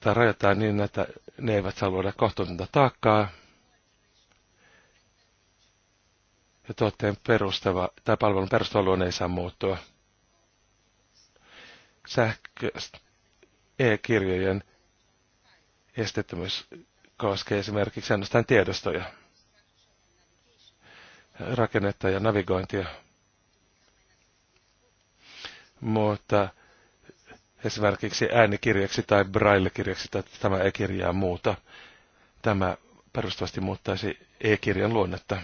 tai rajoittaa niin, että ne eivät saa luoda kohtuutonta taakkaa. Ja tuotteen perustava tai palvelun perustava luonne ei saa muuttua. Sähkö, e-kirjojen esteettömyys koskee esimerkiksi ainoastaan tiedostoja, rakennetta ja navigointia mutta esimerkiksi äänikirjaksi tai braillekirjaksi tai tämä e-kirjaa muuta. Tämä perustavasti muuttaisi e-kirjan luonnetta.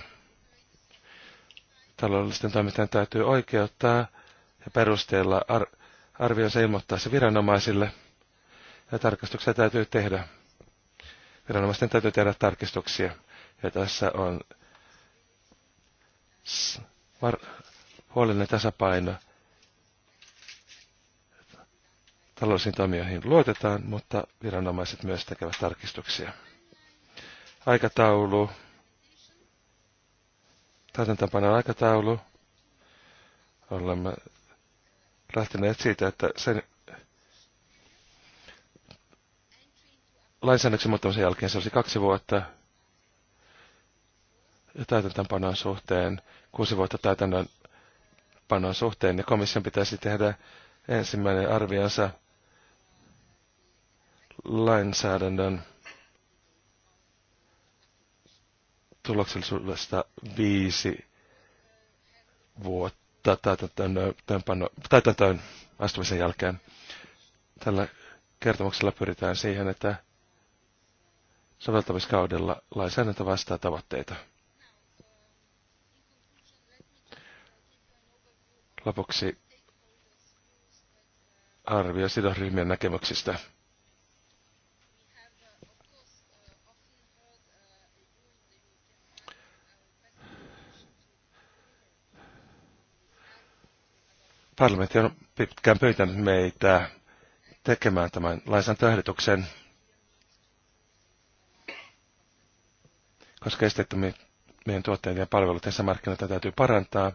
Taloudellisten toimintaan täytyy oikeuttaa ja perusteella ar- arvionsa ilmoittaa se viranomaisille, ja tarkastuksia täytyy tehdä. Viranomaisten täytyy tehdä tarkistuksia, ja tässä on huolellinen tasapaino taloudellisiin toimijoihin luotetaan, mutta viranomaiset myös tekevät tarkistuksia. Aikataulu. Täytäntöpanon aikataulu. Olemme lähteneet siitä, että sen lainsäädännöksen muuttamisen jälkeen se olisi kaksi vuotta täytäntöpanon suhteen, kuusi vuotta täytäntöpanon suhteen, ja niin komission pitäisi tehdä ensimmäinen arvionsa lainsäädännön tuloksellisuudesta viisi vuotta täytäntöön astumisen jälkeen. Tällä kertomuksella pyritään siihen, että soveltamiskaudella lainsäädäntö vastaa tavoitteita. Lopuksi arvio sidosryhmien näkemyksistä. Parlamentti on pitkään pyytänyt meitä tekemään tämän lainsäädäntöehdotuksen, koska meidän tuotteiden ja palveluiden markkinoita täytyy parantaa.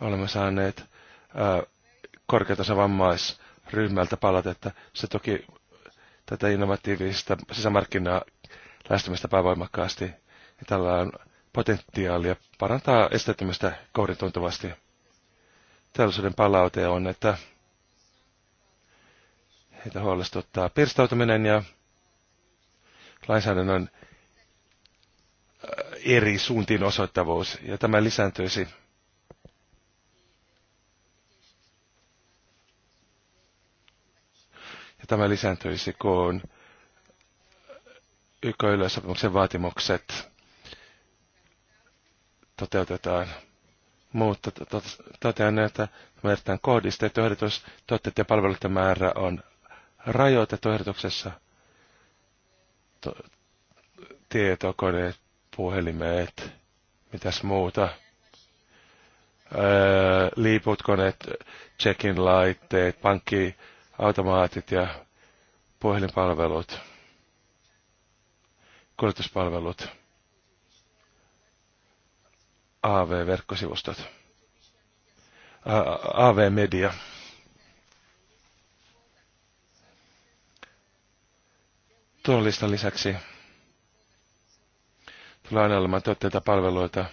Olemme saaneet korkeatason vammaisryhmältä palautetta. Se toki tätä innovatiivista sisämarkkinaa lähestymistä päävoimakkaasti. Ja tällä on potentiaalia parantaa esteettömyystä kohdentuntuvasti. Teollisuuden palaute on, että heitä huolestuttaa pirstautuminen ja lainsäädännön äh, eri suuntiin osoittavuus, ja tämä lisääntyisi ja tämä lisääntyisi, kun YK-yleissopimuksen vaatimukset toteutetaan. Mutta totean, että määritään kohdistettu ehdotus, tuotteet ja palveluiden määrä on rajoitettu ehdotuksessa. To, tietokoneet, puhelimeet, mitäs muuta. Öö, liiputkoneet, check-in laitteet, pankkiautomaatit ja puhelinpalvelut, kuljetuspalvelut AV-verkkosivustot. AV-media. Tuon listan lisäksi tulee aina olemaan tuotteita palveluita,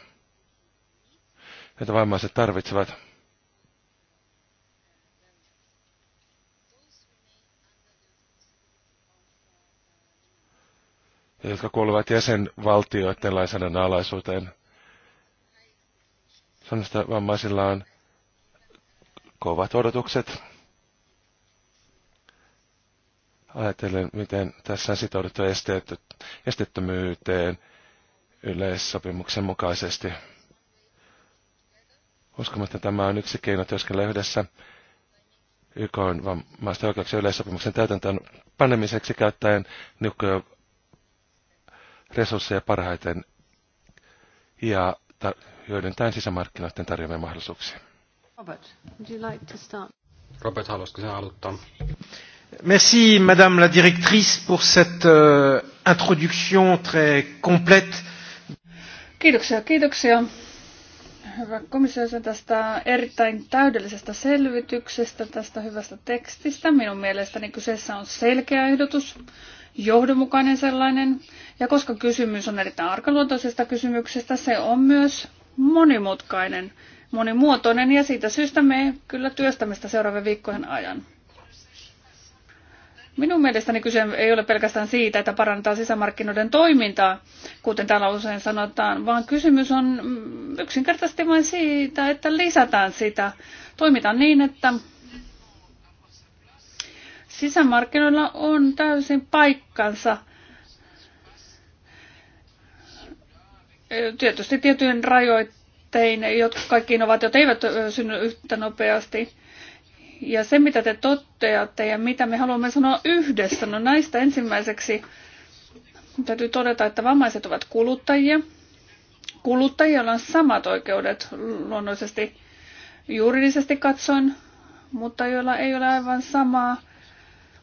joita vammaiset tarvitsevat. jotka kuuluvat jäsenvaltioiden lainsäädännön alaisuuteen – Sanasta vammaisilla on kovat odotukset. Ajattelen, miten tässä on sitouduttu esteettömyyteen yleissopimuksen mukaisesti. Uskon, että tämä on yksi keino työskennellä yhdessä YK on vammaisten oikeuksien yleissopimuksen täytäntöön panemiseksi käyttäen nykyään resursseja parhaiten ja hyödyntäen sisämarkkinoiden tarjoamia mahdollisuuksia. Robert, would you like to start? Robert, haluaisitko sinä aloittaa? Merci, Madame la Directrice, pour cette uh, introduction très complète. Kiitoksia, kiitoksia. Hyvä komissiosen tästä erittäin täydellisestä selvityksestä, tästä hyvästä tekstistä. Minun mielestäni kyseessä on selkeä ehdotus, johdonmukainen sellainen. Ja koska kysymys on erittäin arkaluontoisesta kysymyksestä, se on myös monimutkainen, monimuotoinen ja siitä syystä me kyllä työstämme sitä seuraavien viikkojen ajan. Minun mielestäni kyse ei ole pelkästään siitä, että parantaa sisämarkkinoiden toimintaa, kuten täällä usein sanotaan, vaan kysymys on yksinkertaisesti vain siitä, että lisätään sitä. Toimitaan niin, että sisämarkkinoilla on täysin paikkansa tietysti tiettyjen rajoittein, jotka kaikki jo eivät synny yhtä nopeasti. Ja se, mitä te totteatte ja mitä me haluamme sanoa yhdessä, no näistä ensimmäiseksi täytyy todeta, että vammaiset ovat kuluttajia. Kuluttajilla on samat oikeudet luonnollisesti juridisesti katsoen, mutta joilla ei ole aivan samaa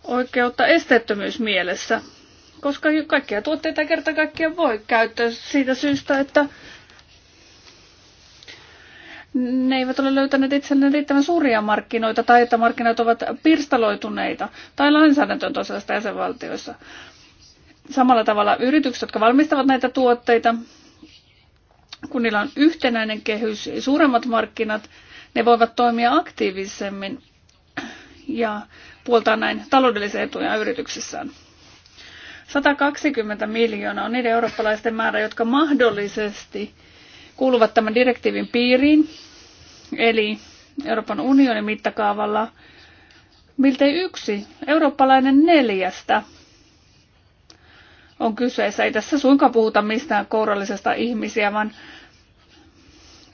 oikeutta esteettömyysmielessä. mielessä koska kaikkia tuotteita kerta kaikkiaan voi käyttää siitä syystä, että ne eivät ole löytäneet itselleen riittävän suuria markkinoita tai että markkinat ovat pirstaloituneita tai lainsäädäntö on toisaalta jäsenvaltioissa. Samalla tavalla yritykset, jotka valmistavat näitä tuotteita, kun niillä on yhtenäinen kehys ja suuremmat markkinat, ne voivat toimia aktiivisemmin ja puoltaa näin taloudellisia etuja yrityksissään. 120 miljoonaa on niiden eurooppalaisten määrä, jotka mahdollisesti kuuluvat tämän direktiivin piiriin, eli Euroopan unionin mittakaavalla miltei yksi eurooppalainen neljästä on kyseessä. Ei tässä suinkaan puhuta mistään kourallisesta ihmisiä, vaan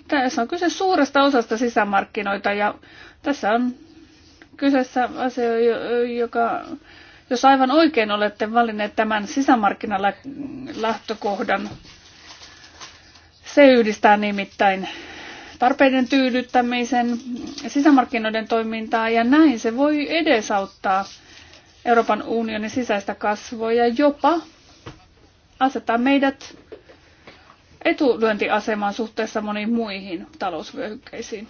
tässä on kyse suuresta osasta sisämarkkinoita ja tässä on kyseessä asia, joka jos aivan oikein olette valinneet tämän sisämarkkinalähtökohdan, se yhdistää nimittäin tarpeiden tyydyttämisen, sisämarkkinoiden toimintaa ja näin se voi edesauttaa Euroopan unionin sisäistä kasvua ja jopa asettaa meidät etulyöntiasemaan suhteessa moniin muihin talousvyöhykkeisiin.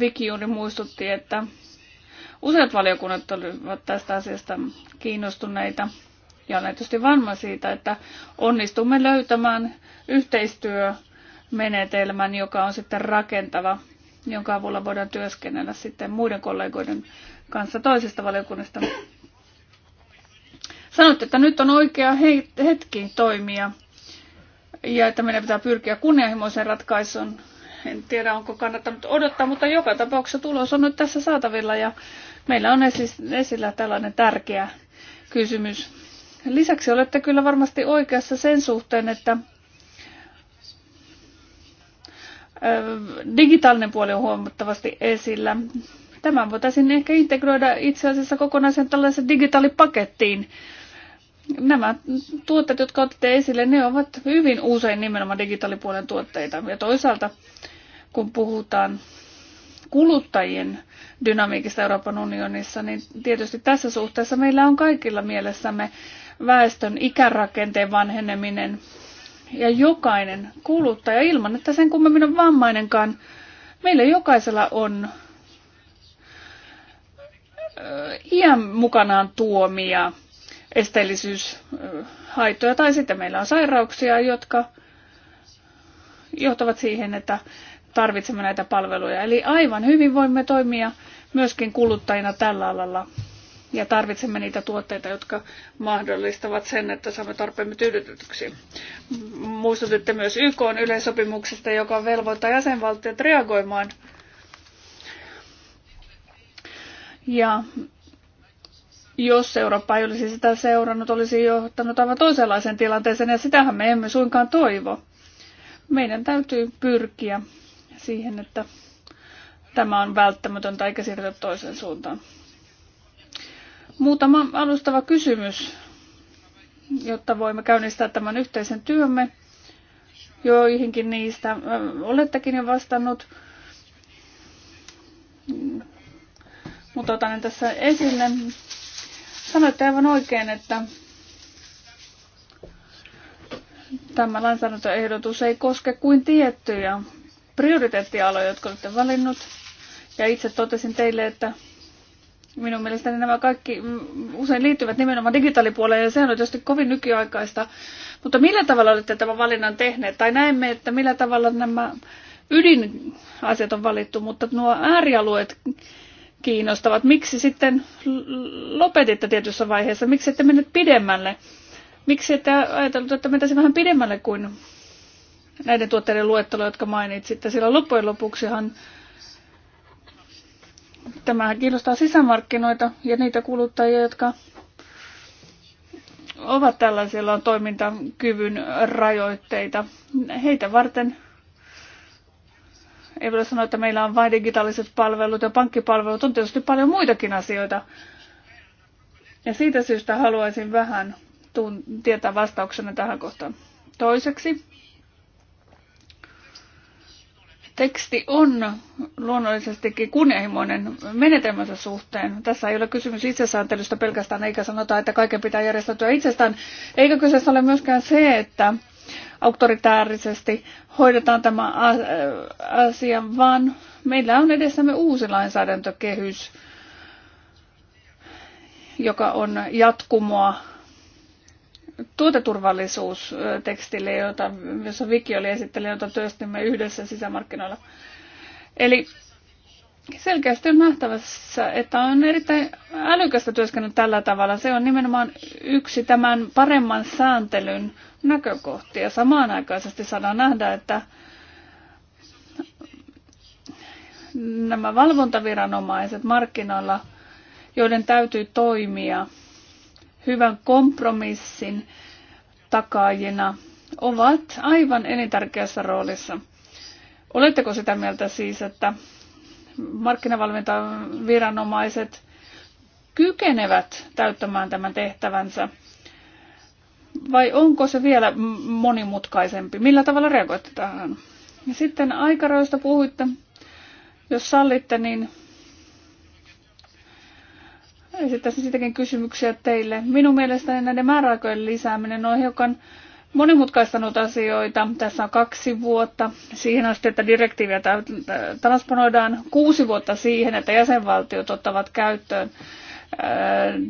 Viki juuri muistutti, että Useat valiokunnat olivat tästä asiasta kiinnostuneita ja olen tietysti varma siitä, että onnistumme löytämään yhteistyömenetelmän, joka on sitten rakentava, jonka avulla voidaan työskennellä sitten muiden kollegoiden kanssa toisesta valiokunnasta. Sanoitte, että nyt on oikea hetki toimia ja että meidän pitää pyrkiä kunnianhimoiseen ratkaisuun. En tiedä, onko kannattanut odottaa, mutta joka tapauksessa tulos on nyt tässä saatavilla ja Meillä on esillä tällainen tärkeä kysymys. Lisäksi olette kyllä varmasti oikeassa sen suhteen, että digitaalinen puoli on huomattavasti esillä. Tämän voitaisiin ehkä integroida itse asiassa kokonaisen tällaisen digitaalipakettiin. Nämä tuotteet, jotka otitte esille, ne ovat hyvin usein nimenomaan digitaalipuolen tuotteita. Ja toisaalta, kun puhutaan kuluttajien dynamiikista Euroopan unionissa, niin tietysti tässä suhteessa meillä on kaikilla mielessämme väestön ikärakenteen vanheneminen ja jokainen kuluttaja ilman, että sen kummemmin on vammainenkaan, meillä jokaisella on iän mukanaan tuomia esteellisyyshaittoja tai sitten meillä on sairauksia, jotka johtavat siihen, että tarvitsemme näitä palveluja. Eli aivan hyvin voimme toimia myöskin kuluttajina tällä alalla ja tarvitsemme niitä tuotteita, jotka mahdollistavat sen, että saamme tarpeemme tyydytetyksi. Muistutitte myös YK yleissopimuksesta, joka velvoittaa jäsenvaltiot reagoimaan. Ja jos Eurooppa ei olisi sitä seurannut, olisi johtanut aivan toisenlaiseen tilanteeseen, ja sitähän me emme suinkaan toivo. Meidän täytyy pyrkiä siihen, että tämä on välttämätöntä eikä siirrytä toiseen suuntaan. Muutama alustava kysymys, jotta voimme käynnistää tämän yhteisen työmme. Joihinkin niistä äh, olettekin jo vastannut, mutta otan ne tässä esille. Sanoitte aivan oikein, että tämä lainsäädäntöehdotus ei koske kuin tiettyjä prioriteettialoja, jotka olette valinnut. Ja itse totesin teille, että minun mielestäni nämä kaikki usein liittyvät nimenomaan digitaalipuoleen ja sehän on tietysti kovin nykyaikaista. Mutta millä tavalla olette tämän valinnan tehneet? Tai näemme, että millä tavalla nämä ydinasiat on valittu, mutta nuo äärialueet kiinnostavat. Miksi sitten lopetitte tietyssä vaiheessa? Miksi ette mennyt pidemmälle? Miksi ette ajatellut, että mentäisiin vähän pidemmälle kuin näiden tuotteiden luettelo, jotka mainitsitte, sillä loppujen lopuksihan tämä kiinnostaa sisämarkkinoita ja niitä kuluttajia, jotka ovat tällaisilla toimintakyvyn rajoitteita. Heitä varten ei voi sanoa, että meillä on vain digitaaliset palvelut ja pankkipalvelut, on tietysti paljon muitakin asioita. Ja siitä syystä haluaisin vähän tietää vastauksena tähän kohtaan. Toiseksi, teksti on luonnollisestikin kunnianhimoinen menetelmänsä suhteen. Tässä ei ole kysymys itsesääntelystä pelkästään, eikä sanota, että kaiken pitää järjestäytyä itsestään. Eikä kyseessä ole myöskään se, että autoritäärisesti hoidetaan tämä asia, vaan meillä on edessämme uusi lainsäädäntökehys, joka on jatkumoa tuoteturvallisuustekstille, jota, jossa Viki oli esittely, jota työstimme yhdessä sisämarkkinoilla. Eli selkeästi on nähtävässä, että on erittäin älykästä työskennellä tällä tavalla. Se on nimenomaan yksi tämän paremman sääntelyn näkökohtia. Samanaikaisesti saadaan nähdä, että nämä valvontaviranomaiset markkinoilla, joiden täytyy toimia – hyvän kompromissin takaajina ovat aivan elintärkeässä roolissa. Oletteko sitä mieltä siis, että markkinavalvontaviranomaiset kykenevät täyttämään tämän tehtävänsä? Vai onko se vielä monimutkaisempi? Millä tavalla reagoitte tähän? Ja sitten aikaroista puhuitte. Jos sallitte, niin Esittäisin sitäkin kysymyksiä teille. Minun mielestäni näiden määräaikojen lisääminen on hiukan monimutkaistanut asioita. Tässä on kaksi vuotta siihen asti, että direktiiviä transponoidaan, kuusi vuotta siihen, että jäsenvaltiot ottavat käyttöön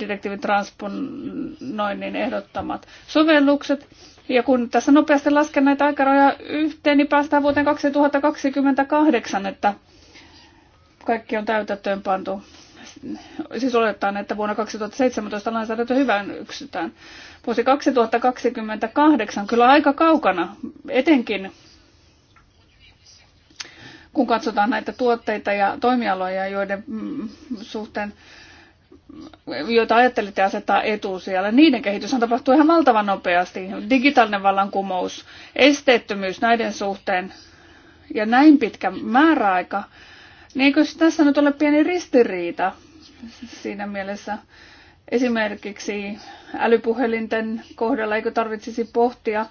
direktiivin transponoinnin ehdottamat sovellukset. Ja kun tässä nopeasti lasken näitä aikaroja yhteen, niin päästään vuoteen 2028, että kaikki on täytäntöön pantu siis oletetaan, että vuonna 2017 lainsäädäntö hyväksytään. Vuosi 2028 kyllä aika kaukana, etenkin kun katsotaan näitä tuotteita ja toimialoja, joiden mm, suhteen joita ajattelitte asettaa etusijalle. Niiden kehitys on tapahtuu ihan valtavan nopeasti. Digitaalinen vallankumous, esteettömyys näiden suhteen ja näin pitkä määräaika. Niin eikö tässä nyt ole pieni ristiriita siinä mielessä esimerkiksi älypuhelinten kohdalla eikö tarvitsisi pohtia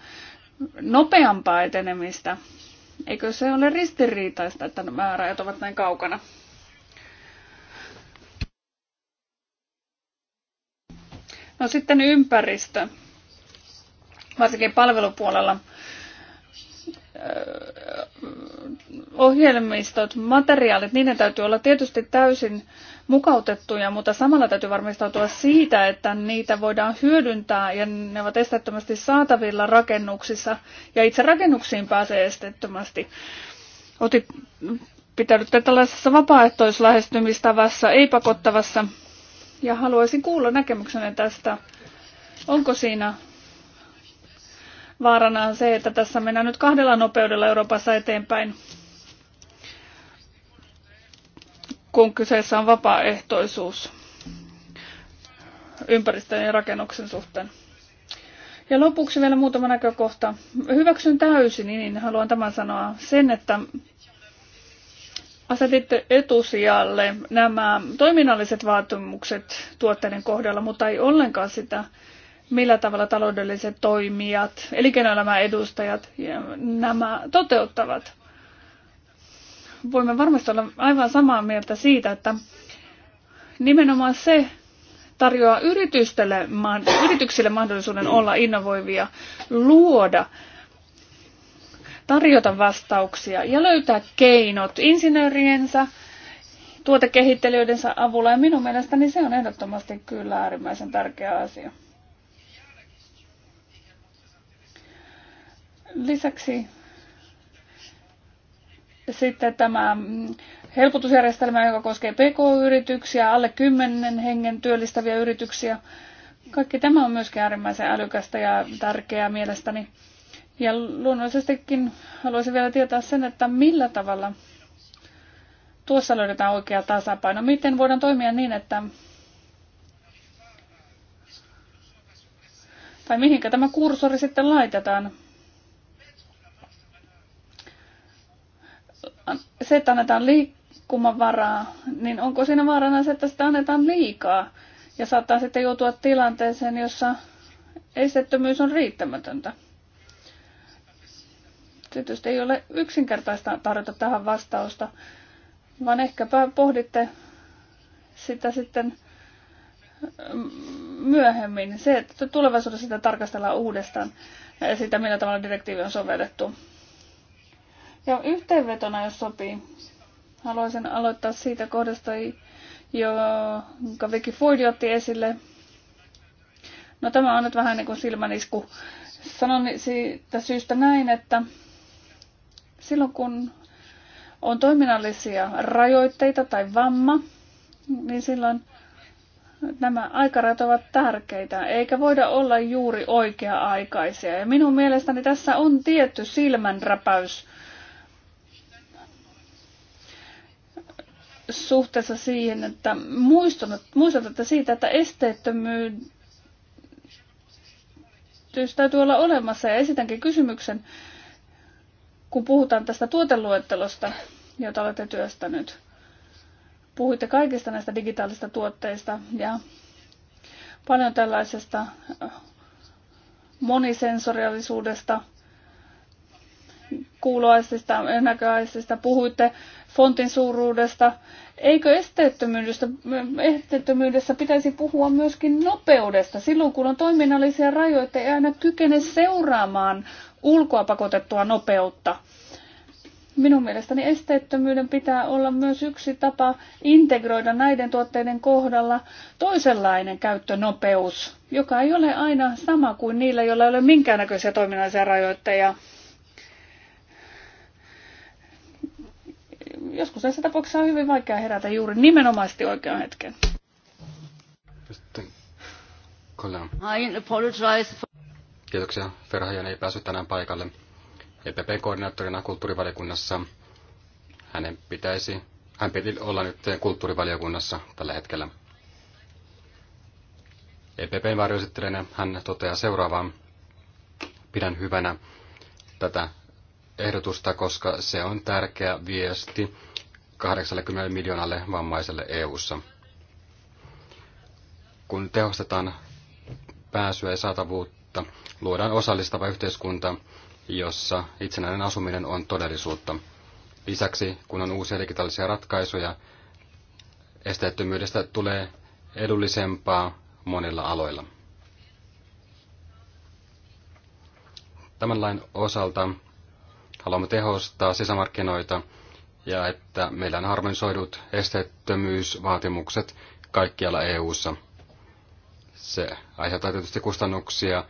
nopeampaa etenemistä? Eikö se ole ristiriitaista, että nämä rajat ovat näin kaukana? No sitten ympäristö, varsinkin palvelupuolella ohjelmistot, materiaalit, niiden täytyy olla tietysti täysin mukautettuja, mutta samalla täytyy varmistautua siitä, että niitä voidaan hyödyntää ja ne ovat estettömästi saatavilla rakennuksissa ja itse rakennuksiin pääsee estettömästi. Otit, pitäydytte tällaisessa vapaaehtoislähestymistavassa, ei pakottavassa ja haluaisin kuulla näkemyksenne tästä. Onko siinä vaarana on se, että tässä mennään nyt kahdella nopeudella Euroopassa eteenpäin, kun kyseessä on vapaaehtoisuus ympäristön ja rakennuksen suhteen. Ja lopuksi vielä muutama näkökohta. Hyväksyn täysin, niin, niin haluan tämän sanoa, sen, että asetitte etusijalle nämä toiminnalliset vaatimukset tuotteiden kohdalla, mutta ei ollenkaan sitä millä tavalla taloudelliset toimijat, elinkeinoelämän edustajat ja nämä toteuttavat. Voimme varmasti olla aivan samaa mieltä siitä, että nimenomaan se tarjoaa yrityksille mahdollisuuden olla innovoivia, luoda, tarjota vastauksia ja löytää keinot insinööriensä, tuotekehittelijöidensä avulla. Ja minun mielestäni se on ehdottomasti kyllä äärimmäisen tärkeä asia. Lisäksi sitten tämä helpotusjärjestelmä, joka koskee PK-yrityksiä, alle 10 hengen työllistäviä yrityksiä. Kaikki tämä on myöskin äärimmäisen älykästä ja tärkeää mielestäni. Ja luonnollisestikin haluaisin vielä tietää sen, että millä tavalla tuossa löydetään oikea tasapaino. Miten voidaan toimia niin, että tai mihinkä tämä kursori sitten laitetaan. se, että annetaan liikkumavaraa, niin onko siinä vaarana se, että sitä annetaan liikaa ja saattaa sitten joutua tilanteeseen, jossa esteettömyys on riittämätöntä? Tietysti ei ole yksinkertaista tarjota tähän vastausta, vaan ehkäpä pohditte sitä sitten mm, myöhemmin. Se, että tulevaisuudessa sitä tarkastellaan uudestaan, sitä millä tavalla direktiivi on sovellettu. Ja yhteenvetona, jos sopii, haluaisin aloittaa siitä kohdasta, jonka Vicky Ford otti esille. No tämä on nyt vähän niin kuin silmänisku. Sanon siitä syystä näin, että silloin kun on toiminnallisia rajoitteita tai vamma, niin silloin nämä aikarajat ovat tärkeitä, eikä voida olla juuri oikea-aikaisia. Ja minun mielestäni tässä on tietty silmänräpäys suhteessa siihen, että muistutatte siitä, että esteettömyys täytyy olla olemassa. Ja esitänkin kysymyksen, kun puhutaan tästä tuoteluettelosta, jota olette työstänyt. Puhuitte kaikista näistä digitaalista tuotteista ja paljon tällaisesta monisensoriallisuudesta kuuloaistista, näköaistista. Puhuitte fontin suuruudesta. Eikö esteettömyydestä, esteettömyydessä pitäisi puhua myöskin nopeudesta? Silloin kun on toiminnallisia rajoitteita, ei aina kykene seuraamaan ulkoa pakotettua nopeutta. Minun mielestäni esteettömyyden pitää olla myös yksi tapa integroida näiden tuotteiden kohdalla toisenlainen käyttönopeus, joka ei ole aina sama kuin niillä, joilla ei ole minkäännäköisiä toiminnallisia rajoitteita joskus näissä tapauksissa on hyvin vaikea herätä juuri nimenomaisesti oikean hetken. I apologize for... Kiitoksia. Ferhajan ei päässyt tänään paikalle. EPP-koordinaattorina kulttuurivaliokunnassa hänen pitäisi, hän piti olla nyt kulttuurivaliokunnassa tällä hetkellä. EPPn varjoesittelijänä hän toteaa seuraavaan. Pidän hyvänä tätä ehdotusta, koska se on tärkeä viesti 80 miljoonalle vammaiselle EU:ssa. Kun tehostetaan pääsyä ja saatavuutta, luodaan osallistava yhteiskunta, jossa itsenäinen asuminen on todellisuutta. Lisäksi, kun on uusia digitaalisia ratkaisuja, esteettömyydestä tulee edullisempaa monilla aloilla. Tämän lain osalta Haluamme tehostaa sisämarkkinoita ja että meillä on harmonisoidut esteettömyysvaatimukset kaikkialla EU:ssa. Se aiheuttaa tietysti kustannuksia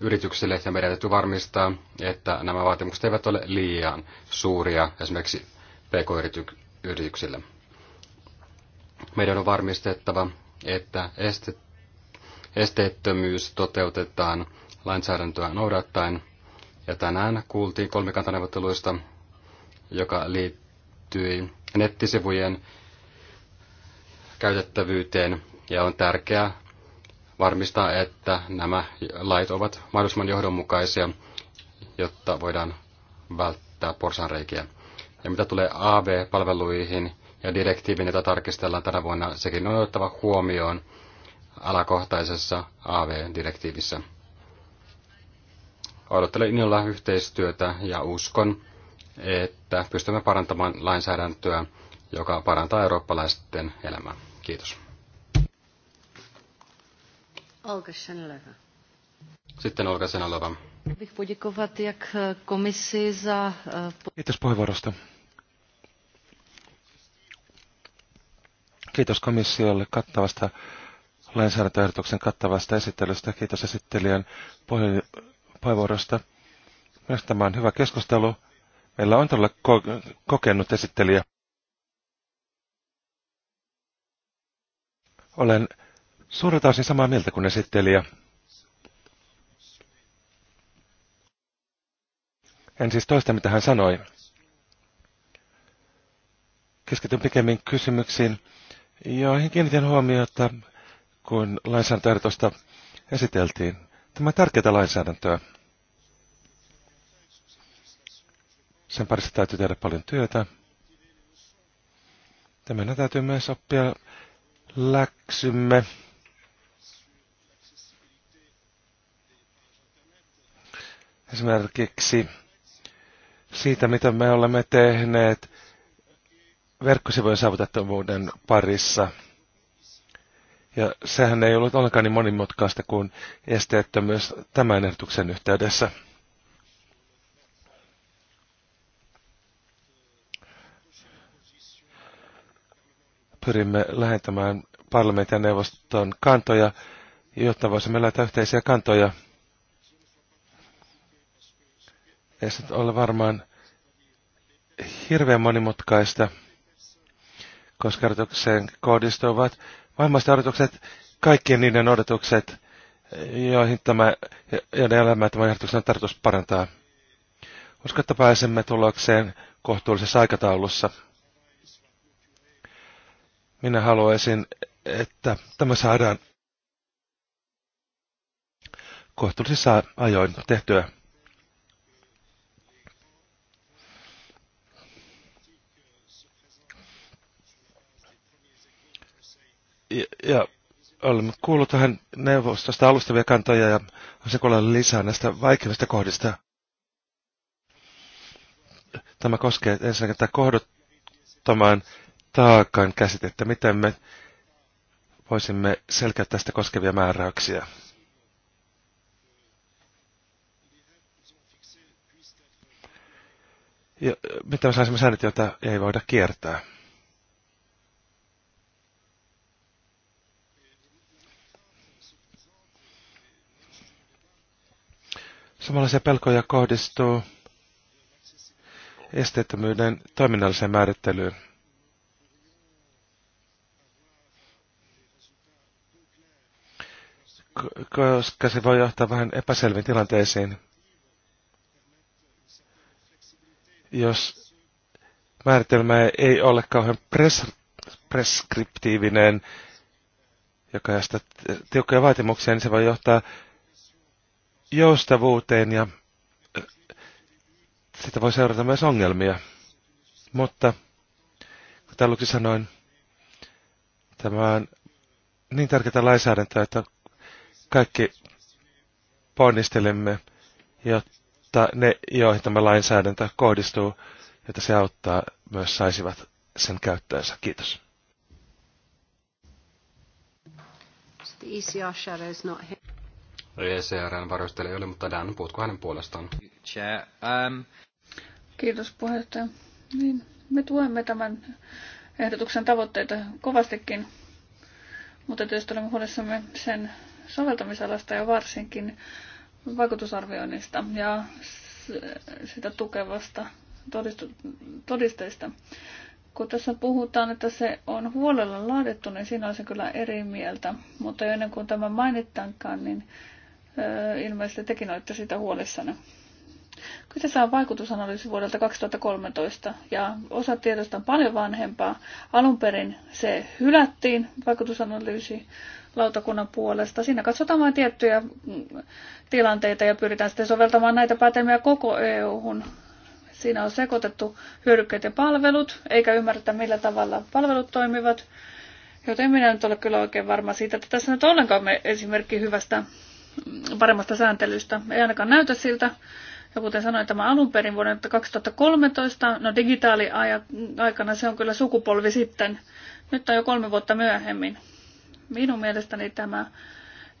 yrityksille ja meidän täytyy varmistaa, että nämä vaatimukset eivät ole liian suuria esimerkiksi pk-yrityksille. Meidän on varmistettava, että este, esteettömyys toteutetaan lainsäädäntöä noudattaen ja tänään kuultiin kolmikantaneuvotteluista, joka liittyi nettisivujen käytettävyyteen. Ja on tärkeää varmistaa, että nämä lait ovat mahdollisimman johdonmukaisia, jotta voidaan välttää porsanreikiä. Ja mitä tulee AV-palveluihin ja direktiivin, jota tarkistellaan tänä vuonna, sekin on otettava huomioon alakohtaisessa AV-direktiivissä. Odottelen innolla yhteistyötä ja uskon, että pystymme parantamaan lainsäädäntöä, joka parantaa eurooppalaisten elämää. Kiitos. Olga Sitten Olga Seneleva. Eh, eh, Kiitos puheenvuorosta. Kiitos komissiolle kattavasta lainsäädäntöehdotuksen kattavasta esittelystä. Kiitos esittelijän puheenjohtajan puheenvuorosta. Myös tämä on hyvä keskustelu. Meillä on todella ko- kokenut esittelijä. Olen suurelta osin samaa mieltä kuin esittelijä. En siis toista, mitä hän sanoi. Keskityn pikemmin kysymyksiin, joihin kiinnitin huomiota, kun lainsäädäntöehdotusta esiteltiin. Tämä on tärkeää lainsäädäntöä. Sen parissa täytyy tehdä paljon työtä. Ja meidän täytyy myös oppia läksymme. Esimerkiksi siitä, mitä me olemme tehneet verkkosivujen saavutettavuuden parissa – ja sehän ei ollut ollenkaan niin monimutkaista kuin esteettömyys tämän ehdotuksen yhteydessä. Pyrimme lähentämään parlamentin ja neuvoston kantoja, jotta voisimme lähteä yhteisiä kantoja. Ei se ole varmaan hirveän monimutkaista, koska kohdistuvat vammaisten odotukset, kaikkien niiden odotukset, joihin tämä, joiden elämää tämä ehdotuksen on tarkoitus parantaa. Uskon, että pääsemme tulokseen kohtuullisessa aikataulussa. Minä haluaisin, että tämä saadaan kohtuullisissa ajoin tehtyä. ja olemme kuullut tähän neuvostosta alustavia kantoja ja on lisää näistä vaikeimmista kohdista. Tämä koskee ensinnäkin tätä kohdottoman taakan käsitettä, miten me voisimme selkeyttää tästä koskevia määräyksiä. Ja mitä me saisimme säännöt, joita ei voida kiertää. Samanlaisia pelkoja kohdistuu esteettömyyden toiminnalliseen määrittelyyn. koska se voi johtaa vähän epäselviin tilanteisiin, jos määritelmä ei ole kauhean pres- preskriptiivinen, joka jostaa tiukkoja vaatimuksia, niin se voi johtaa joustavuuteen ja äh, sitä voi seurata myös ongelmia. Mutta, kuten aluksi sanoin, tämä on niin tärkeää lainsäädäntöä, että kaikki ponnistelemme, jotta ne, joihin tämä lainsäädäntö kohdistuu, että se auttaa, myös saisivat sen käyttöönsä. Kiitos. ECRn varoistele ei ole, mutta Dan, puhutko hänen puolestaan? Um, Kiitos puheenjohtaja. Niin, me tuemme tämän ehdotuksen tavoitteita kovastikin, mutta tietysti olemme huolissamme sen soveltamisalasta ja varsinkin vaikutusarvioinnista ja sitä tukevasta todisteista. Kun tässä puhutaan, että se on huolella laadittu, niin siinä on se kyllä eri mieltä. Mutta ennen kuin tämä mainittaankaan, niin Ilmeisesti tekin olitte siitä huolissanne. Kyseessä on vaikutusanalyysi vuodelta 2013 ja osa tiedosta on paljon vanhempaa. Alun perin se hylättiin vaikutusanalyysi lautakunnan puolesta. Siinä katsotaan vain tiettyjä mm, tilanteita ja pyritään sitten soveltamaan näitä päätelmiä koko EU-hun. Siinä on sekoitettu hyödykkeet ja palvelut, eikä ymmärretä millä tavalla palvelut toimivat. Joten minä nyt ole kyllä oikein varma siitä, että tässä nyt ollenkaan me esimerkki hyvästä paremmasta sääntelystä. Ei ainakaan näytä siltä. Ja kuten sanoin, tämä alun perin vuoden 2013, no digitaaliaikana se on kyllä sukupolvi sitten. Nyt on jo kolme vuotta myöhemmin. Minun mielestäni tämä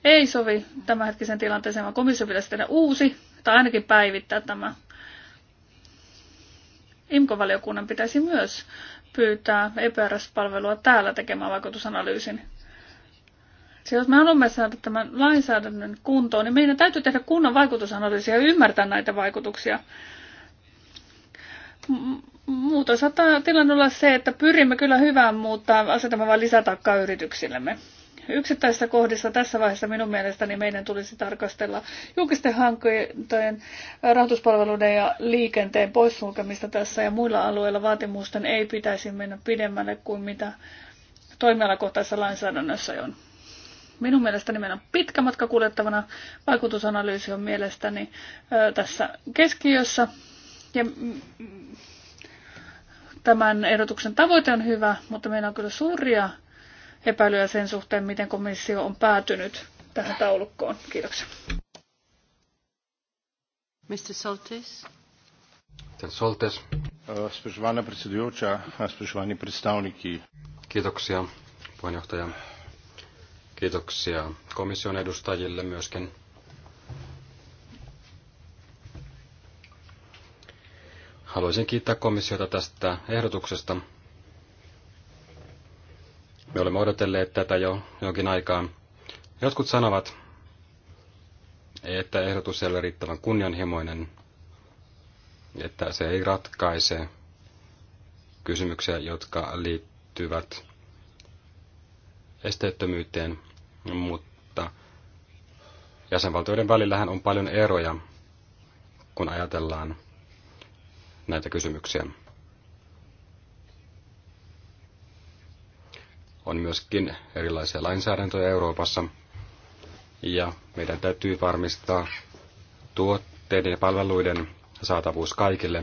ei sovi tämänhetkisen tilanteeseen, vaan komissio pitäisi tehdä uusi, tai ainakin päivittää tämä. IMKO-valiokunnan pitäisi myös pyytää EPRS-palvelua täällä tekemään vaikutusanalyysin. Se, jos me haluamme saada tämän lainsäädännön kuntoon, niin meidän täytyy tehdä kunnon vaikutusanalyysiä ja ymmärtää näitä vaikutuksia. Muuten saattaa tilanne olla se, että pyrimme kyllä hyvään, mutta asetamme vain lisätakkaa yrityksillemme. Yksittäisissä kohdissa tässä vaiheessa minun mielestäni meidän tulisi tarkastella julkisten hankintojen, rahoituspalveluiden ja liikenteen poissulkemista tässä ja muilla alueilla vaatimusten ei pitäisi mennä pidemmälle kuin mitä toimialakohtaisessa lainsäädännössä on. Minun mielestäni meillä on pitkä matka kuljettavana. Vaikutusanalyysi on mielestäni tässä keskiössä. Ja tämän ehdotuksen tavoite on hyvä, mutta meillä on kyllä suuria epäilyjä sen suhteen, miten komissio on päätynyt tähän taulukkoon. Kiitoksia. Mr. Soltes. Mr. Soltes. Spoštovana predsedujoča, spoštovani predstavniki. Kiitoksia, puheenjohtaja. Kiitoksia komission edustajille myöskin. Haluaisin kiittää komissiota tästä ehdotuksesta. Me olemme odotelleet tätä jo jonkin aikaa. Jotkut sanovat, että ehdotus ei ole riittävän kunnianhimoinen, että se ei ratkaise kysymyksiä, jotka liittyvät esteettömyyteen mutta jäsenvaltioiden välillähän on paljon eroja, kun ajatellaan näitä kysymyksiä. On myöskin erilaisia lainsäädäntöjä Euroopassa, ja meidän täytyy varmistaa tuotteiden ja palveluiden saatavuus kaikille,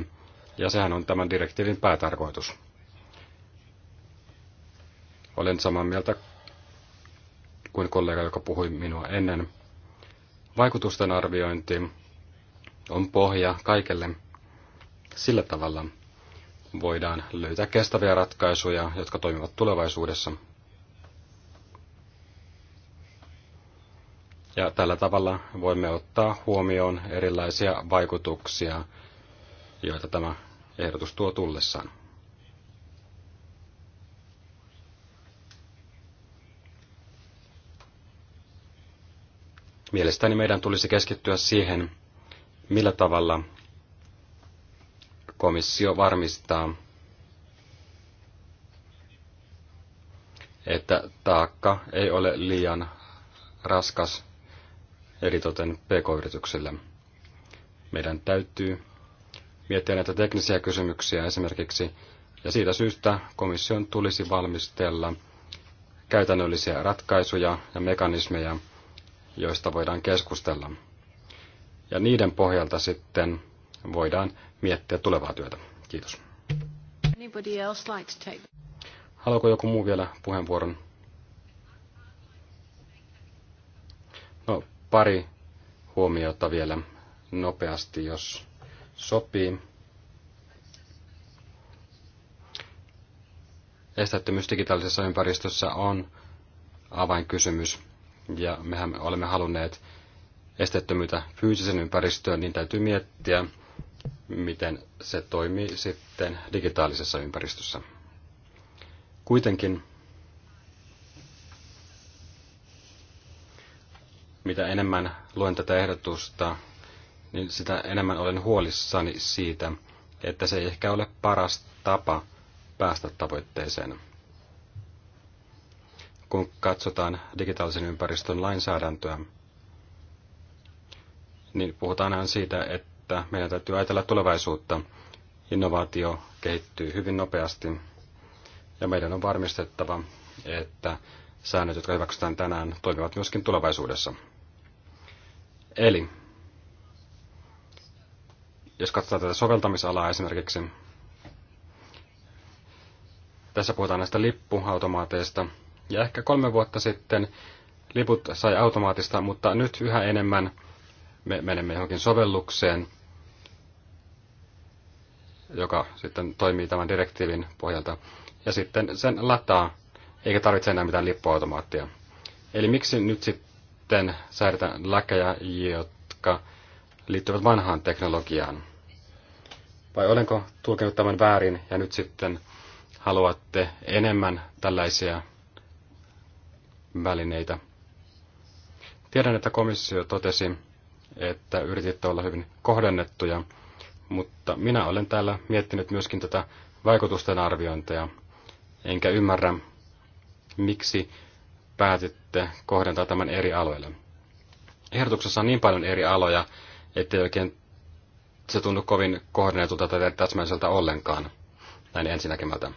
ja sehän on tämän direktiivin päätarkoitus. Olen samaa mieltä kuin kollega, joka puhui minua ennen. Vaikutusten arviointi on pohja kaikelle. Sillä tavalla voidaan löytää kestäviä ratkaisuja, jotka toimivat tulevaisuudessa. Ja tällä tavalla voimme ottaa huomioon erilaisia vaikutuksia, joita tämä ehdotus tuo tullessaan. Mielestäni meidän tulisi keskittyä siihen, millä tavalla komissio varmistaa, että taakka ei ole liian raskas eritoten pk-yrityksille. Meidän täytyy miettiä näitä teknisiä kysymyksiä esimerkiksi, ja siitä syystä komission tulisi valmistella käytännöllisiä ratkaisuja ja mekanismeja, joista voidaan keskustella. Ja niiden pohjalta sitten voidaan miettiä tulevaa työtä. Kiitos. Haluaako joku muu vielä puheenvuoron? No, pari huomiota vielä nopeasti, jos sopii. Estettömyys digitaalisessa ympäristössä on avainkysymys ja mehän olemme halunneet esteettömyyttä fyysisen ympäristöön, niin täytyy miettiä, miten se toimii sitten digitaalisessa ympäristössä. Kuitenkin, mitä enemmän luen tätä ehdotusta, niin sitä enemmän olen huolissani siitä, että se ei ehkä ole paras tapa päästä tavoitteeseen kun katsotaan digitaalisen ympäristön lainsäädäntöä, niin puhutaanhan siitä, että meidän täytyy ajatella tulevaisuutta. Innovaatio kehittyy hyvin nopeasti ja meidän on varmistettava, että säännöt, jotka hyväksytään tänään, toimivat myöskin tulevaisuudessa. Eli jos katsotaan tätä soveltamisalaa esimerkiksi, tässä puhutaan näistä lippuautomaateista, ja ehkä kolme vuotta sitten liput sai automaattista, mutta nyt yhä enemmän me menemme johonkin sovellukseen, joka sitten toimii tämän direktiivin pohjalta. Ja sitten sen lataa, eikä tarvitse enää mitään lippuautomaattia. Eli miksi nyt sitten säädetään lakeja, jotka liittyvät vanhaan teknologiaan? Vai olenko tulkinut tämän väärin ja nyt sitten haluatte enemmän tällaisia välineitä. Tiedän, että komissio totesi, että yrititte olla hyvin kohdennettuja, mutta minä olen täällä miettinyt myöskin tätä vaikutusten arviointia, enkä ymmärrä, miksi päätitte kohdentaa tämän eri aloille. Ehdotuksessa on niin paljon eri aloja, ettei oikein se tunnu kovin kohdennetulta tai täsmäiseltä ollenkaan, näin ensinnäkemältä.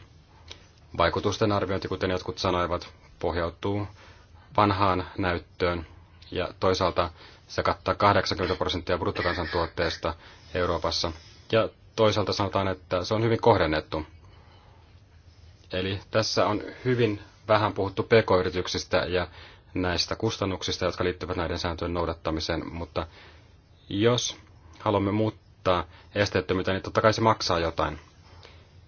Vaikutusten arviointi, kuten jotkut sanoivat, pohjautuu vanhaan näyttöön ja toisaalta se kattaa 80 prosenttia bruttokansantuotteesta Euroopassa. Ja toisaalta sanotaan, että se on hyvin kohdennettu. Eli tässä on hyvin vähän puhuttu pk-yrityksistä ja näistä kustannuksista, jotka liittyvät näiden sääntöjen noudattamiseen, mutta jos haluamme muuttaa esteettömyyttä, niin totta kai se maksaa jotain.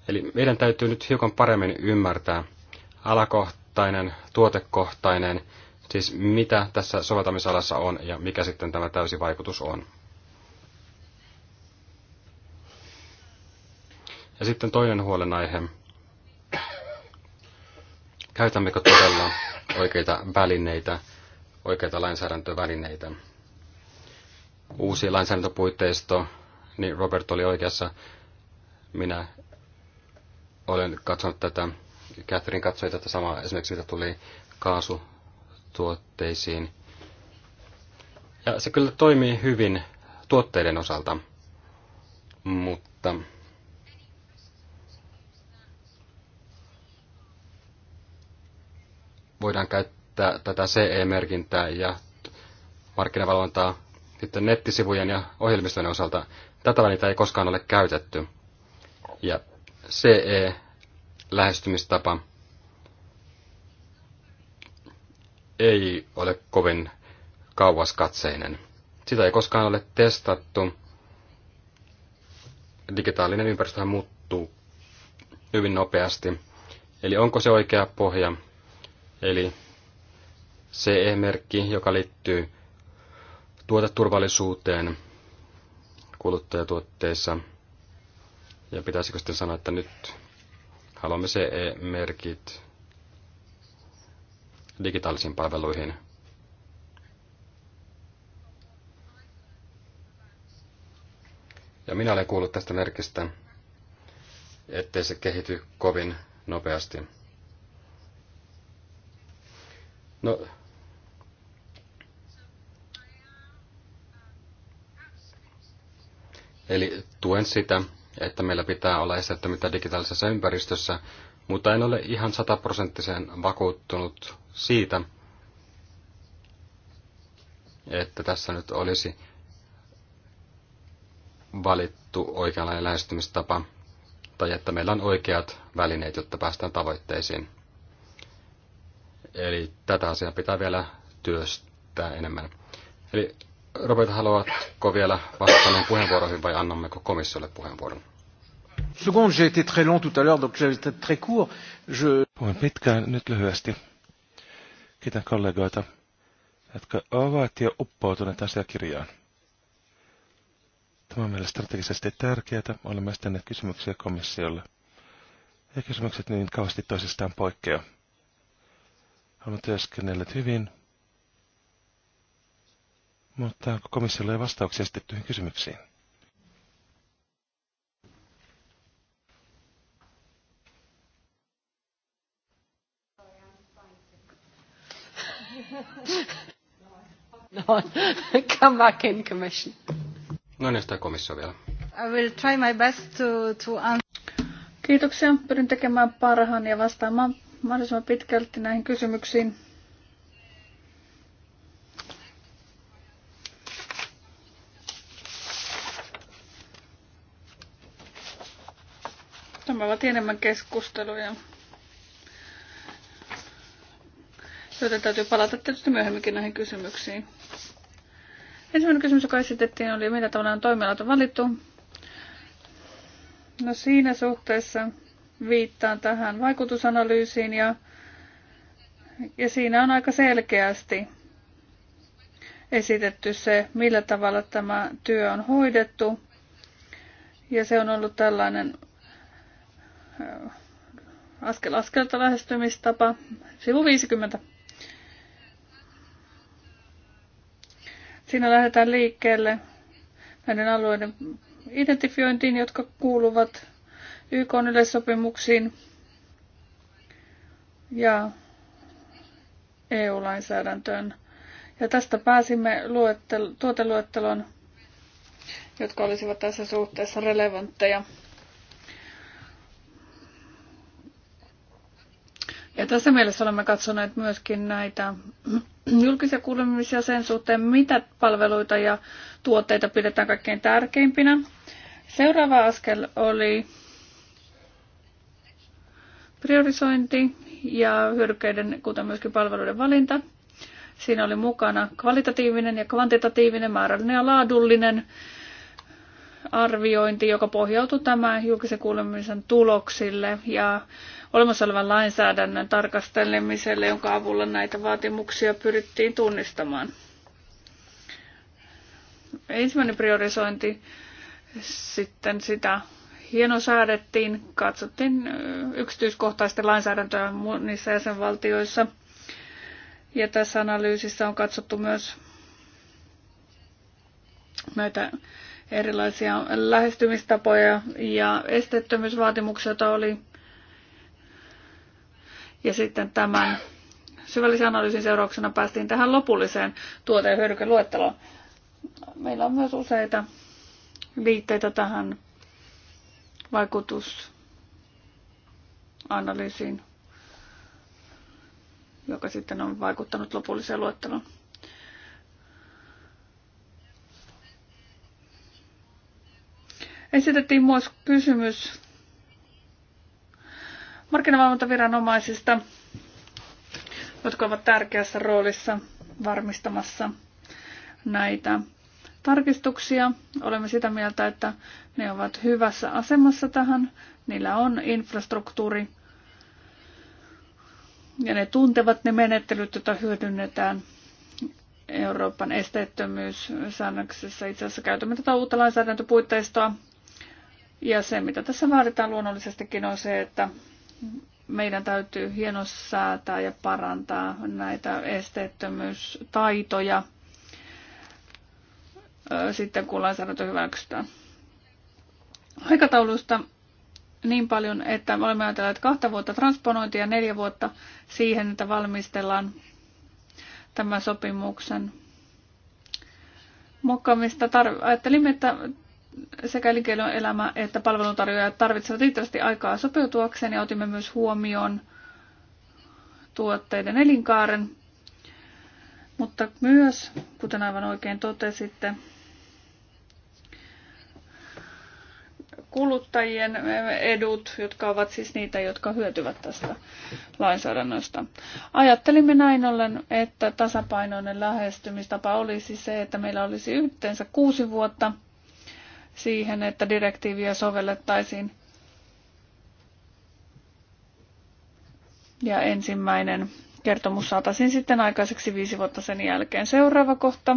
Eli meidän täytyy nyt hiukan paremmin ymmärtää alakohta, kohtainen, tuotekohtainen, siis mitä tässä soveltamisalassa on ja mikä sitten tämä täysi vaikutus on. Ja sitten toinen huolenaihe. Käytämmekö todella oikeita välineitä, oikeita lainsäädäntövälineitä? Uusi lainsäädäntöpuitteisto, niin Robert oli oikeassa. Minä olen katsonut tätä Catherine katsoi tätä samaa esimerkiksi, mitä tuli kaasutuotteisiin. Ja se kyllä toimii hyvin tuotteiden osalta, mutta voidaan käyttää tätä CE-merkintää ja markkinavalvontaa sitten nettisivujen ja ohjelmistojen osalta. Tätä välintä ei koskaan ole käytetty. Ja CE lähestymistapa ei ole kovin kauaskatseinen. Sitä ei koskaan ole testattu. Digitaalinen ympäristö muuttuu hyvin nopeasti. Eli onko se oikea pohja? Eli CE-merkki, joka liittyy tuoteturvallisuuteen kuluttajatuotteissa. Ja pitäisikö sitten sanoa, että nyt Haluamme CE-merkit digitaalisiin palveluihin. Ja minä olen kuullut tästä merkistä, ettei se kehity kovin nopeasti. No, eli tuen sitä, että meillä pitää olla esteettömyyttä digitaalisessa ympäristössä, mutta en ole ihan sataprosenttisen vakuuttunut siitä, että tässä nyt olisi valittu oikeanlainen lähestymistapa tai että meillä on oikeat välineet, jotta päästään tavoitteisiin. Eli tätä asiaa pitää vielä työstää enemmän. Eli Robert, haluatko vielä vastata puheenvuoroihin vai annammeko komissiolle puheenvuoron? Seconde, j'ai été très long tout à l'heure, donc été très court. Je... pitkään, nyt lyhyesti. Kiitän kollegoita, jotka ovat jo uppoutuneet asiakirjaan. Tämä on meille strategisesti tärkeää. Olemme esittäneet kysymyksiä komissiolle. Ja kysymykset niin kauheasti toisistaan poikkea. Olemme työskennelleet hyvin, mutta onko komissiolla ei vastauksia esitettyihin kysymyksiin? No, come back in commission. No niin, sitä komissio vielä. I will try my best to, to Kiitoksia. Pyrin tekemään parhaan ja vastaamaan mahdollisimman pitkälti näihin kysymyksiin. tarvaavat enemmän keskusteluja. Joten täytyy palata tietysti myöhemminkin näihin kysymyksiin. Ensimmäinen kysymys, joka esitettiin, oli mitä tavalla on toimialat on valittu. No siinä suhteessa viittaan tähän vaikutusanalyysiin ja, ja siinä on aika selkeästi esitetty se, millä tavalla tämä työ on hoidettu. Ja se on ollut tällainen askel askelta lähestymistapa. Sivu 50. Siinä lähdetään liikkeelle näiden alueiden identifiointiin, jotka kuuluvat YK yleissopimuksiin ja EU-lainsäädäntöön. Ja tästä pääsimme tuoteluettelon, jotka olisivat tässä suhteessa relevantteja. Ja tässä mielessä olemme katsoneet myöskin näitä julkisia kuulemisia sen suhteen, mitä palveluita ja tuotteita pidetään kaikkein tärkeimpinä. Seuraava askel oli priorisointi ja hyödykkeiden, kuten myöskin palveluiden valinta. Siinä oli mukana kvalitatiivinen ja kvantitatiivinen, määrällinen ja laadullinen arviointi, joka pohjautuu tämän julkisen kuulemisen tuloksille ja olemassa olevan lainsäädännön tarkastelemiselle, jonka avulla näitä vaatimuksia pyrittiin tunnistamaan. Ensimmäinen priorisointi sitten sitä hienosäädettiin, katsottiin yksityiskohtaisten lainsäädäntöä niissä jäsenvaltioissa. Ja tässä analyysissä on katsottu myös näitä erilaisia lähestymistapoja ja esteettömyysvaatimuksia, joita oli. Ja sitten tämän syvällisen analyysin seurauksena päästiin tähän lopulliseen tuote- ja hyödykeluetteloon. Meillä on myös useita viitteitä tähän vaikutusanalyysiin, joka sitten on vaikuttanut lopulliseen luetteloon. Esitettiin myös kysymys markkinavalvontaviranomaisista, jotka ovat tärkeässä roolissa varmistamassa näitä tarkistuksia. Olemme sitä mieltä, että ne ovat hyvässä asemassa tähän. Niillä on infrastruktuuri ja ne tuntevat ne menettelyt, joita hyödynnetään Euroopan esteettömyyssäännöksessä. Itse asiassa käytämme tätä uutta lainsäädäntöpuitteistoa ja se, mitä tässä vaaditaan luonnollisestikin, on se, että meidän täytyy hienosäätää ja parantaa näitä esteettömyystaitoja sitten, kun lainsäädäntö hyväksytään. Aikataulusta niin paljon, että me olemme ajatelleet kahta vuotta transponointia ja neljä vuotta siihen, että valmistellaan tämän sopimuksen mukaamista. ajattelimme, että sekä elinkeinoelämä että palveluntarjoajat tarvitsevat riittävästi aikaa sopeutuakseen ja otimme myös huomioon tuotteiden elinkaaren, mutta myös, kuten aivan oikein totesitte, kuluttajien edut, jotka ovat siis niitä, jotka hyötyvät tästä lainsäädännöstä. Ajattelimme näin ollen, että tasapainoinen lähestymistapa olisi se, että meillä olisi yhteensä kuusi vuotta – siihen, että direktiiviä sovellettaisiin. Ja ensimmäinen kertomus saataisiin sitten aikaiseksi viisi vuotta sen jälkeen. Seuraava kohta.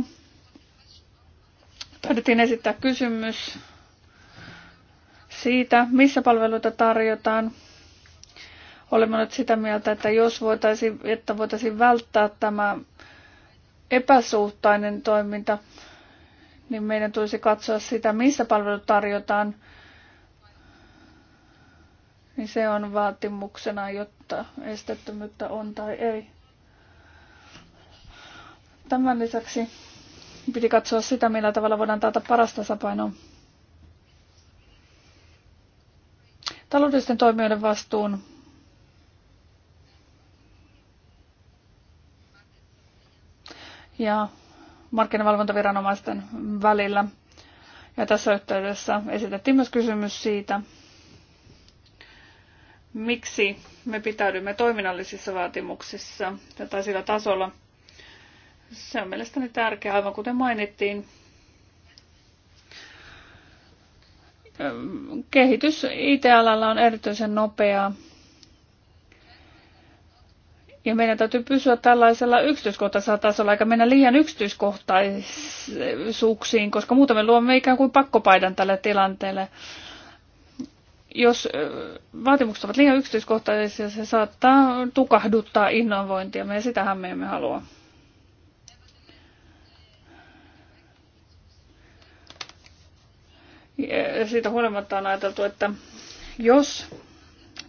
Taidettiin esittää kysymys siitä, missä palveluita tarjotaan. Olemme nyt sitä mieltä, että jos voitaisiin, että voitaisiin välttää tämä epäsuhtainen toiminta, niin meidän tulisi katsoa sitä, missä palvelut tarjotaan. Niin se on vaatimuksena, jotta estettömyyttä on tai ei. Tämän lisäksi piti katsoa sitä, millä tavalla voidaan taata parasta tasapaino taloudellisten toimijoiden vastuun ja markkinavalvontaviranomaisten välillä. Ja tässä yhteydessä esitettiin myös kysymys siitä, miksi me pitäydymme toiminnallisissa vaatimuksissa tai sillä tasolla. Se on mielestäni tärkeää, aivan kuten mainittiin. Kehitys IT-alalla on erityisen nopeaa ja meidän täytyy pysyä tällaisella yksityiskohtaisella tasolla, eikä mennä liian yksityiskohtaisuuksiin, koska muuten me luomme ikään kuin pakkopaidan tälle tilanteelle. Jos vaatimukset ovat liian yksityiskohtaisia, se saattaa tukahduttaa innovointia, ja sitähän me emme halua. Ja siitä huolimatta on ajateltu, että jos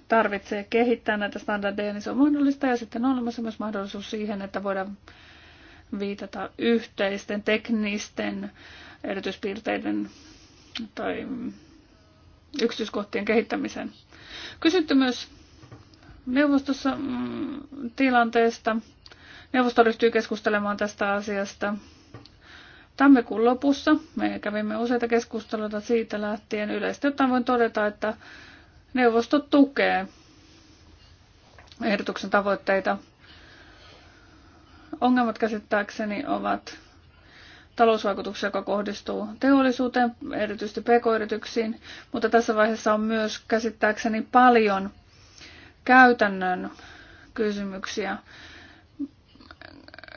tarvitsee kehittää näitä standardeja, niin se on mahdollista. Ja sitten on olemassa myös mahdollisuus siihen, että voidaan viitata yhteisten teknisten erityispiirteiden tai yksityiskohtien kehittämiseen. Kysytty myös neuvostossa mm, tilanteesta. Neuvosto ryhtyy keskustelemaan tästä asiasta. Tammikuun lopussa me kävimme useita keskusteluita siitä lähtien. Yleisesti ottaen voin todeta, että Neuvosto tukee ehdotuksen tavoitteita. Ongelmat käsittääkseni ovat talousvaikutuksia, joka kohdistuu teollisuuteen, erityisesti pk-yrityksiin, mutta tässä vaiheessa on myös käsittääkseni paljon käytännön kysymyksiä.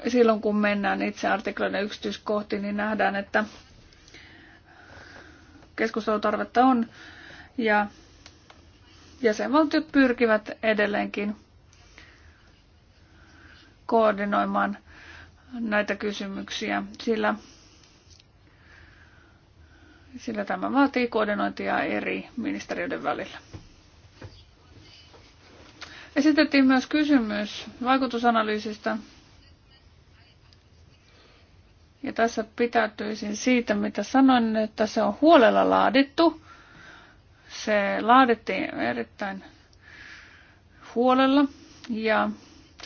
Silloin kun mennään itse artikloiden yksityiskohtiin, niin nähdään, että keskustelutarvetta on ja jäsenvaltiot pyrkivät edelleenkin koordinoimaan näitä kysymyksiä, sillä, sillä tämä vaatii koordinointia eri ministeriöiden välillä. Esitettiin myös kysymys vaikutusanalyysistä. Ja tässä pitäytyisin siitä, mitä sanoin, että se on huolella laadittu se laadittiin erittäin huolella ja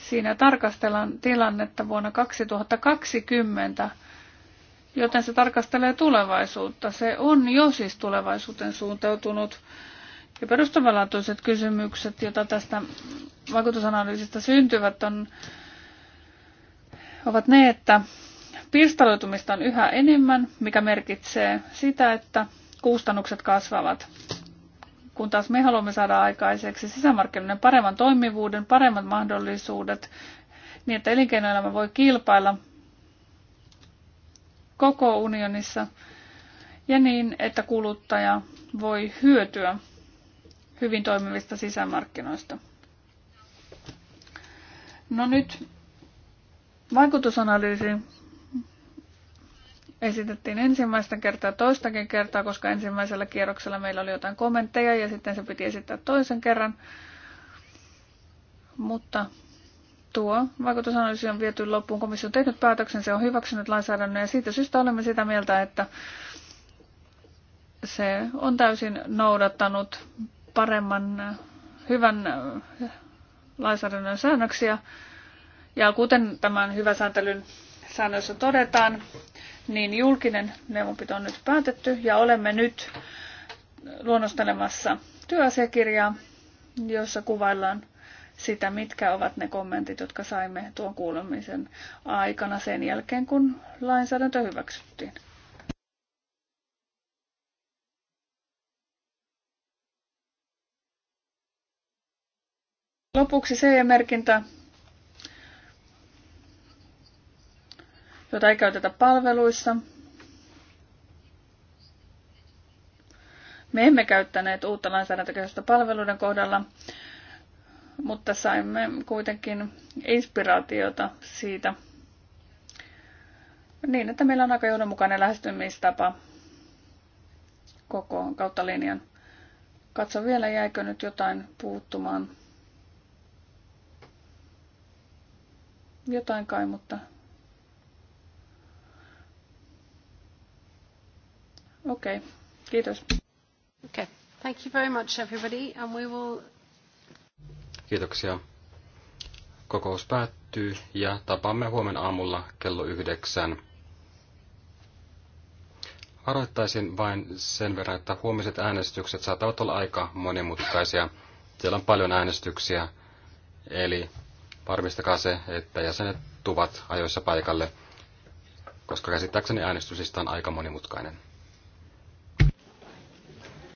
siinä tarkastellaan tilannetta vuonna 2020, joten se tarkastelee tulevaisuutta. Se on jo siis tulevaisuuteen suuntautunut ja perustavanlaatuiset kysymykset, joita tästä vaikutusanalyysistä syntyvät, on, ovat ne, että pirstaloitumista on yhä enemmän, mikä merkitsee sitä, että kustannukset kasvavat kun taas me haluamme saada aikaiseksi sisämarkkinoiden paremman toimivuuden, paremmat mahdollisuudet, niin että elinkeinoelämä voi kilpailla koko unionissa ja niin, että kuluttaja voi hyötyä hyvin toimivista sisämarkkinoista. No nyt vaikutusanalyysi esitettiin ensimmäistä kertaa toistakin kertaa, koska ensimmäisellä kierroksella meillä oli jotain kommentteja ja sitten se piti esittää toisen kerran. Mutta tuo vaikutusanalyysi on viety loppuun. Komissio on tehnyt päätöksen, se on hyväksynyt lainsäädännön ja siitä syystä olemme sitä mieltä, että se on täysin noudattanut paremman, hyvän äh, lainsäädännön säännöksiä. Ja kuten tämän hyvän sääntelyn säännössä todetaan, niin julkinen neuvonpito on nyt päätetty ja olemme nyt luonnostelemassa työasiakirjaa, jossa kuvaillaan sitä, mitkä ovat ne kommentit, jotka saimme tuon kuulemisen aikana sen jälkeen, kun lainsäädäntö hyväksyttiin. Lopuksi CE-merkintä jota ei käytetä palveluissa. Me emme käyttäneet uutta lainsäädäntökehystä palveluiden kohdalla, mutta saimme kuitenkin inspiraatiota siitä niin, että meillä on aika johdonmukainen lähestymistapa koko kautta linjan. Katso vielä, jäikö nyt jotain puuttumaan. Jotain kai, mutta Okei, okay. kiitos. Okay. Thank you very much everybody and we will... Kiitoksia. Kokous päättyy ja tapaamme huomenna aamulla kello yhdeksän. Varoittaisin vain sen verran, että huomiset äänestykset saattavat olla aika monimutkaisia. Siellä on paljon äänestyksiä, eli varmistakaa se, että jäsenet tuvat ajoissa paikalle, koska käsittääkseni äänestysistä on aika monimutkainen.